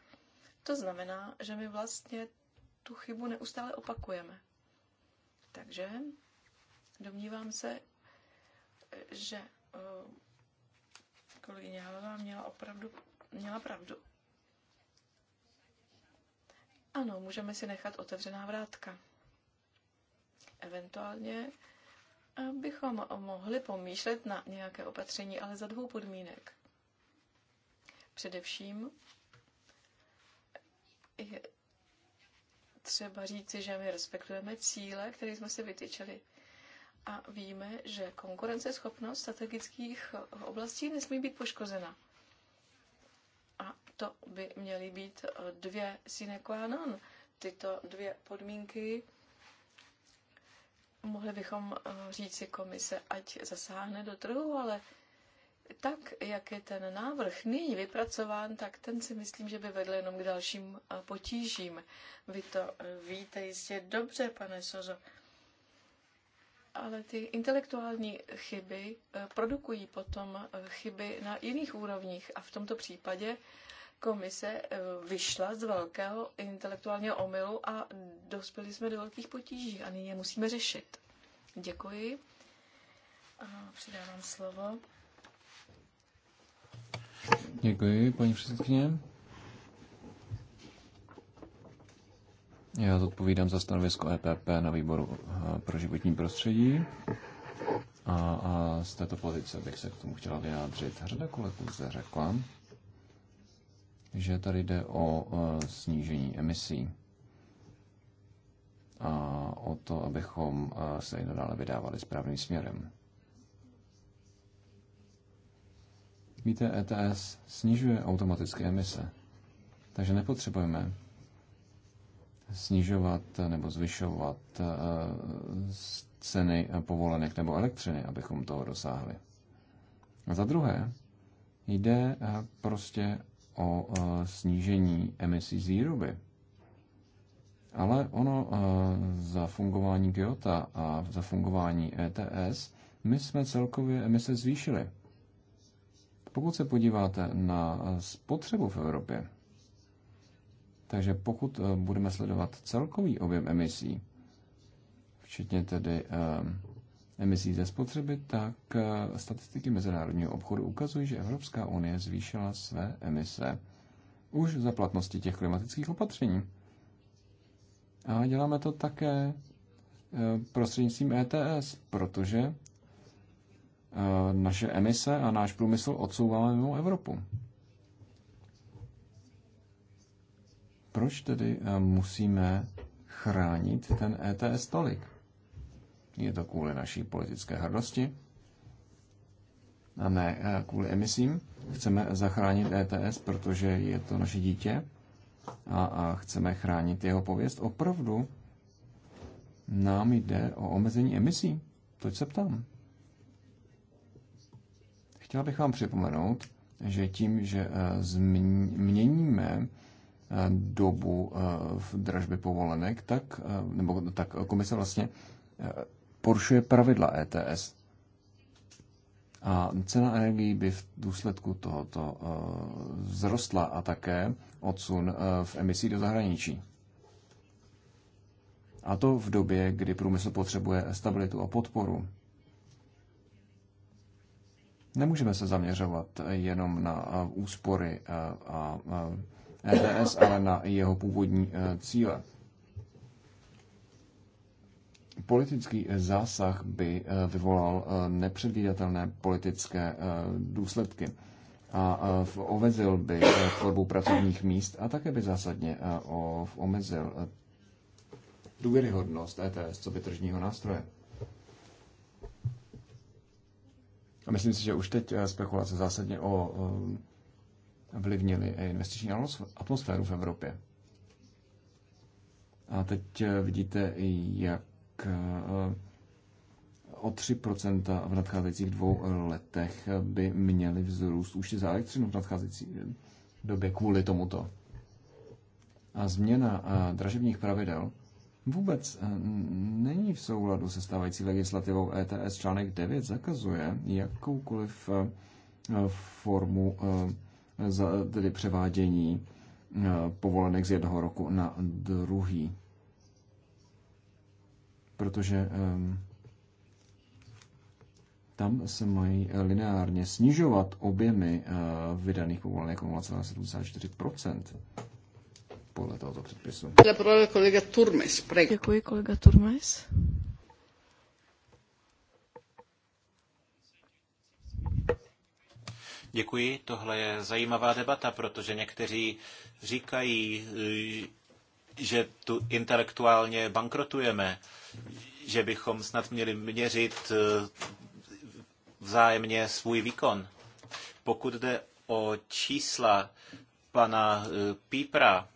to znamená, že my vlastně tu chybu neustále opakujeme. Takže domnívám se, že eh, kolegyně Halová měla opravdu měla pravdu. Ano, můžeme si nechat otevřená vrátka. Eventuálně eh, bychom mohli pomýšlet na nějaké opatření, ale za dvou podmínek. Především je třeba říci, že my respektujeme cíle, které jsme si vytyčili. A víme, že konkurenceschopnost strategických oblastí nesmí být poškozena. A to by měly být eh, dvě sine qua non. Tyto dvě podmínky mohli bychom eh, říct si komise, ať zasáhne do trhu, ale tak, jak je ten návrh nyní vypracován, tak ten si myslím, že by vedl jenom k dalším eh, potížím. Vy to víte jistě dobře, pane Sozo. Ale ty intelektuální chyby eh, produkují potom eh, chyby na jiných úrovních a v tomto případě komise eh, vyšla z velkého intelektuálního omylu a dospěli jsme do velkých potíží a nyní je musíme řešit. Děkuji. A předávám slovo. Děkuji, paní předsedkyně. Já zodpovídám za stanovisko EPP na výboru eh, pro životní prostředí. A, a z této pozice bych se k tomu chtěla vyjádřit. Řada kolegů zde řekla, že tady jde o eh, snížení emisí a o to, abychom eh, se i nadále vydávali správným směrem. Víte, ETS snižuje automatické emise, takže nepotřebujeme snižovat nebo zvyšovat eh, ceny povolenek nebo elektřiny, abychom toho dosáhli. A za druhé, jde eh, prostě o eh, snížení emisí z výroby. Ale ono za fungování Kyoto a za fungování ETS my jsme celkově emise zvýšili. Pokud se podíváte na spotřebu v Evropě, takže pokud eh, budeme sledovat celkový objem emisí, včetně tedy eh, emisí ze spotřeby, tak eh, statistiky mezinárodního obchodu ukazují, že Evropská unie zvýšila své emise už za platnosti těch klimatických opatření. A děláme to také prostřednictvím ETS, protože naše emise a náš průmysl odsouváme mimo Evropu. proč tedy eh, musíme chránit ten ETS tolik? Je to kvůli naší politické hrdosti? A ne eh, kvůli emisím? Chceme zachránit ETS, protože je to naše dítě a, a chceme chránit jeho pověst? Opravdu nám jde o omezení emisí? To se ptám. Chtěl bych vám připomenout, že tím, že eh, změníme dobu eh, v dražby povolenek, tak, eh, nebo tak komise vlastně eh, porušuje pravidla ETS. A cena energií by v důsledku tohoto vzrostla a také odsun v emisí do zahraničí. A to v době, kdy průmysl potřebuje stabilitu a podporu. Nemůžeme se zaměřovat jenom na úspory a ETS, ale na jeho původní eh, cíle. Politický eh, zásah by eh, vyvolal nepředvídatelné politické důsledky a omezil by tvorbu pracovních míst a také by zásadně omezil důvěryhodnost ETS co by tržního nástroje. A myslím si, že už teď spekulace zásadně o vlivnily investiční atmosféru v Evropě. A teď eh, vidíte, jak eh, o 3% v nadcházejících dvou letech by měly vzrůst už za elektřinu v nadcházející eh, době kvůli tomuto. A změna dražebních pravidel vůbec není v souladu se stávající legislativou ETS. Článek 9 zakazuje jakoukoliv formu za tedy převádění e, povolenek z jednoho roku na druhý. Protože tam se mají lineárně snižovat objemy e, vydaných povolenek o 0,74 podle tohoto předpisu. Děkuji, kolega Turmes. Děkuji, tohle je zajímavá debata, protože někteří říkají, že tu intelektuálně bankrotujeme, že bychom snad měli měřit eh, vzájemně svůj výkon. Pokud jde o čísla pana eh, Pípra,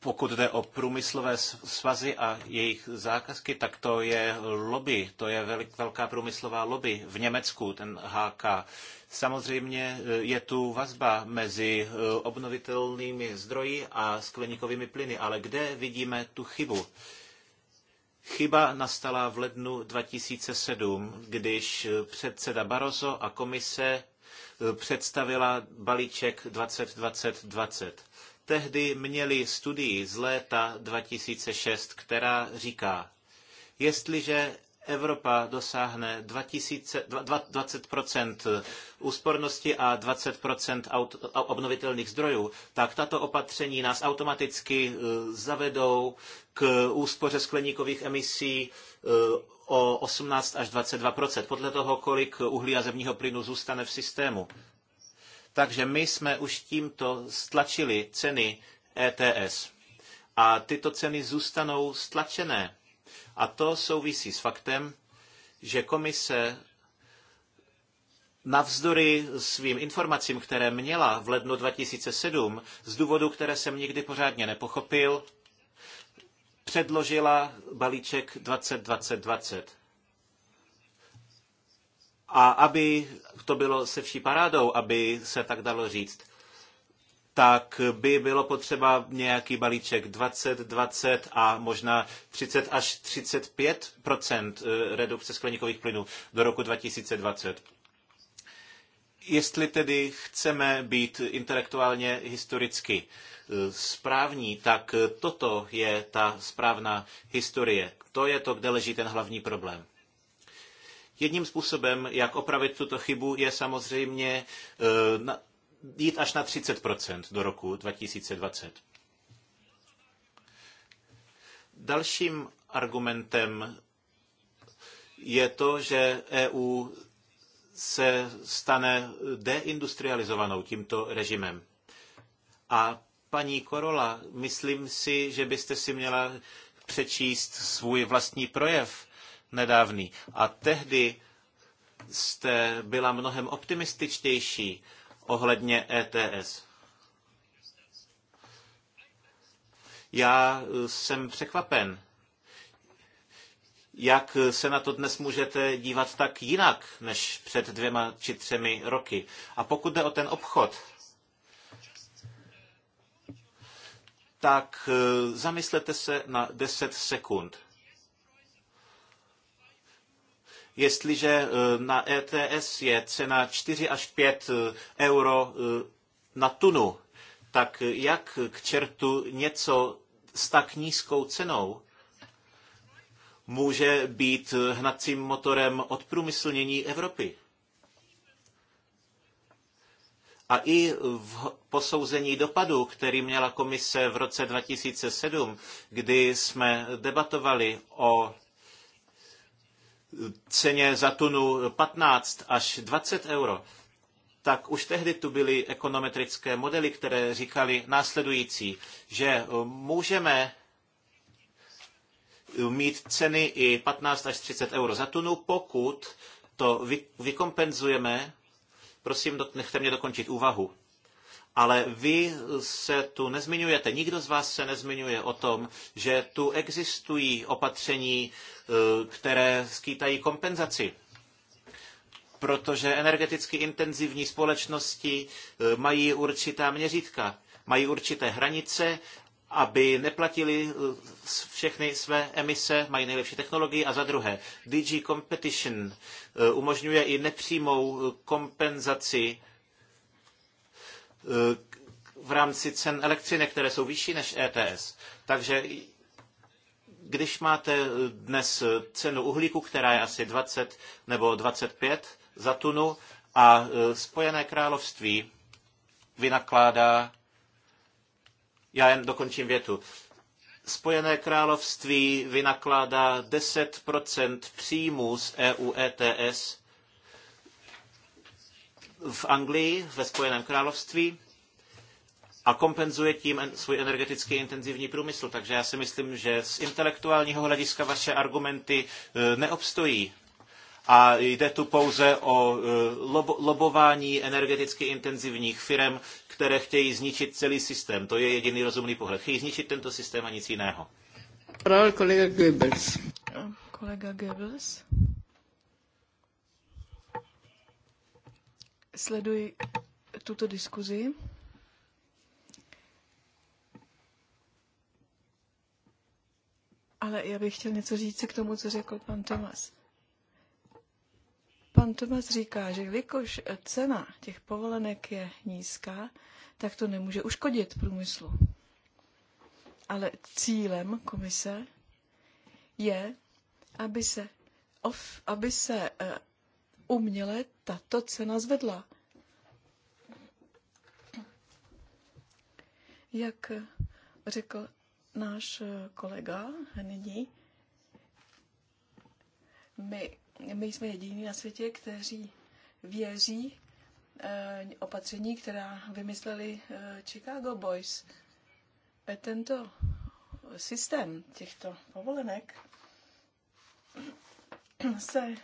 pokud jde o průmyslové svazy a jejich zákazky, tak to je lobby, to je velká průmyslová lobby v Německu, ten HK. Samozřejmě e, je tu vazba mezi e, obnovitelnými zdroji a skleníkovými plyny, ale kde vidíme tu chybu? Chyba nastala v lednu 2007, když e, předseda Barroso a komise představila balíček 2020-20 tehdy měli studii z léta 2006, která říká, jestliže Evropa dosáhne 2000, 20 úspornosti a 20 obnovitelných zdrojů, tak tato opatření nás automaticky eh, zavedou k úspoře skleníkových emisí eh, o 18 až 22 podle toho, kolik uhlí a zemního plynu zůstane v systému. Takže my jsme už tímto stlačili ceny ETS. A tyto ceny zůstanou stlačené. A to souvisí s faktem, že komise navzdory svým informacím, které měla v lednu 2007, z důvodu, které jsem nikdy pořádně nepochopil, předložila balíček 2020-20. A aby to bylo se vší parádou, aby se tak dalo říct, tak by bylo potřeba nějaký balíček 20, 20 a možná 30 až 35 eh, redukce skleníkových plynů do roku 2020. Jestli tedy chceme být intelektuálně historicky eh, správní, tak eh, toto je ta správná historie. To je to, kde leží ten hlavní problém. Jedním způsobem, jak opravit tuto chybu, je samozřejmě eh, jít až na 30% do roku 2020. Dalším argumentem je to, že EU se stane deindustrializovanou tímto režimem. A paní Korola, myslím si, že byste si měla přečíst svůj vlastní projev nedávný. A tehdy jste byla mnohem optimističtější ohledně ETS. Já jsem překvapen, jak se na to dnes můžete dívat tak jinak než před dvěma či třemi roky. A pokud jde o ten obchod, tak eh, zamyslete se na 10 sekund. Jestliže e, na ETS je cena 4 až 5 e, euro e, na tunu, tak jak k čertu něco s tak nízkou cenou může být hnacím motorem odprůmyslnění Evropy? A i v posouzení dopadu, který měla komise v roce 2007, kdy jsme debatovali o ceně za tunu 15 až 20 euro, tak už tehdy tu byly ekonometrické modely, které říkali následující, že můžeme mít ceny i 15 až 30 euro za tunu, pokud to vykompenzujeme, prosím, nechte mě dokončit úvahu, ale vy se tu nezmiňujete, nikdo z vás se nezmiňuje o tom, že tu existují opatření, e, které skýtají kompenzaci protože energeticky intenzivní společnosti e, mají určitá měřítka, mají určité hranice, aby neplatili e, všechny své emise, mají nejlepší technologii a za druhé, DG Competition umožňuje i nepřímou kompenzaci v rámci cen elektřiny, které jsou vyšší než ETS. Takže když máte dnes cenu uhlíku, která je asi 20 nebo 25 za tunu a e, Spojené království vynakládá, já jen dokončím větu, Spojené království vynakládá 10 příjmů z EU ETS v Anglii, ve Spojeném království a kompenzuje tím svůj energeticky intenzivní průmysl. Takže já si myslím, že z intelektuálního hlediska vaše argumenty e, neobstojí. A jde tu pouze o e, lob- lobování energeticky intenzivních firm, které chtějí zničit celý systém. To je jediný rozumný pohled. Chtějí zničit tento systém a nic jiného. Právě kolega Goebbels. Kolega Goebbels. Sleduji tuto diskuzi. Ale já bych chtěl něco říct k tomu, co řekl pan Tomas. Pan Tomas říká, že jelikož cena těch povolenek je nízká, tak to nemůže uškodit průmyslu. Ale cílem komise je, aby se, of, aby se eh, uměle tato cena zvedla. Jak řekl náš kolega nyní, my, my jsme jediní na světě, kteří věří eh, opatření, která vymysleli eh, Chicago Boys. E, tento systém těchto povolenek se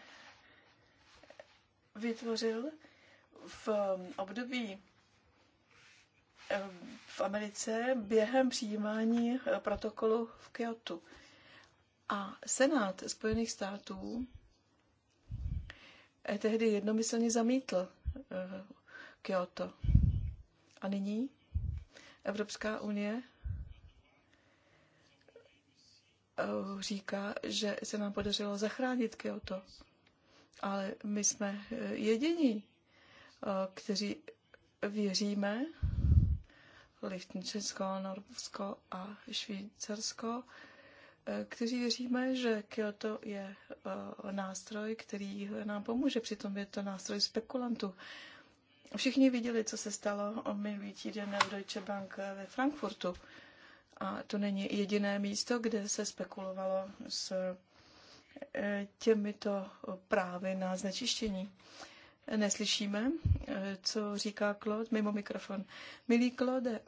vytvořil v období eh, v Americe během přijímání eh, protokolu v Kyoto. A Senát Spojených států eh, tehdy jednomyslně zamítl Kyoto. A nyní Evropská unie říká, že se nám podařilo zachránit Kyoto ale my jsme eh, jediní, eh, kteří věříme, Lichtenčesko, Norsko a Švýcarsko, eh, kteří věříme, že Kyoto je nástroj, který nám pomůže. Přitom je to nástroj spekulantů. Všichni viděli, co se stalo o minulý týden v Deutsche Bank ve Frankfurtu. A to není jediné místo, kde se spekulovalo s těmito právy na znečištění. Neslyšíme, co říká Claude mimo mikrofon. Milý Claude,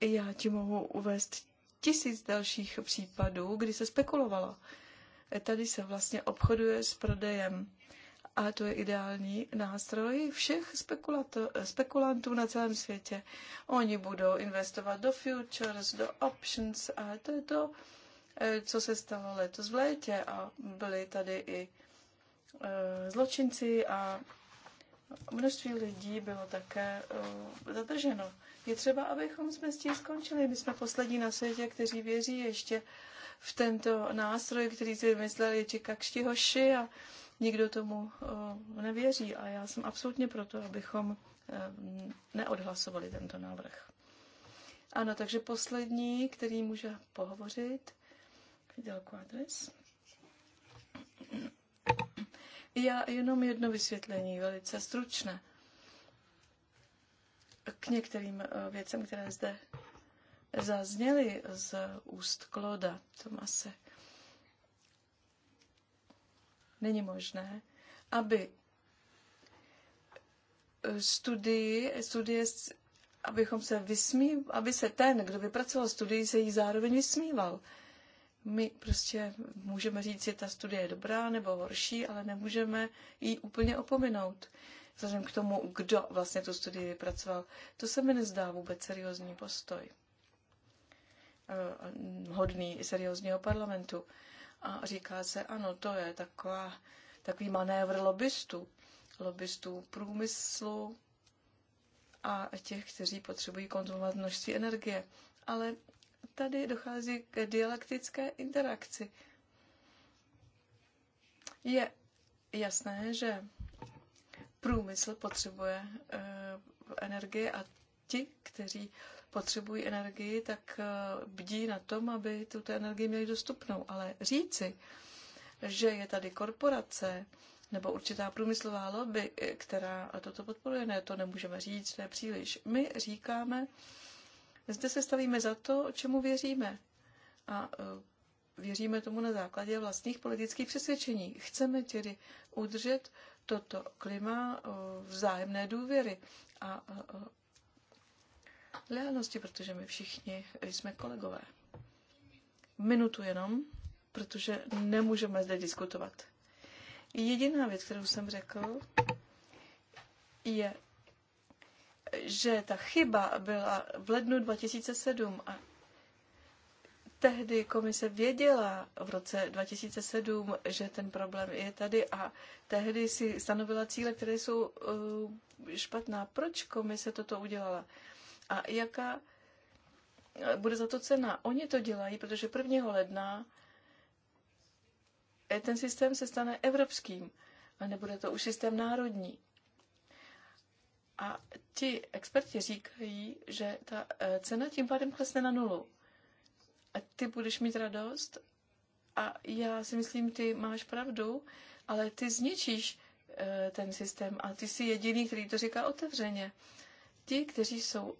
já ti mohu uvést tisíc dalších případů, kdy se spekulovalo. Tady se vlastně obchoduje s prodejem a to je ideální nástroj všech spekulantů na celém světě. Oni budou investovat do futures, do options a to je to, eh, co se stalo letos v létě. A byli tady i eh, zločinci a množství lidí bylo také eh, zadrženo. Je třeba, abychom jsme s tím skončili. My jsme poslední na světě, kteří věří ještě v tento nástroj, který si vymysleli čikakští hoši a Nikdo tomu eh, nevěří a já jsem absolutně proto, abychom eh, neodhlasovali tento návrh. Ano, takže poslední, který může pohovořit, Fidel Quadres. Já jenom jedno vysvětlení, velice stručné. K některým eh, věcem, které zde zazněly z úst Kloda Tomase. Není možné, aby eh, studii, studie, abychom se vysmí, aby se ten, kdo vypracoval studii, se jí zároveň vysmíval. My prostě můžeme říct, že ta studie je dobrá nebo horší, ale nemůžeme ji úplně opominout. Vzhledem k tomu, kdo vlastně tu studii vypracoval, to se mi nezdá vůbec seriózní postoj. Eh, hodný seriózního parlamentu a říká se, ano, to je taková, takový manévr lobbystů, lobbystů průmyslu a těch, kteří potřebují konzumovat množství energie. Ale tady dochází k dialektické interakci. Je jasné, že průmysl potřebuje e, energie a ti, kteří e, potřebují energii, tak eh, bdí na tom, aby tuto energii měli dostupnou. Ale říci, že je tady korporace nebo určitá průmyslová lobby, eh, která toto podporuje, ne, to nemůžeme říct, to je příliš. My říkáme, zde se stavíme za to, čemu věříme. A eh, věříme tomu na základě vlastních politických přesvědčení. Chceme tedy udržet toto klima vzájemné důvěry a lehalnosti, protože my všichni jsme kolegové. Minutu jenom, protože nemůžeme zde diskutovat. Jediná věc, kterou jsem řekl, je, že ta chyba byla v lednu 2007 a tehdy komise věděla v roce 2007, že ten problém je tady a tehdy si stanovila cíle, které jsou uh, špatná. Proč komise toto udělala? a jaká bude za to cena. Oni to dělají, protože 1. ledna ten systém se stane evropským, a nebude to už systém národní. A ti experti říkají, že ta e, cena tím pádem klesne na nulu. A ty budeš mít radost a já si myslím, ty máš pravdu, ale ty zničíš e, ten systém a ty jsi jediný, který to říká otevřeně. Ti, kteří jsou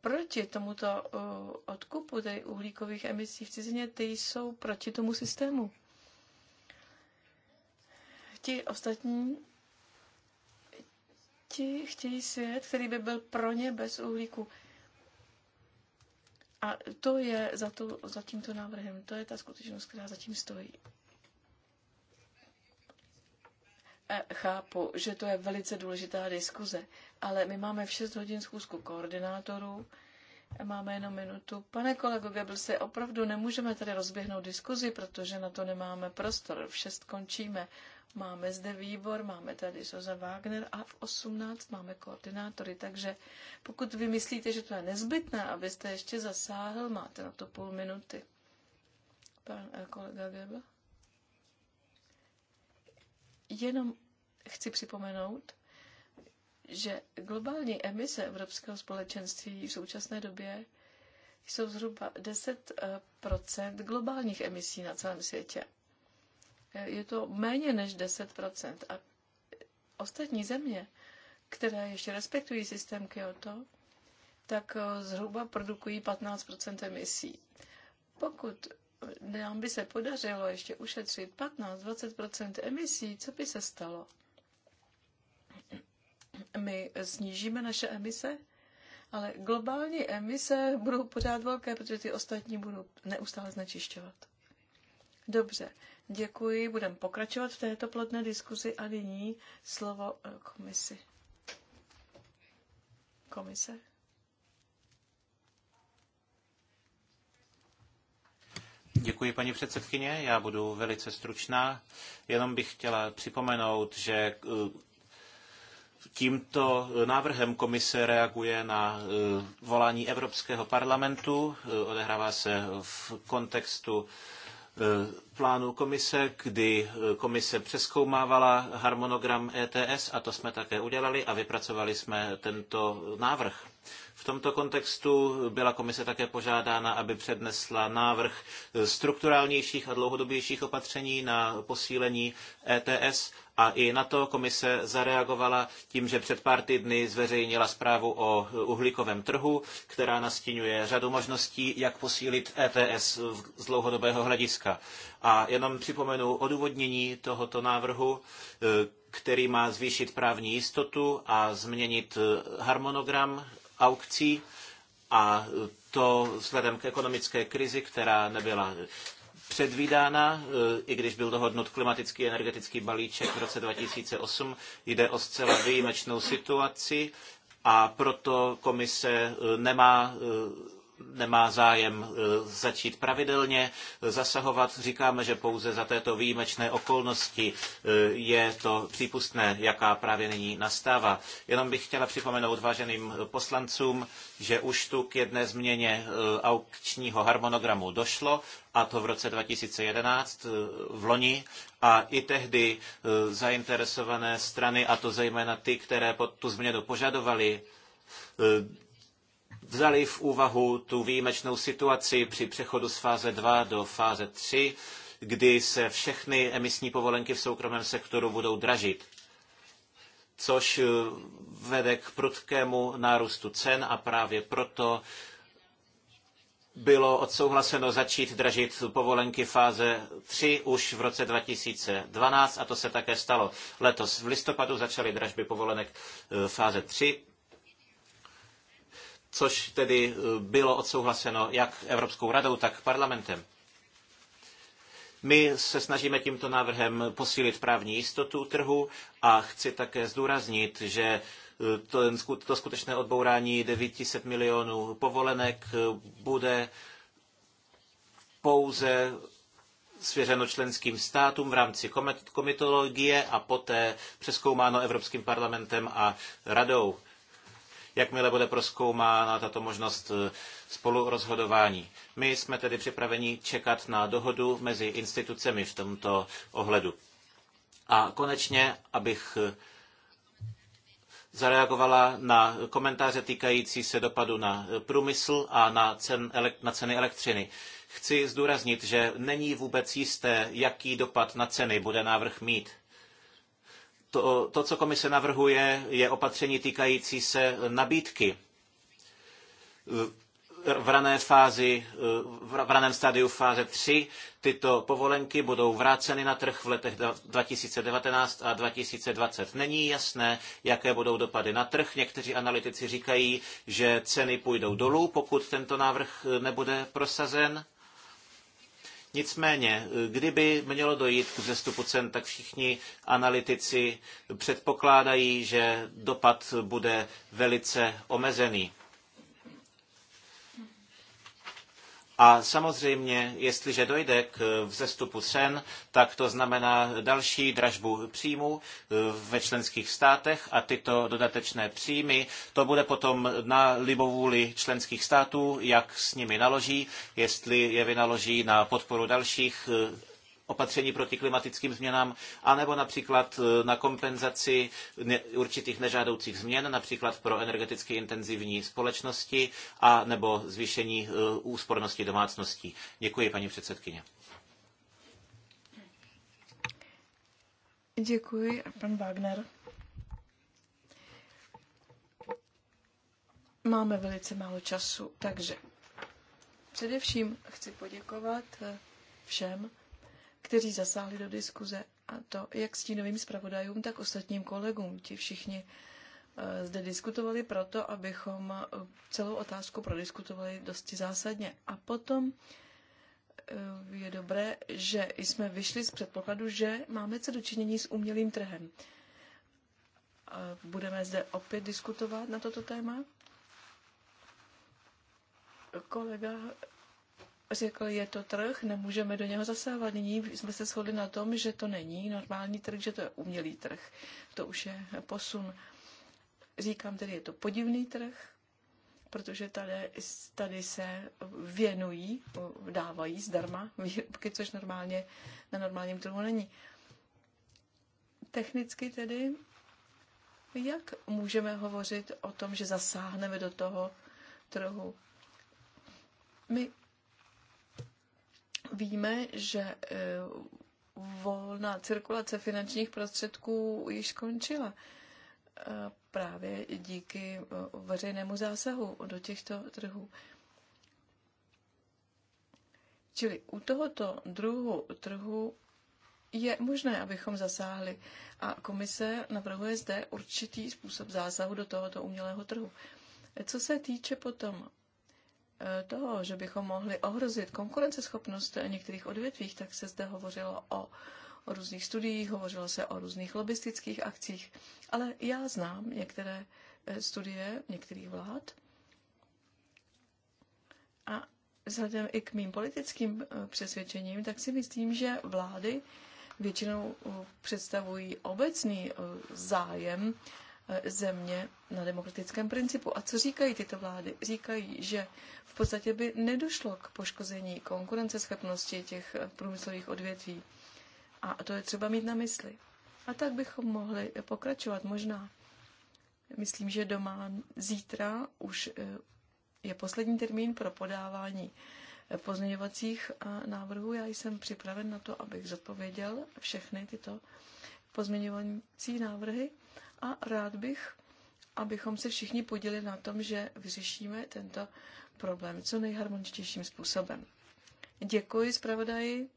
proti tomuto uh, odkupu tedy uhlíkových emisí v cizině, ty jsou proti tomu systému. Ti ostatní ti chtějí svět, který by byl pro ně bez uhlíku. A to je za, to, za tímto návrhem, to je ta skutečnost, která zatím stojí chápu, že to je velice důležitá diskuze, ale my máme v 6 hodin schůzku koordinátorů, máme jenom minutu. Pane kolego Goebbelse, opravdu nemůžeme tady rozběhnout diskuzi, protože na to nemáme prostor. V 6 končíme. Máme zde výbor, máme tady Soza Wagner a v 18 máme koordinátory, takže pokud vy myslíte, že to je nezbytné, abyste ještě zasáhl, máte na to půl minuty. Pan eh, kolega Goebbels? Jenom chci připomenout, že globální emise Evropského společenství v současné době jsou zhruba 10 eh, globálních emisí na celém světě. Eh, je to méně než 10 a ostatní země, které ještě respektují systém Kyoto, tak eh, zhruba produkují 15 emisí. Pokud nám by se podařilo ještě ušetřit 15-20 emisí, co by se stalo? My snížíme naše emise, ale globální emise budou pořád velké, protože ty ostatní budou neustále znečišťovat. Dobře, děkuji. Budeme pokračovat v této plodné diskuzi a nyní slovo eh, komisi. Komise? Děkuji, paní předsedkyně. Já budu velice stručná. Jenom bych chtěla připomenout, že eh, Tímto návrhem komise reaguje na eh, volání Evropského parlamentu. Eh, odehrává se v kontextu plánu komise, kdy komise přeskoumávala harmonogram ETS a to jsme také udělali a vypracovali jsme tento návrh tomto kontextu byla komise také požádána, aby přednesla návrh strukturálnějších a dlouhodobějších opatření na posílení ETS a i na to komise zareagovala tím, že před pár týdny zveřejnila zprávu o uhlíkovém trhu, která nastínuje řadu možností, jak posílit ETS z dlouhodobého hlediska. A jenom připomenu odůvodnění tohoto návrhu, e, který má zvýšit právní jistotu a změnit e, harmonogram aukcí a to vzhledem k ekonomické krizi, která nebyla předvídána, i když byl dohodnut klimatický energetický balíček v roce 2008, jde o zcela výjimečnou situaci a proto komise nemá nemá zájem e, začít pravidelně e, zasahovat. Říkáme, že pouze za této výjimečné okolnosti e, je to přípustné, jaká právě nyní nastává. Jenom bych chtěla připomenout váženým poslancům, že už tu k jedné změně aukčního harmonogramu došlo, a to v roce 2011 v loni a i tehdy zainteresované strany, a to zejména ty, které pod tu změnu požadovali, vzali v úvahu tu výjimečnou situaci při přechodu z fáze 2 do fáze 3, kdy se všechny emisní povolenky v soukromém sektoru budou dražit, což eh, vede k prudkému nárůstu cen a právě proto bylo odsouhlaseno začít dražit povolenky fáze 3 už v roce 2012 a to se také stalo. Letos v listopadu začaly dražby povolenek eh, fáze 3 což tedy eh, bylo odsouhlaseno jak Evropskou radou, tak parlamentem. My se snažíme tímto návrhem posílit právní jistotu trhu a chci také zdůraznit, že eh, to, to skutečné odbourání 900 milionů povolenek eh, bude pouze svěřeno členským státům v rámci komitologie a poté přeskoumáno Evropským parlamentem a radou jakmile bude proskoumána tato možnost eh, spolurozhodování. My jsme tedy připraveni čekat na dohodu mezi institucemi v tomto ohledu. A konečně, abych eh, zareagovala na komentáře týkající se dopadu na eh, průmysl a na, cen, na ceny elektřiny. Chci zdůraznit, že není vůbec jisté, jaký dopad na ceny bude návrh mít. To, to, co komise navrhuje, je opatření týkající se nabídky v rané fázi, v raném stádiu fáze 3 tyto povolenky budou vráceny na trh v letech 2019 a 2020. Není jasné, jaké budou dopady na trh. Někteří analytici říkají, že ceny půjdou dolů, pokud tento návrh nebude prosazen. Nicméně, kdyby mělo dojít k vzestupu cen, tak všichni analytici předpokládají, že dopad bude velice omezený. A samozřejmě, jestliže dojde k vzestupu cen, tak to znamená další dražbu příjmů eh, ve členských státech a tyto dodatečné příjmy, to bude potom na libovůli členských států, jak s nimi naloží, jestli je vynaloží na podporu dalších eh, opatření proti klimatickým změnám, anebo například eh, na kompenzaci určitých nežádoucích změn, například pro energeticky intenzivní společnosti a nebo zvýšení eh, úspornosti domácností. Děkuji, paní předsedkyně. Děkuji, pan Wagner. Máme velice málo času, takže především chci poděkovat eh, všem, kteří zasáhli do diskuze, a to jak stínovým zpravodajům, tak ostatním kolegům. Ti všichni eh, zde diskutovali proto, abychom eh, celou otázku prodiskutovali dosti zásadně. A potom eh, je dobré, že jsme vyšli z předpokladu, že máme co dočinění s umělým trhem. Budeme zde opět diskutovat na toto téma. Kolega řekl, je to trh, nemůžeme do něho zasávat. Nyní jsme se shodli na tom, že to není normální trh, že to je umělý trh. To už je posun. Říkám tedy, je to podivný trh, protože tady, tady se věnují, dávají zdarma výrobky, což normálně na normálním trhu není. Technicky tedy, jak můžeme hovořit o tom, že zasáhneme do toho trhu? My Víme, že eh, volná cirkulace finančních prostředků již skončila eh, právě díky eh, veřejnému zásahu do těchto trhů. Čili u tohoto druhu trhu je možné, abychom zasáhli. A komise navrhuje zde určitý způsob zásahu do tohoto umělého trhu. Co se týče potom toho, že bychom mohli ohrozit konkurenceschopnost některých odvětvích, tak se zde hovořilo o, o různých studiích, hovořilo se o různých lobistických akcích, ale já znám některé eh, studie některých vlád a vzhledem i k mým politickým eh, přesvědčením, tak si myslím, že vlády většinou eh, představují obecný zájem země na demokratickém principu. A co říkají tyto vlády? Říkají, že v podstatě by nedošlo k poškození konkurenceschopnosti těch průmyslových odvětví. A to je třeba mít na mysli. A tak bychom mohli pokračovat možná. Myslím, že doma zítra už eh, je poslední termín pro podávání eh, pozměňovacích eh, návrhů. Já jsem připraven na to, abych zodpověděl všechny tyto pozměňovací návrhy a rád bych, abychom se všichni podělili na tom, že vyřešíme tento problém co nejharmoničtějším způsobem. Děkuji zpravodaji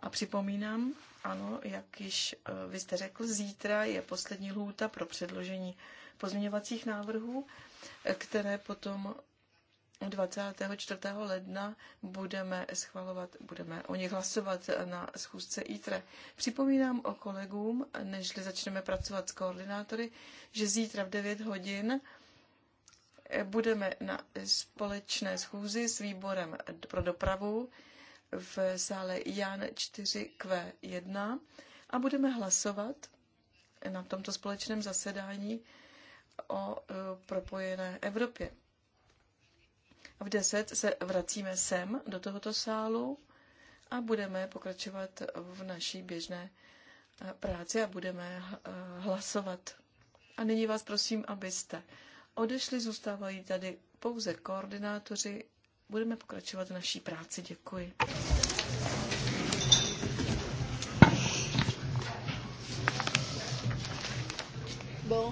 a připomínám, ano, jak již eh, vy jste řekl, zítra je poslední lhůta pro předložení pozměňovacích návrhů, eh, které potom 24. ledna budeme schvalovat, budeme o nich hlasovat na schůzce ITRE. Připomínám o kolegům, než začneme pracovat s koordinátory, že zítra v 9 hodin budeme na společné schůzi s výborem pro dopravu v sále Jan 4Q1 a budeme hlasovat na tomto společném zasedání o e, propojené Evropě. V 10 se vracíme sem do tohoto sálu a budeme pokračovat v naší běžné eh, práci a budeme eh, hlasovat. A nyní vás prosím, abyste odešli, zůstávají tady pouze koordinátoři. Budeme pokračovat v naší práci. Děkuji. Bon.